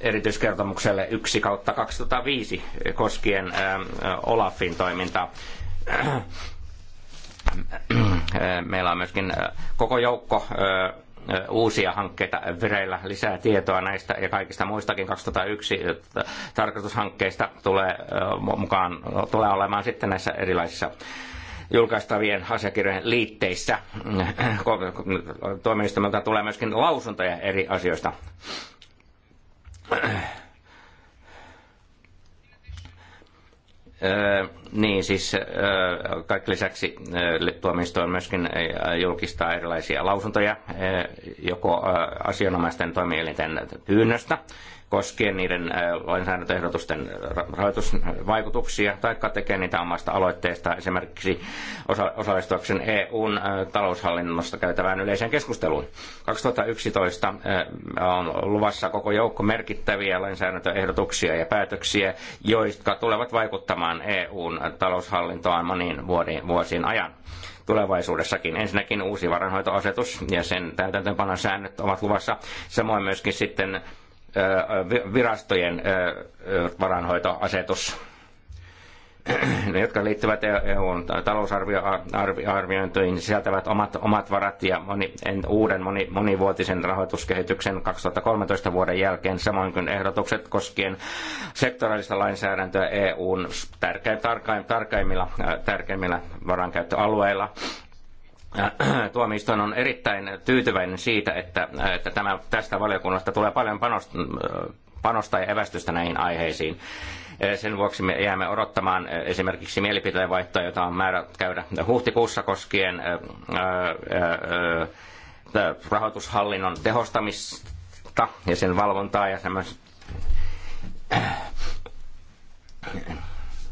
erityiskertomukselle 1 kautta 2005 koskien Olafin toimintaa Äh, meillä on myöskin äh, koko joukko äh, uusia hankkeita vireillä. Lisää tietoa näistä ja kaikista muistakin 2001 tarkoitushankkeista tulee mukaan, tulee olemaan sitten näissä erilaisissa julkaistavien asiakirjojen liitteissä. Tuomioistuimelta tulee myöskin lausuntoja eri asioista niin siis kaikki lisäksi on myöskin julkistaa erilaisia lausuntoja joko asianomaisten toimielinten pyynnöstä koskien niiden äh, lainsäädäntöehdotusten rahoitusvaikutuksia tai tekee niitä omasta aloitteesta esimerkiksi osa- osallistuakseen EUn äh, taloushallinnosta käytävään yleiseen keskusteluun. 2011 äh, on luvassa koko joukko merkittäviä lainsäädäntöehdotuksia ja päätöksiä, jotka tulevat vaikuttamaan EUn taloushallintoa moniin vuosien ajan tulevaisuudessakin. Ensinnäkin uusi varanhoitoasetus ja sen täytäntöönpanon säännöt ovat luvassa. Samoin myöskin sitten virastojen varanhoitoasetus, ne, jotka liittyvät EUn e talousarviointiin, sisältävät omat, omat varat ja moni, en, uuden moni, monivuotisen rahoituskehityksen 2013 vuoden jälkeen, samoin kuin ehdotukset koskien sektoraalista lainsäädäntöä EUn tärkein, tarkaim, tarkaimmilla, tärkeimmillä varankäyttöalueilla Äh, tuomioistuin on erittäin tyytyväinen siitä, että, että tämä, tästä valiokunnasta tulee paljon panosta, panosta ja evästystä näihin aiheisiin. Äh, sen vuoksi me jäämme odottamaan äh, esimerkiksi mielipiteenvaihtoa, jota on määrä käydä huhtikuussa koskien rahoitushallinnon tehostamista ja sen valvontaa ja semmoista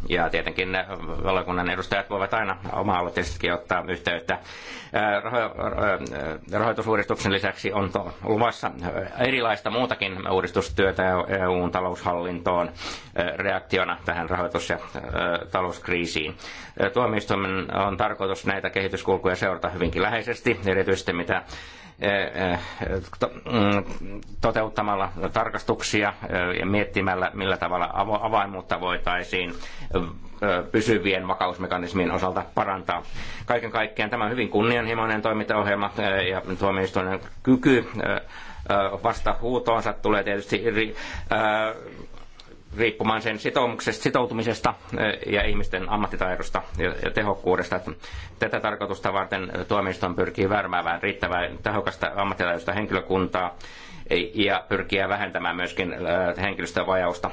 ja tietenkin ne edustajat voivat aina oma-aloitteisestikin ottaa yhteyttä. Rahoitusuudistuksen lisäksi on luvassa erilaista muutakin uudistustyötä EUn e taloushallintoon reaktiona tähän rahoitus- ja talouskriisiin. Tuomioistuimen on tarkoitus näitä kehityskulkuja seurata hyvinkin läheisesti, erityisesti mitä Eh, eh, mm, toteuttamalla tarkastuksia eh, ja miettimällä, millä tavalla avaimuutta voitaisiin pysyvien vakausmekanismien osalta parantaa. Kaiken kaikkiaan tämä on hyvin kunnianhimoinen toimintaohjelma ja tuomioistuinen kyky vasta huutoonsa tulee tietysti riippumaan sen sitoumuksesta, sitoutumisesta ja ihmisten ammattitaidosta ja tehokkuudesta. Tätä tarkoitusta varten tuomioistuin pyrkii värmäämään riittävää tehokasta ammattitaidosta henkilökuntaa e, ja pyrkiä vähentämään myöskin henkilöstövajausta.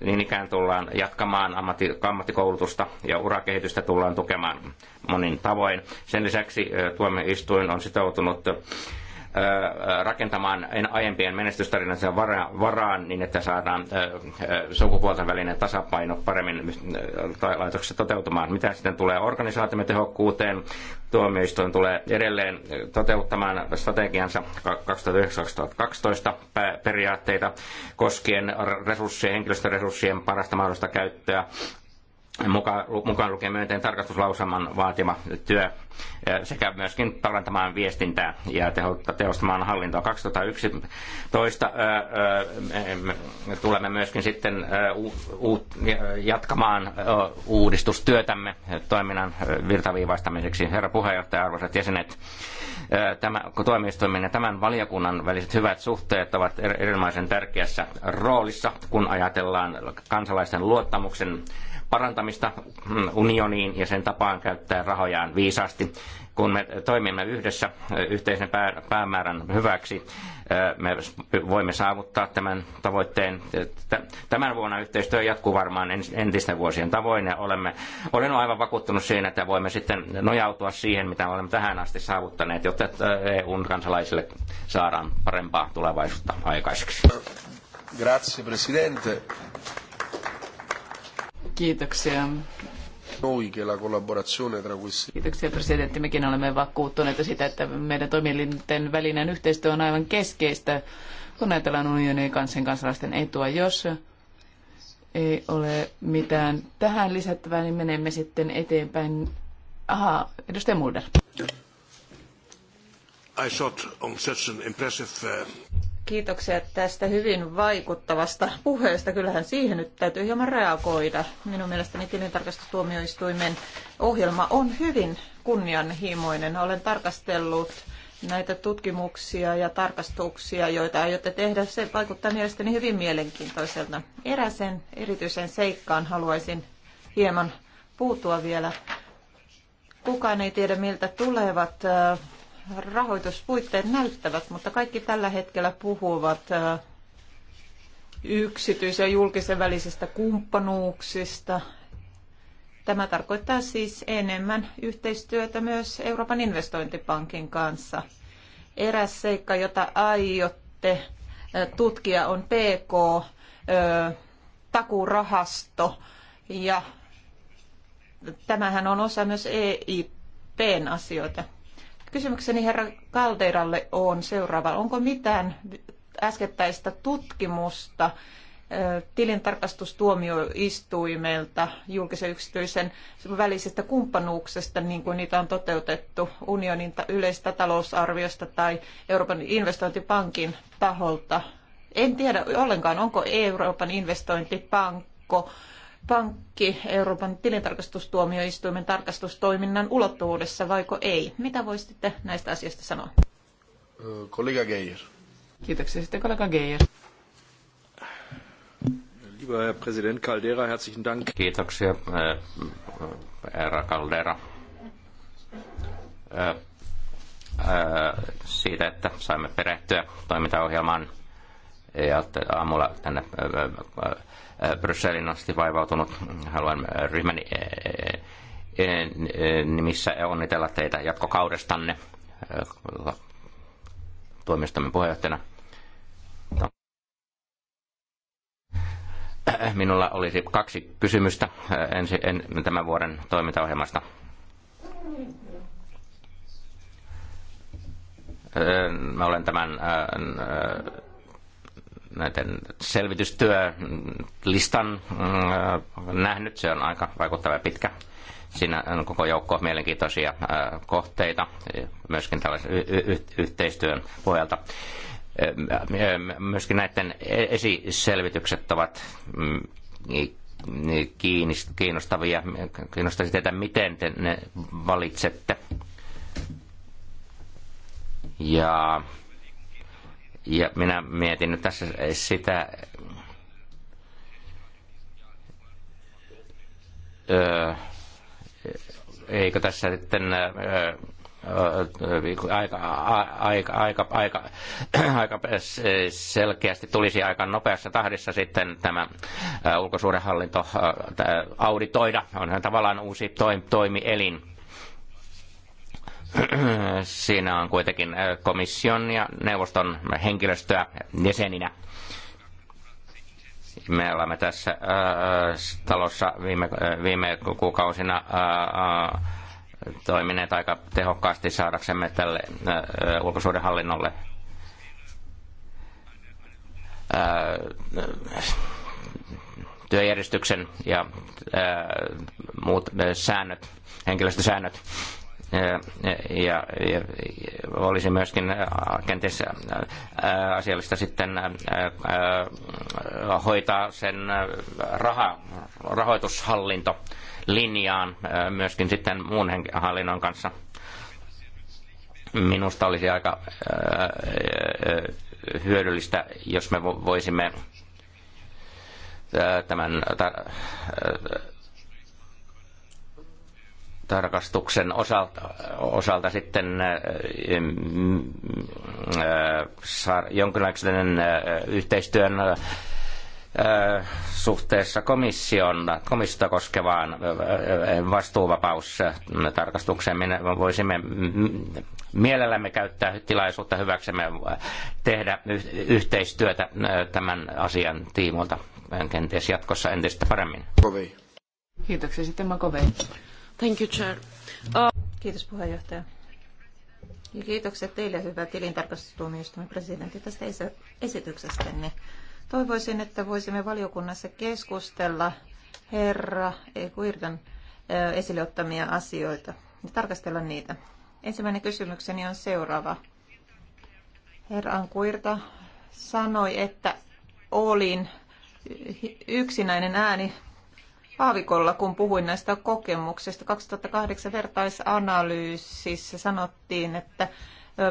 Niin ikään tullaan jatkamaan ammattikoulutusta ja urakehitystä tullaan tukemaan monin tavoin. Sen lisäksi tuomioistuin on sitoutunut rakentamaan aiempien menestystarinansa varaan niin, että saadaan sukupuolten välinen tasapaino paremmin laitoksessa toteutumaan. Mitä sitten tulee tehokkuuteen tuomioistuin tulee edelleen toteuttamaan strategiansa 2009-2012 periaatteita koskien resurssien, henkilöstöresurssien parasta mahdollista käyttöä, mukaan, mukaan lukien myönteinen tarkastuslausaman vaatima työ sekä myöskin parantamaan viestintää ja tehostamaan hallintoa. 2011 tulemme myöskin sitten jatkamaan uudistustyötämme toiminnan virtaviivaistamiseksi. Herra puheenjohtaja, arvoisat jäsenet, tämä, toimistoiminen ja tämän valiokunnan väliset hyvät suhteet ovat er-, erilaisen tärkeässä roolissa, kun ajatellaan kansalaisten luottamuksen parantamista unioniin ja sen tapaan käyttää rahojaan viisaasti. Kun me toimimme yhdessä yhteisen päämäärän hyväksi, me voimme saavuttaa tämän tavoitteen. Tämän vuonna yhteistyö jatkuu varmaan entisten vuosien tavoin ja olemme, olen aivan vakuuttunut siinä, että voimme sitten nojautua siihen, mitä olemme tähän asti saavuttaneet, jotta EUn kansalaisille saadaan parempaa tulevaisuutta aikaiseksi. Grazie Presidente. Kiitoksia. Noi tra questi... Kiitoksia presidentti. Mekin olemme vakuuttuneita sitä, että meidän toimielinten välinen yhteistyö on aivan keskeistä, kun ajatellaan unionin kansan kansalaisten etua. Jos ei ole mitään tähän lisättävää, niin menemme sitten eteenpäin. Aha, edustaja Mulder. I thought on such an impressive uh, Kiitoksia tästä hyvin vaikuttavasta puheesta. Kyllähän siihen nyt täytyy hieman reagoida. Minun mielestäni tilintarkastustuomioistuimen ohjelma on hyvin kunnianhimoinen. Olen tarkastellut näitä tutkimuksia ja tarkastuksia, joita aiotte tehdä. Se vaikuttaa mielestäni hyvin mielenkiintoiselta. Eräsen erityisen seikkaan haluaisin hieman puuttua vielä. Kukaan ei tiedä, miltä tulevat äh, rahoituspuitteet näyttävät, mutta kaikki tällä hetkellä puhuvat äh, yksityisen ja julkisen välisistä kumppanuuksista. Tämä tarkoittaa siis enemmän yhteistyötä myös Euroopan investointipankin kanssa. Eräs seikka, jota aiotte äh, tutkia, on PK, äh, takurahasto ja tämähän on osa myös EIPn asioita. Kysymykseni herra Kalteiralle on seuraava. Onko mitään äskettäistä tutkimusta tilintarkastustuomioistuimelta julkisen yksityisen välisestä kumppanuuksesta, niin kuin niitä on toteutettu unionin yleistä talousarviosta tai Euroopan investointipankin taholta. En tiedä ollenkaan, onko Euroopan investointipankko pankki Euroopan tilintarkastustuomioistuimen tarkastustoiminnan ulottuvuudessa vaiko ei? Mitä voisitte näistä asioista sanoa? Kollega Geijer. Kiitoksia sitten kollega Geijer. Lieber Herr Präsident Caldera, herzlichen Dank. Kiitoksia, eh, herra Caldera, eh, eh, siitä, että saimme perehtyä toimintaohjelmaan ja aamulla tänne Äh, Brysselin asti vaivautunut. Haluan äh, ryhmäni äh, nimissä onnitella teitä jatkokaudestanne toimistamme puheenjohtajana. Minulla olisi kaksi kysymystä ensi, en, tämän vuoden toimintaohjelmasta. Mä olen tämän näiden selvitystyölistan mm, nähnyt. Se on aika vaikuttava pitkä. Siinä on koko joukko mielenkiintoisia äh, kohteita, myöskin tällaisen yhteistyön pohjalta. Äh, äh, myöskin näiden e-, esiselvitykset ovat mm, kiinnostavia. Kiinnostaisi teitä, miten te ne valitsette. Ja ja minä mietin nyt tässä sitä, öö, eikö tässä sitten öö, aika, aika, aika, aika, aika selkeästi tulisi aika nopeassa tahdissa sitten tämä ulkosuurehallinto auditoida. Onhan tavallaan uusi toimi, Siinä on kuitenkin äh, komission ja neuvoston henkilöstöä jäseninä. Me olemme tässä äh, äh talossa viime, äh, viime kuukausina äh, toimineet aika tehokkaasti saadaksemme tälle äh, ulkosuudenhallinnolle työjärjestyksen ja muut säännöt, henkilöstösäännöt ja, ja olisi myöskin kenties asiallista sitten hoitaa sen raha, rahoitushallinto linjaan myöskin sitten muun hallinnon kanssa. Minusta olisi aika hyödyllistä, jos me voisimme tämän tarkastuksen osalta, osalta sitten äh, äh, jonkinlainen äh, yhteistyön suhteessa komission, komissiota koskevaan vastuuvapaustarkastukseen. Me voisimme mielellämme käyttää tilaisuutta hyväksemme tehdä yhteistyötä tämän asian tiimoilta kenties jatkossa entistä paremmin. Kiitoksia sitten Makovei. Thank you, Chair. Uh... Kiitos puheenjohtaja. Ja kiitokset teille, hyvä tilintarkastustuomioistuimen presidentti, tästä esityksestänne. Niin toivoisin, että voisimme valiokunnassa keskustella herra Kuirkan esille ottamia asioita ja tarkastella niitä. Ensimmäinen kysymykseni on seuraava. Herra Kuirta sanoi, että olin yksinäinen ääni aavikolla, kun puhuin näistä kokemuksista. 2008 vertaisanalyysissä sanottiin, että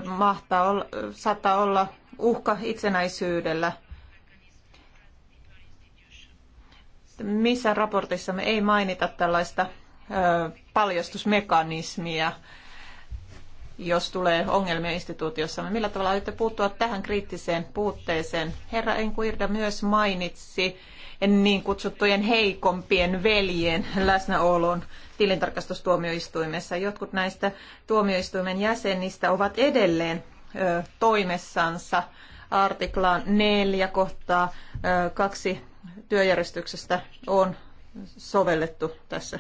mahtaa olla, saattaa olla uhka itsenäisyydellä. Missä raportissa me ei mainita tällaista paljastusmekanismia, jos tulee ongelmia instituutiossa, Millä tavalla aiotte puuttua tähän kriittiseen puutteeseen? Herra Enkuirda myös mainitsi niin kutsuttujen heikompien veljien läsnäolon tilintarkastustuomioistuimessa. Jotkut näistä tuomioistuimen jäsenistä ovat edelleen ö, toimessansa artiklaan 4 kohtaa ö, kaksi työjärjestyksestä on sovellettu tässä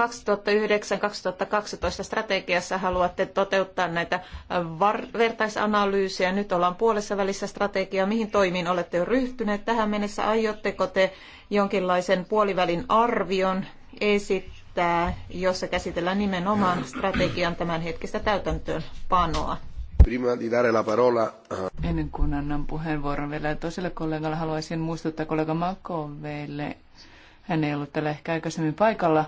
2009-2012 strategiassa haluatte toteuttaa näitä vertaisanalyysejä. Nyt ollaan puolessa välissä strategiaa. Mihin toimiin olette jo ryhtyneet tähän mennessä? Aiotteko te jonkinlaisen puolivälin arvion esittää, jossa käsitellään nimenomaan strategian tämänhetkistä täytäntöönpanoa? Eh, Ennen kuin annan puheenvuoron vielä toiselle kollegalle, haluaisin muistuttaa kollega Makoveille. Hän ei ollut täällä ehkä aikaisemmin paikalla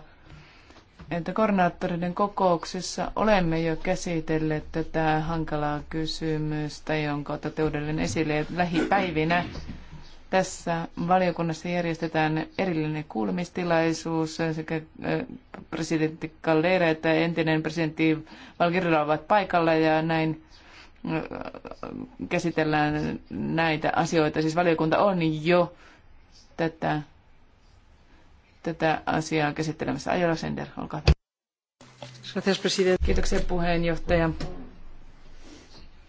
että koordinaattoreiden kokouksessa olemme jo käsitelleet tätä hankalaa kysymystä, jonka otatte uudelleen esille lähipäivinä. Tässä valiokunnassa järjestetään erillinen kuulemistilaisuus sekä äh, presidentti Caldera että entinen presidentti Valkirilla ovat paikalla ja näin äh, käsitellään näitä asioita. Siis valiokunta on jo tätä tätä asiaa käsittelemässä. Ajala Sender, olkaa hyvä. Kiitoksia puheenjohtaja.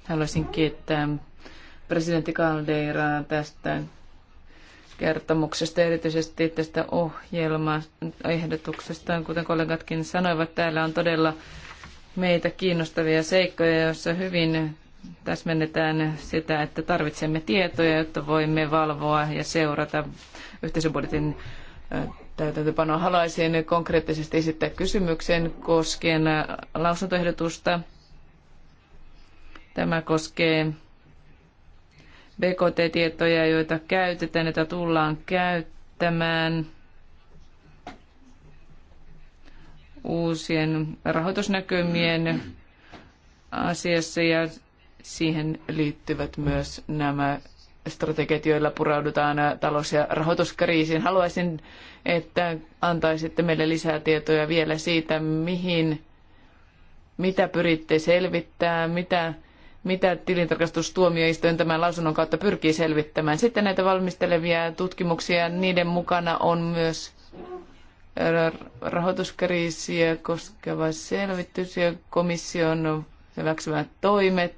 Haluaisin kiittää presidentti Caldeiraa tästä kertomuksesta, erityisesti tästä ohjelmaehdotuksesta. Kuten kollegatkin sanoivat, täällä on todella meitä kiinnostavia seikkoja, joissa hyvin täsmennetään sitä, että tarvitsemme tietoja, jotta voimme valvoa ja seurata yhteisöbudjetin täytäntöpanoa. Haluaisin konkreettisesti esittää kysymyksen koskien äh, lausuntoehdotusta. Tämä koskee BKT-tietoja, joita käytetään, joita tullaan käyttämään uusien rahoitusnäkymien asiassa ja siihen liittyvät myös nämä strategiat, joilla puraudutaan talous- ja rahoituskriisiin. Haluaisin, että antaisitte meille lisää tietoja vielä siitä, mihin, mitä pyritte selvittää, mitä, mitä tilintarkastustuomioistuin tämän lausunnon kautta pyrkii selvittämään. Sitten näitä valmistelevia tutkimuksia, niiden mukana on myös äh, rahoituskriisiä koskeva selvitys ja komission hyväksymät toimet.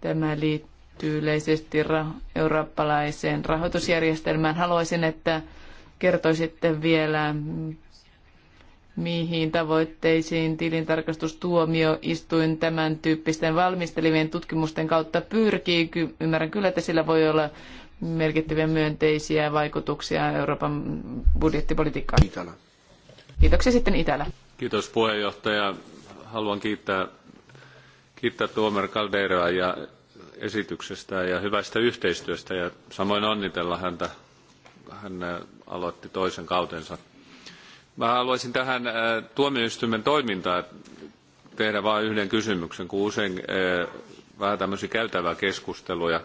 Tämä liittyy yleisesti ra- eurooppalaiseen rahoitusjärjestelmään. Haluaisin, että kertoisitte vielä, mihin tavoitteisiin tilintarkastustuomioistuin tämän tyyppisten valmistelivien tutkimusten kautta pyrkii. Ymmärrän kyllä, että sillä voi olla merkittäviä myönteisiä vaikutuksia Euroopan budjettipolitiikkaan. Itälä. Kiitoksia sitten Itälä. Kiitos puheenjohtaja. Haluan kiittää, kiittää Tuomer Calderoa ja esityksestä ja hyvästä yhteistyöstä ja samoin onnitella häntä. Hän äh, aloitti toisen kautensa. Mä haluaisin tähän äh, tuomioistuimen toimintaan tehdä vain yhden kysymyksen, kun usein äh, vähän tämmöisiä käytävää keskusteluja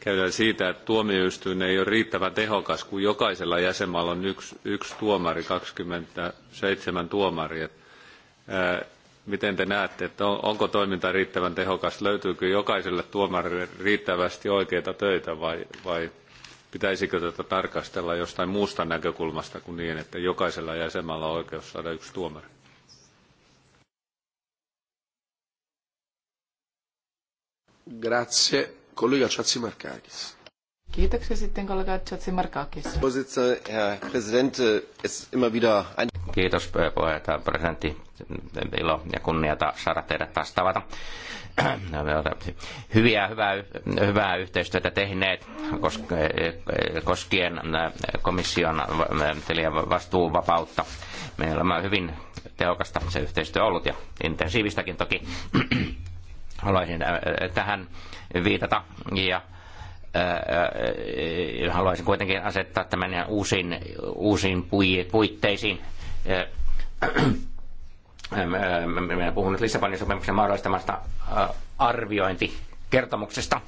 käydään siitä, että tuomioistuin ei ole riittävän tehokas, kun jokaisella jäsenmaalla on yksi, yksi tuomari, 27 tuomaria miten te näette, että on, onko toiminta riittävän tehokas, löytyykö jokaiselle tuomarille riittävästi oikeita töitä vai, vai pitäisikö tätä tarkastella jostain muusta näkökulmasta kuin niin, että jokaisella jäsenmaalla on oikeus saada yksi tuomari? Grazie. Collega Chatsimarkakis. Kiitoksia sitten kollega Chatsimarkakis. Kiitos eh, puheenjohtaja presidentti. Ilo ja kunnia saada teidät taas tavata. Hyviä, hyvää, hyvää yhteistyötä tehneet eh, eh, koskien komission vastuuvapautta. Meillä on hyvin tehokasta se yhteistyö ollut ja intensiivistäkin toki. Haluaisin tähän viitata ja haluaisin kuitenkin asettaa tämän ihan uusiin, uusiin puitteisiin. Minä puhun nyt Lissabonin sopimuksen mahdollistamasta arviointikertomuksesta.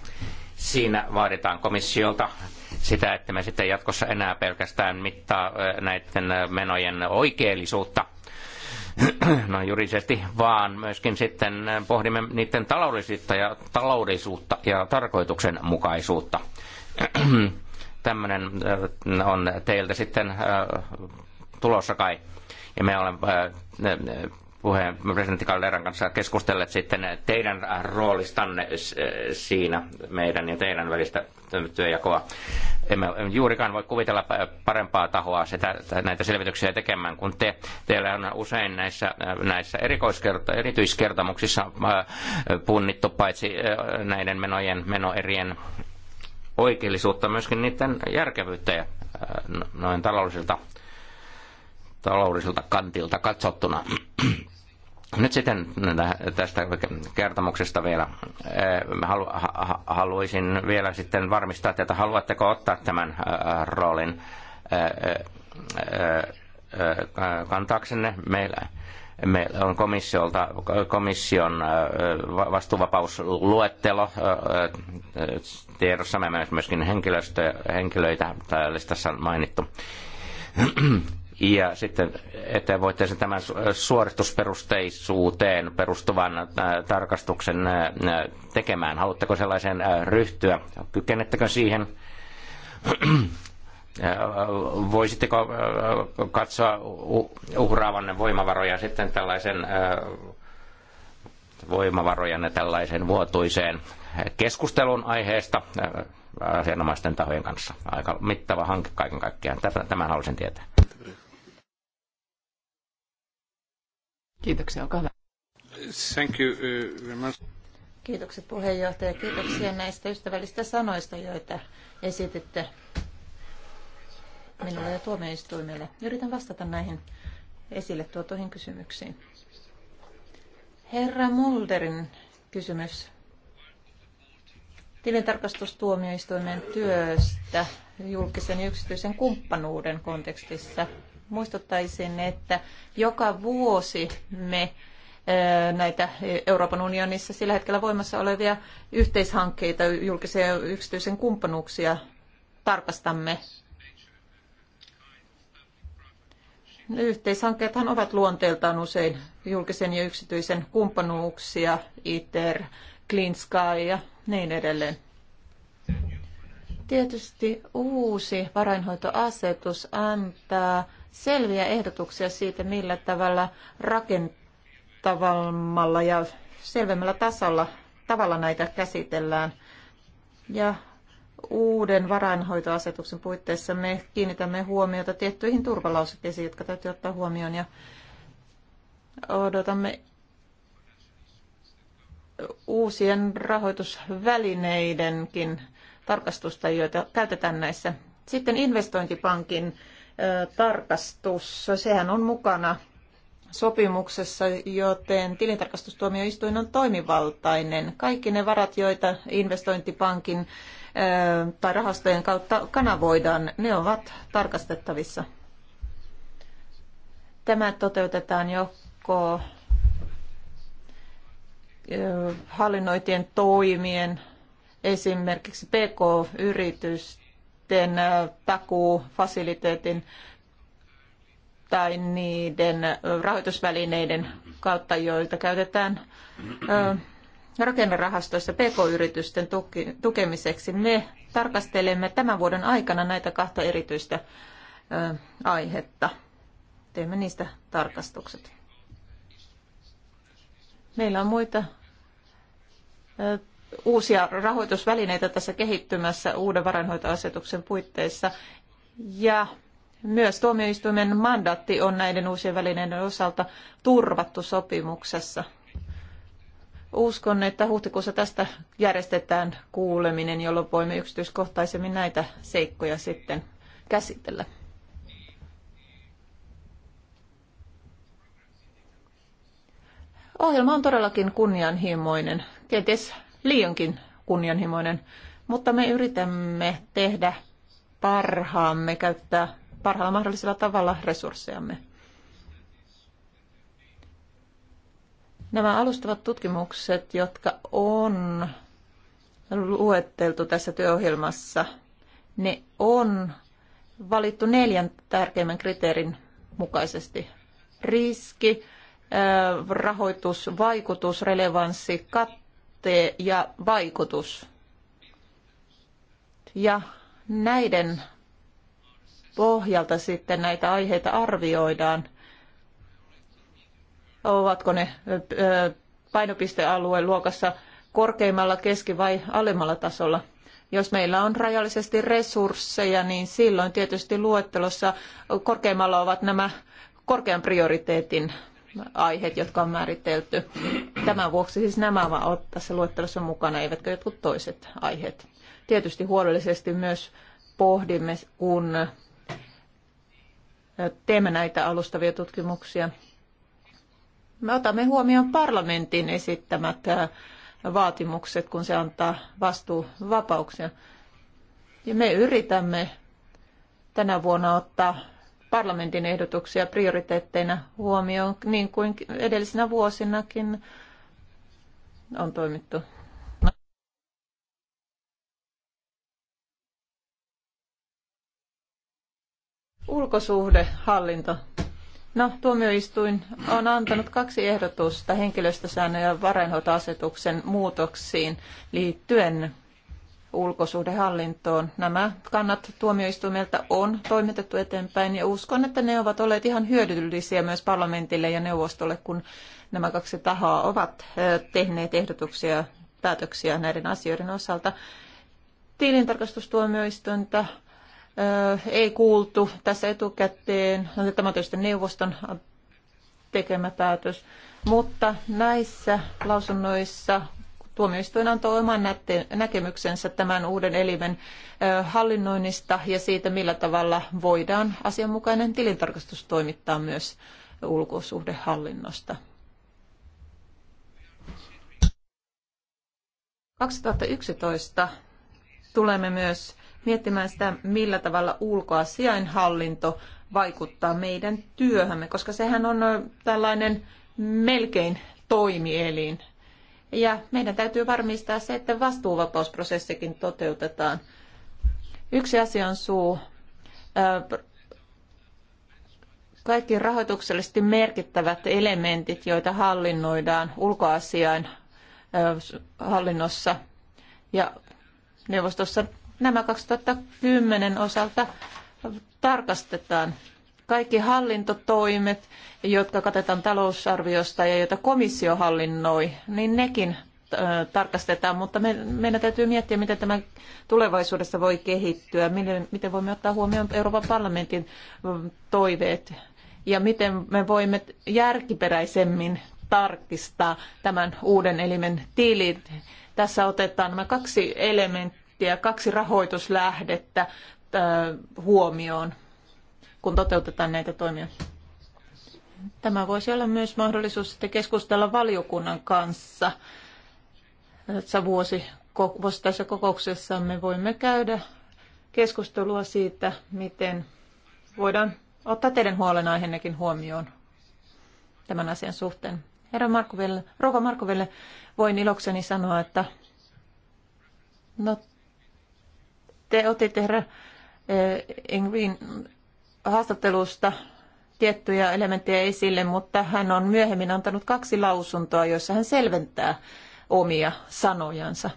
Siinä vaaditaan komissiolta sitä, että me sitten jatkossa enää pelkästään mittaa näiden menojen oikeellisuutta, no juridisesti, vaan myöskin sitten pohdimme niiden taloudellisuutta ja, taloudellisuutta ja tarkoituksenmukaisuutta. Tämmöinen äh, on teiltä sitten äh, tulossa kai. Ja me olemme äh, puheen presidentti Kalleran kanssa keskustelleet sitten teidän roolistanne äh, siinä meidän ja teidän välistä työjakoa. Emme juurikaan voi kuvitella parempaa tahoa sitä, näitä selvityksiä tekemään kuin te. Teillä on usein näissä, äh, näissä erityiskertomuksissa äh, punnittu paitsi näiden menojen, menoerien oikeellisuutta, myöskin niiden järkevyyttä ja no, noin taloudellisilta, taloudellisilta kantilta katsottuna. Nyt sitten tästä kertomuksesta vielä. Haluaisin vielä sitten varmistaa, että haluatteko ottaa tämän roolin kantaaksenne meillä. Meillä on komissiolta, komission vastuuvapausluettelo. Tiedossa me myöskin henkilöstö, henkilöitä, listassa on mainittu ja sitten, että voitaisiin tämän suoritusperusteisuuteen perustuvan äh, tarkastuksen äh, tekemään. Haluatteko sellaisen äh, ryhtyä? Kykenettekö siihen? Voisitteko katsoa uhraavanne voimavaroja sitten tällaisen voimavarojanne tällaisen vuotuiseen keskustelun aiheesta asianomaisten tahojen kanssa. Aika mittava hanke kaiken kaikkiaan. Tämän haluaisin tietää. Kiitoksia, olkaa hyvä. Thank you uh, very much. Kiitokset puheenjohtaja. Kiitoksia näistä ystävällisistä sanoista, joita esititte minulle ja tuomioistuimelle. Yritän vastata näihin esille tuotuihin kysymyksiin. Herra Mulderin kysymys tilintarkastustuomioistuimen työstä julkisen ja yksityisen kumppanuuden kontekstissa – muistuttaisin, että joka vuosi me näitä Euroopan unionissa sillä hetkellä voimassa olevia yhteishankkeita, julkisia ja yksityisen kumppanuuksia tarkastamme. Yhteishankkeethan ovat luonteeltaan usein julkisen ja yksityisen kumppanuuksia, ITER, Clean Sky ja niin edelleen. Tietysti uusi varainhoitoasetus antaa selviä ehdotuksia siitä, millä tavalla rakentavammalla ja selvemmällä tasolla tavalla näitä käsitellään. Ja uuden varainhoitoasetuksen puitteissa me kiinnitämme huomiota tiettyihin turvalausekkeisiin, jotka täytyy ottaa huomioon ja odotamme uusien rahoitusvälineidenkin tarkastusta, joita käytetään näissä. Sitten investointipankin tarkastus, sehän on mukana sopimuksessa, joten tilintarkastustuomioistuin on toimivaltainen. Kaikki ne varat, joita investointipankin tai rahastojen kautta kanavoidaan, ne ovat tarkastettavissa. Tämä toteutetaan joko hallinnoitien toimien, esimerkiksi PK-yritysten sitten äh, takuufasiliteetin tai niiden äh, rahoitusvälineiden kautta, joita käytetään äh, rakennerahastoissa pk-yritysten tukemiseksi. Me tarkastelemme tämän vuoden aikana näitä kahta erityistä aihetta. Teemme niistä tarkastukset. Meillä on muita uusia rahoitusvälineitä tässä kehittymässä uuden varainhoitoasetuksen puitteissa. Ja myös tuomioistuimen mandaatti on näiden uusien välineiden osalta turvattu sopimuksessa. Uskon, että huhtikuussa tästä järjestetään kuuleminen, jolloin voimme yksityiskohtaisemmin näitä seikkoja sitten käsitellä. Ohjelma on todellakin kunnianhimoinen. Kenties liiankin kunnianhimoinen, mutta me yritämme tehdä parhaamme, käyttää parhaalla mahdollisella tavalla resurssejamme. Nämä alustavat tutkimukset, jotka on luetteltu tässä työohjelmassa, ne on valittu neljän tärkeimmän kriteerin mukaisesti. Riski, rahoitus, vaikutus, relevanssi, katto tavoite ja vaikutus. Ja näiden pohjalta sitten näitä aiheita arvioidaan. Ovatko ne painopistealueen luokassa korkeimmalla, keski- vai alemmalla tasolla? Jos meillä on rajallisesti resursseja, niin silloin tietysti luettelossa korkeimmalla ovat nämä korkean prioriteetin aiheet, jotka on määritelty. Tämän vuoksi siis nämä ovat tässä luettelossa mukana, eivätkä jotkut toiset aiheet. Tietysti huolellisesti myös pohdimme, kun teemme näitä alustavia tutkimuksia. Me otamme huomioon parlamentin esittämät vaatimukset, kun se antaa vastuuvapauksia. Ja me yritämme tänä vuonna ottaa parlamentin ehdotuksia prioriteetteina huomioon, niin kuin edellisinä vuosinakin on toimittu. Ulkosuhdehallinto. No, tuomioistuin on antanut kaksi ehdotusta henkilöstösäännön ja varainhoitoasetuksen muutoksiin liittyen ulkosuhdehallintoon. Nämä kannat tuomioistuimelta on toimitettu eteenpäin ja uskon, että ne ovat olleet ihan hyödyllisiä myös parlamentille ja neuvostolle, kun nämä kaksi tahoa ovat tehneet ehdotuksia ja päätöksiä näiden asioiden osalta. Tilintarkastustuomioistuinta ei kuultu tässä etukäteen. No, tämä on tietysti neuvoston tekemä päätös. Mutta näissä lausunnoissa Tuomioistuin antoi oman näkemyksensä tämän uuden elimen hallinnoinnista ja siitä, millä tavalla voidaan asianmukainen tilintarkastus toimittaa myös ulkosuhdehallinnosta. 2011 tulemme myös miettimään sitä, millä tavalla ulkoasiainhallinto vaikuttaa meidän työhömme, koska sehän on tällainen melkein toimielin ja meidän täytyy varmistaa se, että vastuuvapausprosessikin toteutetaan. Yksi asia on suu. Kaikki rahoituksellisesti merkittävät elementit, joita hallinnoidaan ulkoasiain hallinnossa ja neuvostossa, nämä 2010 osalta tarkastetaan kaikki hallintotoimet, jotka katetaan talousarviosta ja joita komissio hallinnoi, niin nekin tarkastetaan, mutta me, meidän täytyy miettiä, miten tämä tulevaisuudessa voi kehittyä, miten, miten voimme ottaa huomioon Euroopan parlamentin toiveet ja miten me voimme järkiperäisemmin tarkistaa tämän uuden elimen tiilit. Tässä otetaan nämä kaksi elementtiä, kaksi rahoituslähdettä huomioon kun toteutetaan näitä toimia. Tämä voisi olla myös mahdollisuus sitten keskustella valiokunnan kanssa. Tässä vuosi, tässä kokouksessa me voimme käydä keskustelua siitä, miten voidaan ottaa teidän huolenaiheennekin huomioon tämän asian suhteen. Herra Markoville, Rouva Markoville voin ilokseni sanoa, että no, te otitte herra Engvin eh, haastattelusta tiettyjä elementtejä esille, mutta hän on myöhemmin antanut kaksi lausuntoa, joissa hän selventää omia sanojansa.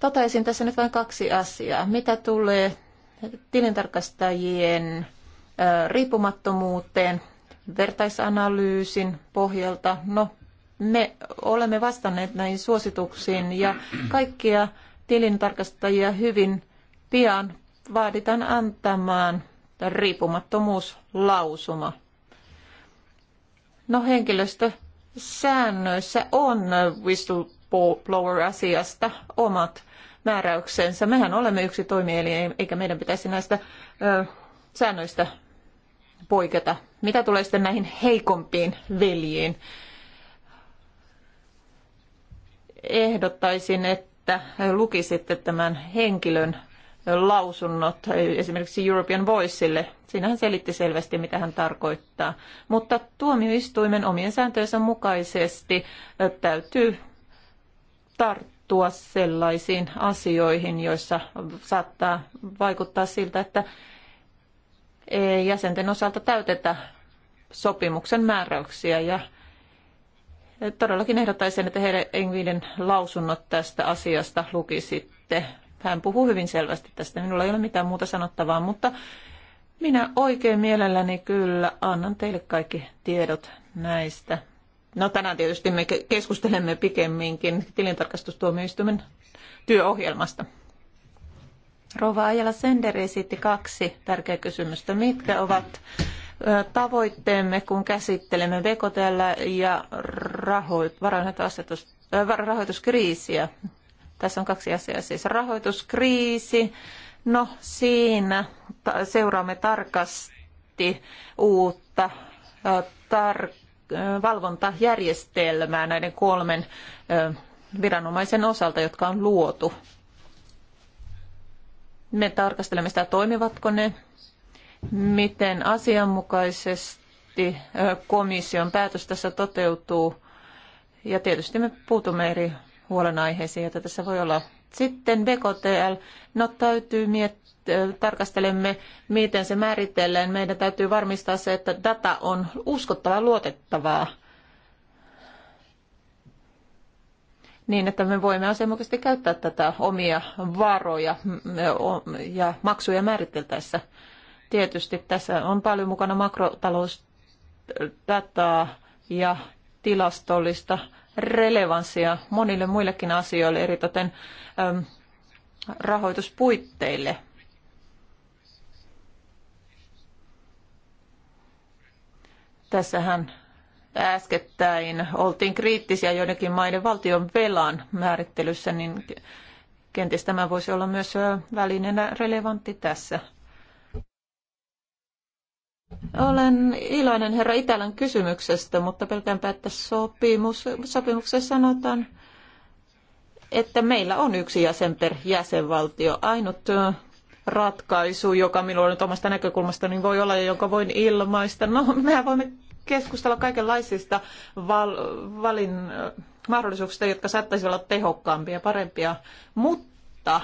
Totaisin tässä nyt vain kaksi asiaa. Mitä tulee tilintarkastajien riippumattomuuteen vertaisanalyysin pohjalta? No, me olemme vastanneet näihin suosituksiin ja kaikkia tilintarkastajia hyvin pian vaaditaan antamaan riippumattomuuslausuma. No henkilöstö säännöissä on whistleblower-asiasta omat määräyksensä. Mehän olemme yksi toimieli, eikä meidän pitäisi näistä ö, säännöistä poiketa. Mitä tulee sitten näihin heikompiin veljiin? Ehdottaisin, että lukisitte tämän henkilön lausunnot esimerkiksi European Voiceille. Siinä hän selitti selvästi, mitä hän tarkoittaa. Mutta tuomioistuimen omien sääntöjensä mukaisesti täytyy tarttua sellaisiin asioihin, joissa saattaa vaikuttaa siltä, että jäsenten osalta täytetä sopimuksen määräyksiä ja todellakin ehdottaisin, että heidän Engviden lausunnot tästä asiasta lukisitte. Hän puhuu hyvin selvästi tästä. Minulla ei ole mitään muuta sanottavaa, mutta minä oikein mielelläni kyllä annan teille kaikki tiedot näistä. No tänään tietysti me keskustelemme pikemminkin tilintarkastustuomioistuimen työohjelmasta. Rova Ajala Sender esitti kaksi tärkeää kysymystä. Mitkä ovat tavoitteemme, kun käsittelemme Vekotella ja rahoit, varainhoitoasetus, rahoituskriisiä? Tässä on kaksi asiaa, siis rahoituskriisi. No siinä seuraamme tarkasti uutta tar- valvontajärjestelmää näiden kolmen viranomaisen osalta, jotka on luotu. Me tarkastelemme sitä, toimivatko ne, miten asianmukaisesti komission päätös tässä toteutuu. Ja tietysti me puutumme eri huolenaiheisiin, joita tässä voi olla. Sitten BKTL. No täytyy miettiä, tarkastelemme, miten se määritellään. Meidän täytyy varmistaa se, että data on uskottavaa luotettavaa. niin, että me voimme asianmukaisesti käyttää tätä omia varoja ja maksuja määriteltäessä. Tietysti tässä on paljon mukana makrotalousdataa ja tilastollista relevanssia monille muillekin asioille, eritoten rahoituspuitteille. Tässähän äskettäin oltiin kriittisiä joidenkin maiden valtion velan määrittelyssä, niin kenties tämä voisi olla myös välineenä relevantti tässä olen iloinen herra Itälän kysymyksestä, mutta pelkäänpä, että sopimus, sopimuksessa sanotaan, että meillä on yksi jäsen per jäsenvaltio. Ainut ratkaisu, joka minulla nyt omasta näkökulmasta, niin voi olla ja jonka voin ilmaista. No, mehän voimme keskustella kaikenlaisista val, valin, mahdollisuuksista, jotka saattaisi olla tehokkaampia ja parempia, mutta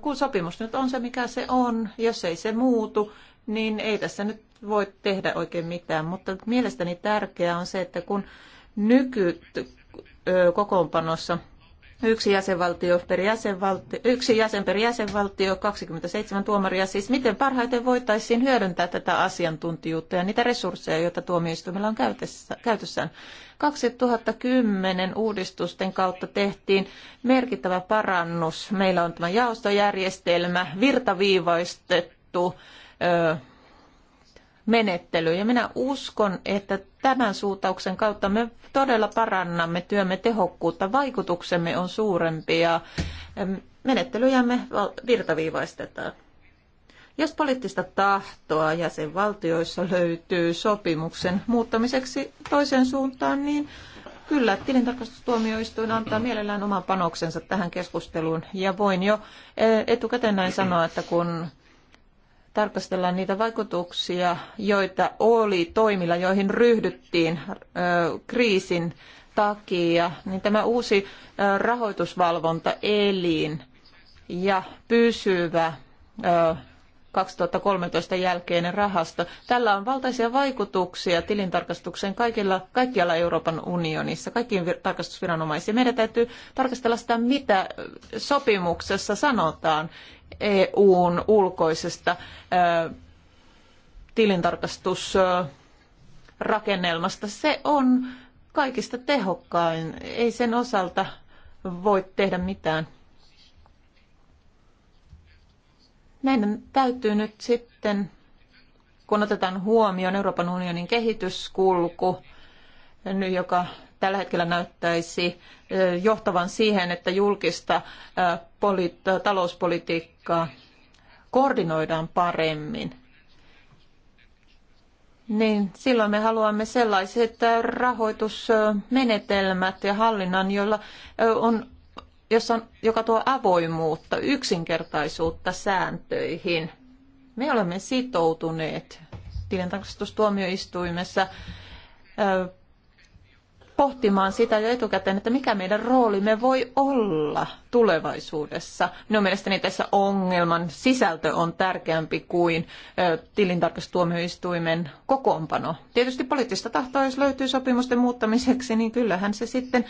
kun sopimus nyt on se, mikä se on, jos ei se muutu, niin ei tässä nyt voi tehdä oikein mitään, mutta mielestäni tärkeää on se, että kun kokoonpanossa yksi jäsenvaltio per jäsenvaltio, yksi jäsen per jäsenvaltio, 27 tuomaria, siis miten parhaiten voitaisiin hyödyntää tätä asiantuntijuutta ja niitä resursseja, joita tuomioistuimella on käytössään. 2010 uudistusten kautta tehtiin merkittävä parannus. Meillä on tämä jaostojärjestelmä, virtaviivaistettu, menettely. Ja minä uskon, että tämän suuntauksen kautta me todella parannamme työmme tehokkuutta, vaikutuksemme on suurempi ja menettelyjämme virtaviivaistetaan. Jos poliittista tahtoa jäsenvaltioissa löytyy sopimuksen muuttamiseksi toiseen suuntaan, niin kyllä tilintarkastustuomioistuin antaa mielellään oman panoksensa tähän keskusteluun. Ja voin jo eh, etukäteen näin sanoa, että kun tarkastellaan niitä vaikutuksia, joita oli toimilla, joihin ryhdyttiin kriisin takia, niin tämä uusi rahoitusvalvontaelin ja pysyvä 2013 jälkeinen rahasto. Tällä on valtaisia vaikutuksia tilintarkastukseen kaikilla, kaikkialla Euroopan unionissa, kaikkiin tarkastusviranomaisiin. Meidän täytyy tarkastella sitä, mitä sopimuksessa sanotaan. EUn ulkoisesta tilintarkastusrakennelmasta. Se on kaikista tehokkain. Ei sen osalta voi tehdä mitään. Meidän täytyy nyt sitten, kun otetaan huomioon Euroopan unionin kehityskulku, joka tällä hetkellä näyttäisi johtavan siihen, että julkista talouspolitiikkaa koordinoidaan paremmin. Niin silloin me haluamme sellaiset rahoitusmenetelmät ja hallinnan, joilla on, jossa on, joka tuo avoimuutta, yksinkertaisuutta sääntöihin. Me olemme sitoutuneet tilintarkastustuomioistuimessa pohtimaan sitä jo etukäteen, että mikä meidän roolimme voi olla tulevaisuudessa. Minun mielestäni tässä ongelman sisältö on tärkeämpi kuin tilintarkastustuomioistuimen kokoonpano. Tietysti poliittista tahtoa, jos löytyy sopimusten muuttamiseksi, niin kyllähän se sitten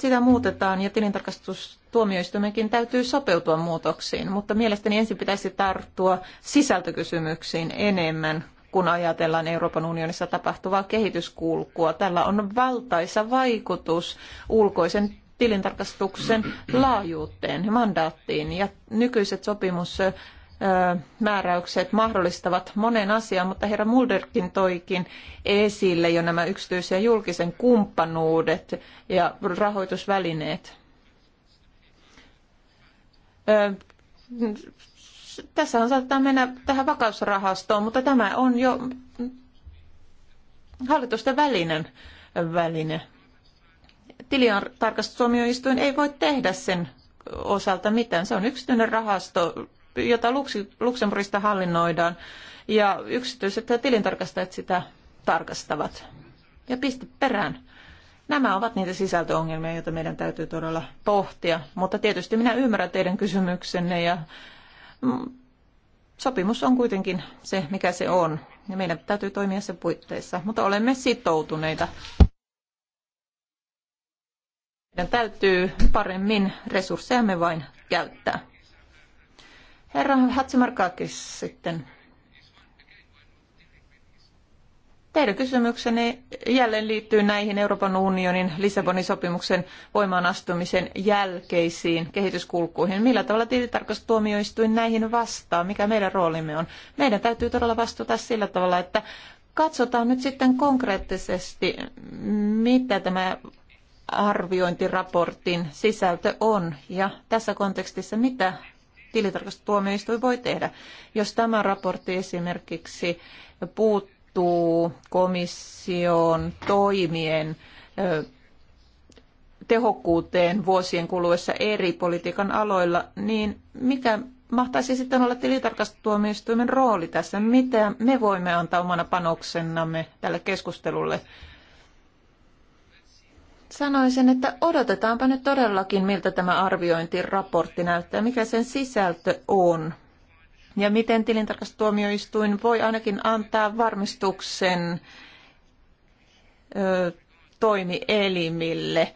sitä muutetaan ja tilintarkastustuomioistuimenkin täytyy sopeutua muutoksiin, mutta mielestäni ensin pitäisi tarttua sisältökysymyksiin enemmän kun ajatellaan Euroopan unionissa tapahtuvaa kehityskulkua. Tällä on valtaisa vaikutus ulkoisen tilintarkastuksen laajuuteen ja mandaattiin. Ja nykyiset sopimusmääräykset mahdollistavat monen asian, mutta herra Mulderkin toikin esille jo nämä yksityisen ja julkisen kumppanuudet ja rahoitusvälineet tässähän saattaa mennä tähän vakausrahastoon, mutta tämä on jo hallitusten välinen väline. Tilintarkastustuomioistuin ei voi tehdä sen osalta mitään. Se on yksityinen rahasto, jota Luxemburgista hallinnoidaan ja yksityiset ja tilintarkastajat sitä tarkastavat. Ja piste perään. Nämä ovat niitä sisältöongelmia, joita meidän täytyy todella pohtia. Mutta tietysti minä ymmärrän teidän kysymyksenne ja Mm. sopimus on kuitenkin se, mikä se on. Ja meidän täytyy toimia sen puitteissa, mutta olemme sitoutuneita. Meidän täytyy paremmin resurssejamme vain käyttää. Herra Hatsimarkakis sitten. Teidän kysymykseni jälleen liittyy näihin Euroopan unionin Lissabonin sopimuksen voimaan astumisen jälkeisiin kehityskulkuihin. Millä tavalla tilintarkastustuomioistuin näihin vastaa? Mikä meidän roolimme on? Meidän täytyy todella vastuuta sillä tavalla, että katsotaan nyt sitten konkreettisesti, mitä tämä arviointiraportin sisältö on ja tässä kontekstissa mitä tilintarkastustuomioistuin voi tehdä. Jos tämä raportti esimerkiksi puuttuu vastuu komission toimien tehokkuuteen vuosien kuluessa eri politiikan aloilla, niin mikä mahtaisi sitten olla tilintarkastustuomioistuimen rooli tässä? Mitä me voimme antaa omana panoksennamme tälle keskustelulle? Sanoisin, että odotetaanpa nyt todellakin, miltä tämä arviointiraportti näyttää, mikä sen sisältö on. Ja miten tilintarkastustuomioistuin voi ainakin antaa varmistuksen ö, toimielimille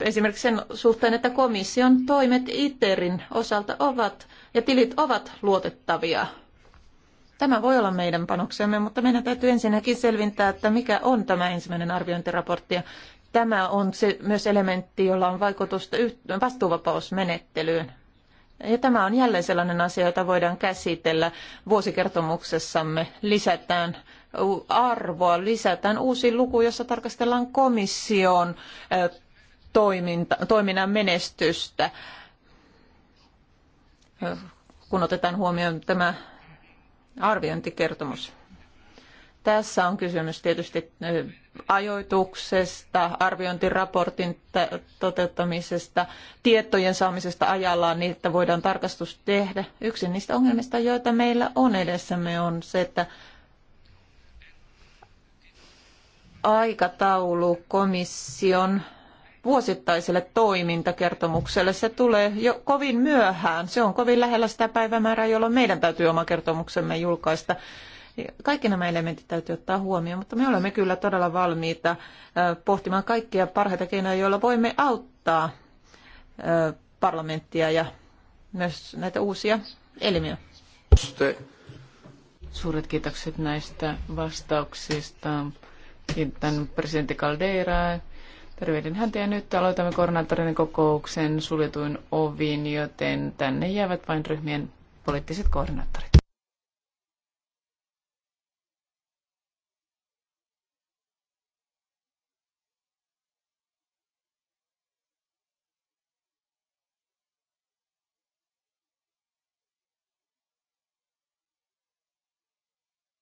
esimerkiksi sen suhteen, että komission toimet ITERin osalta ovat ja tilit ovat luotettavia. Tämä voi olla meidän panoksemme, mutta meidän täytyy ensinnäkin selvintää, että mikä on tämä ensimmäinen arviointiraportti. Ja tämä on se myös elementti, jolla on vaikutusta vastuuvapausmenettelyyn. Ja tämä on jälleen sellainen asia, jota voidaan käsitellä vuosikertomuksessamme. Lisätään arvoa, lisätään uusi luku, jossa tarkastellaan komission toiminta, toiminnan menestystä, kun otetaan huomioon tämä arviointikertomus. Tässä on kysymys tietysti ajoituksesta, arviointiraportin toteuttamisesta, tietojen saamisesta ajallaan, niin että voidaan tarkastus tehdä. Yksi niistä ongelmista, joita meillä on edessämme, on se, että aikataulu komission vuosittaiselle toimintakertomukselle. Se tulee jo kovin myöhään. Se on kovin lähellä sitä päivämäärää, jolloin meidän täytyy oma kertomuksemme julkaista. Kaikki nämä elementit täytyy ottaa huomioon, mutta me olemme kyllä todella valmiita pohtimaan kaikkia parhaita keinoja, joilla voimme auttaa parlamenttia ja myös näitä uusia elimiä. Suuret kiitokset näistä vastauksista. Kiitän presidentti Calderaa. Tervehdin häntä ja nyt aloitamme koordinaattorin kokouksen suljetuin ovin, joten tänne jäävät vain ryhmien poliittiset koordinaattorit.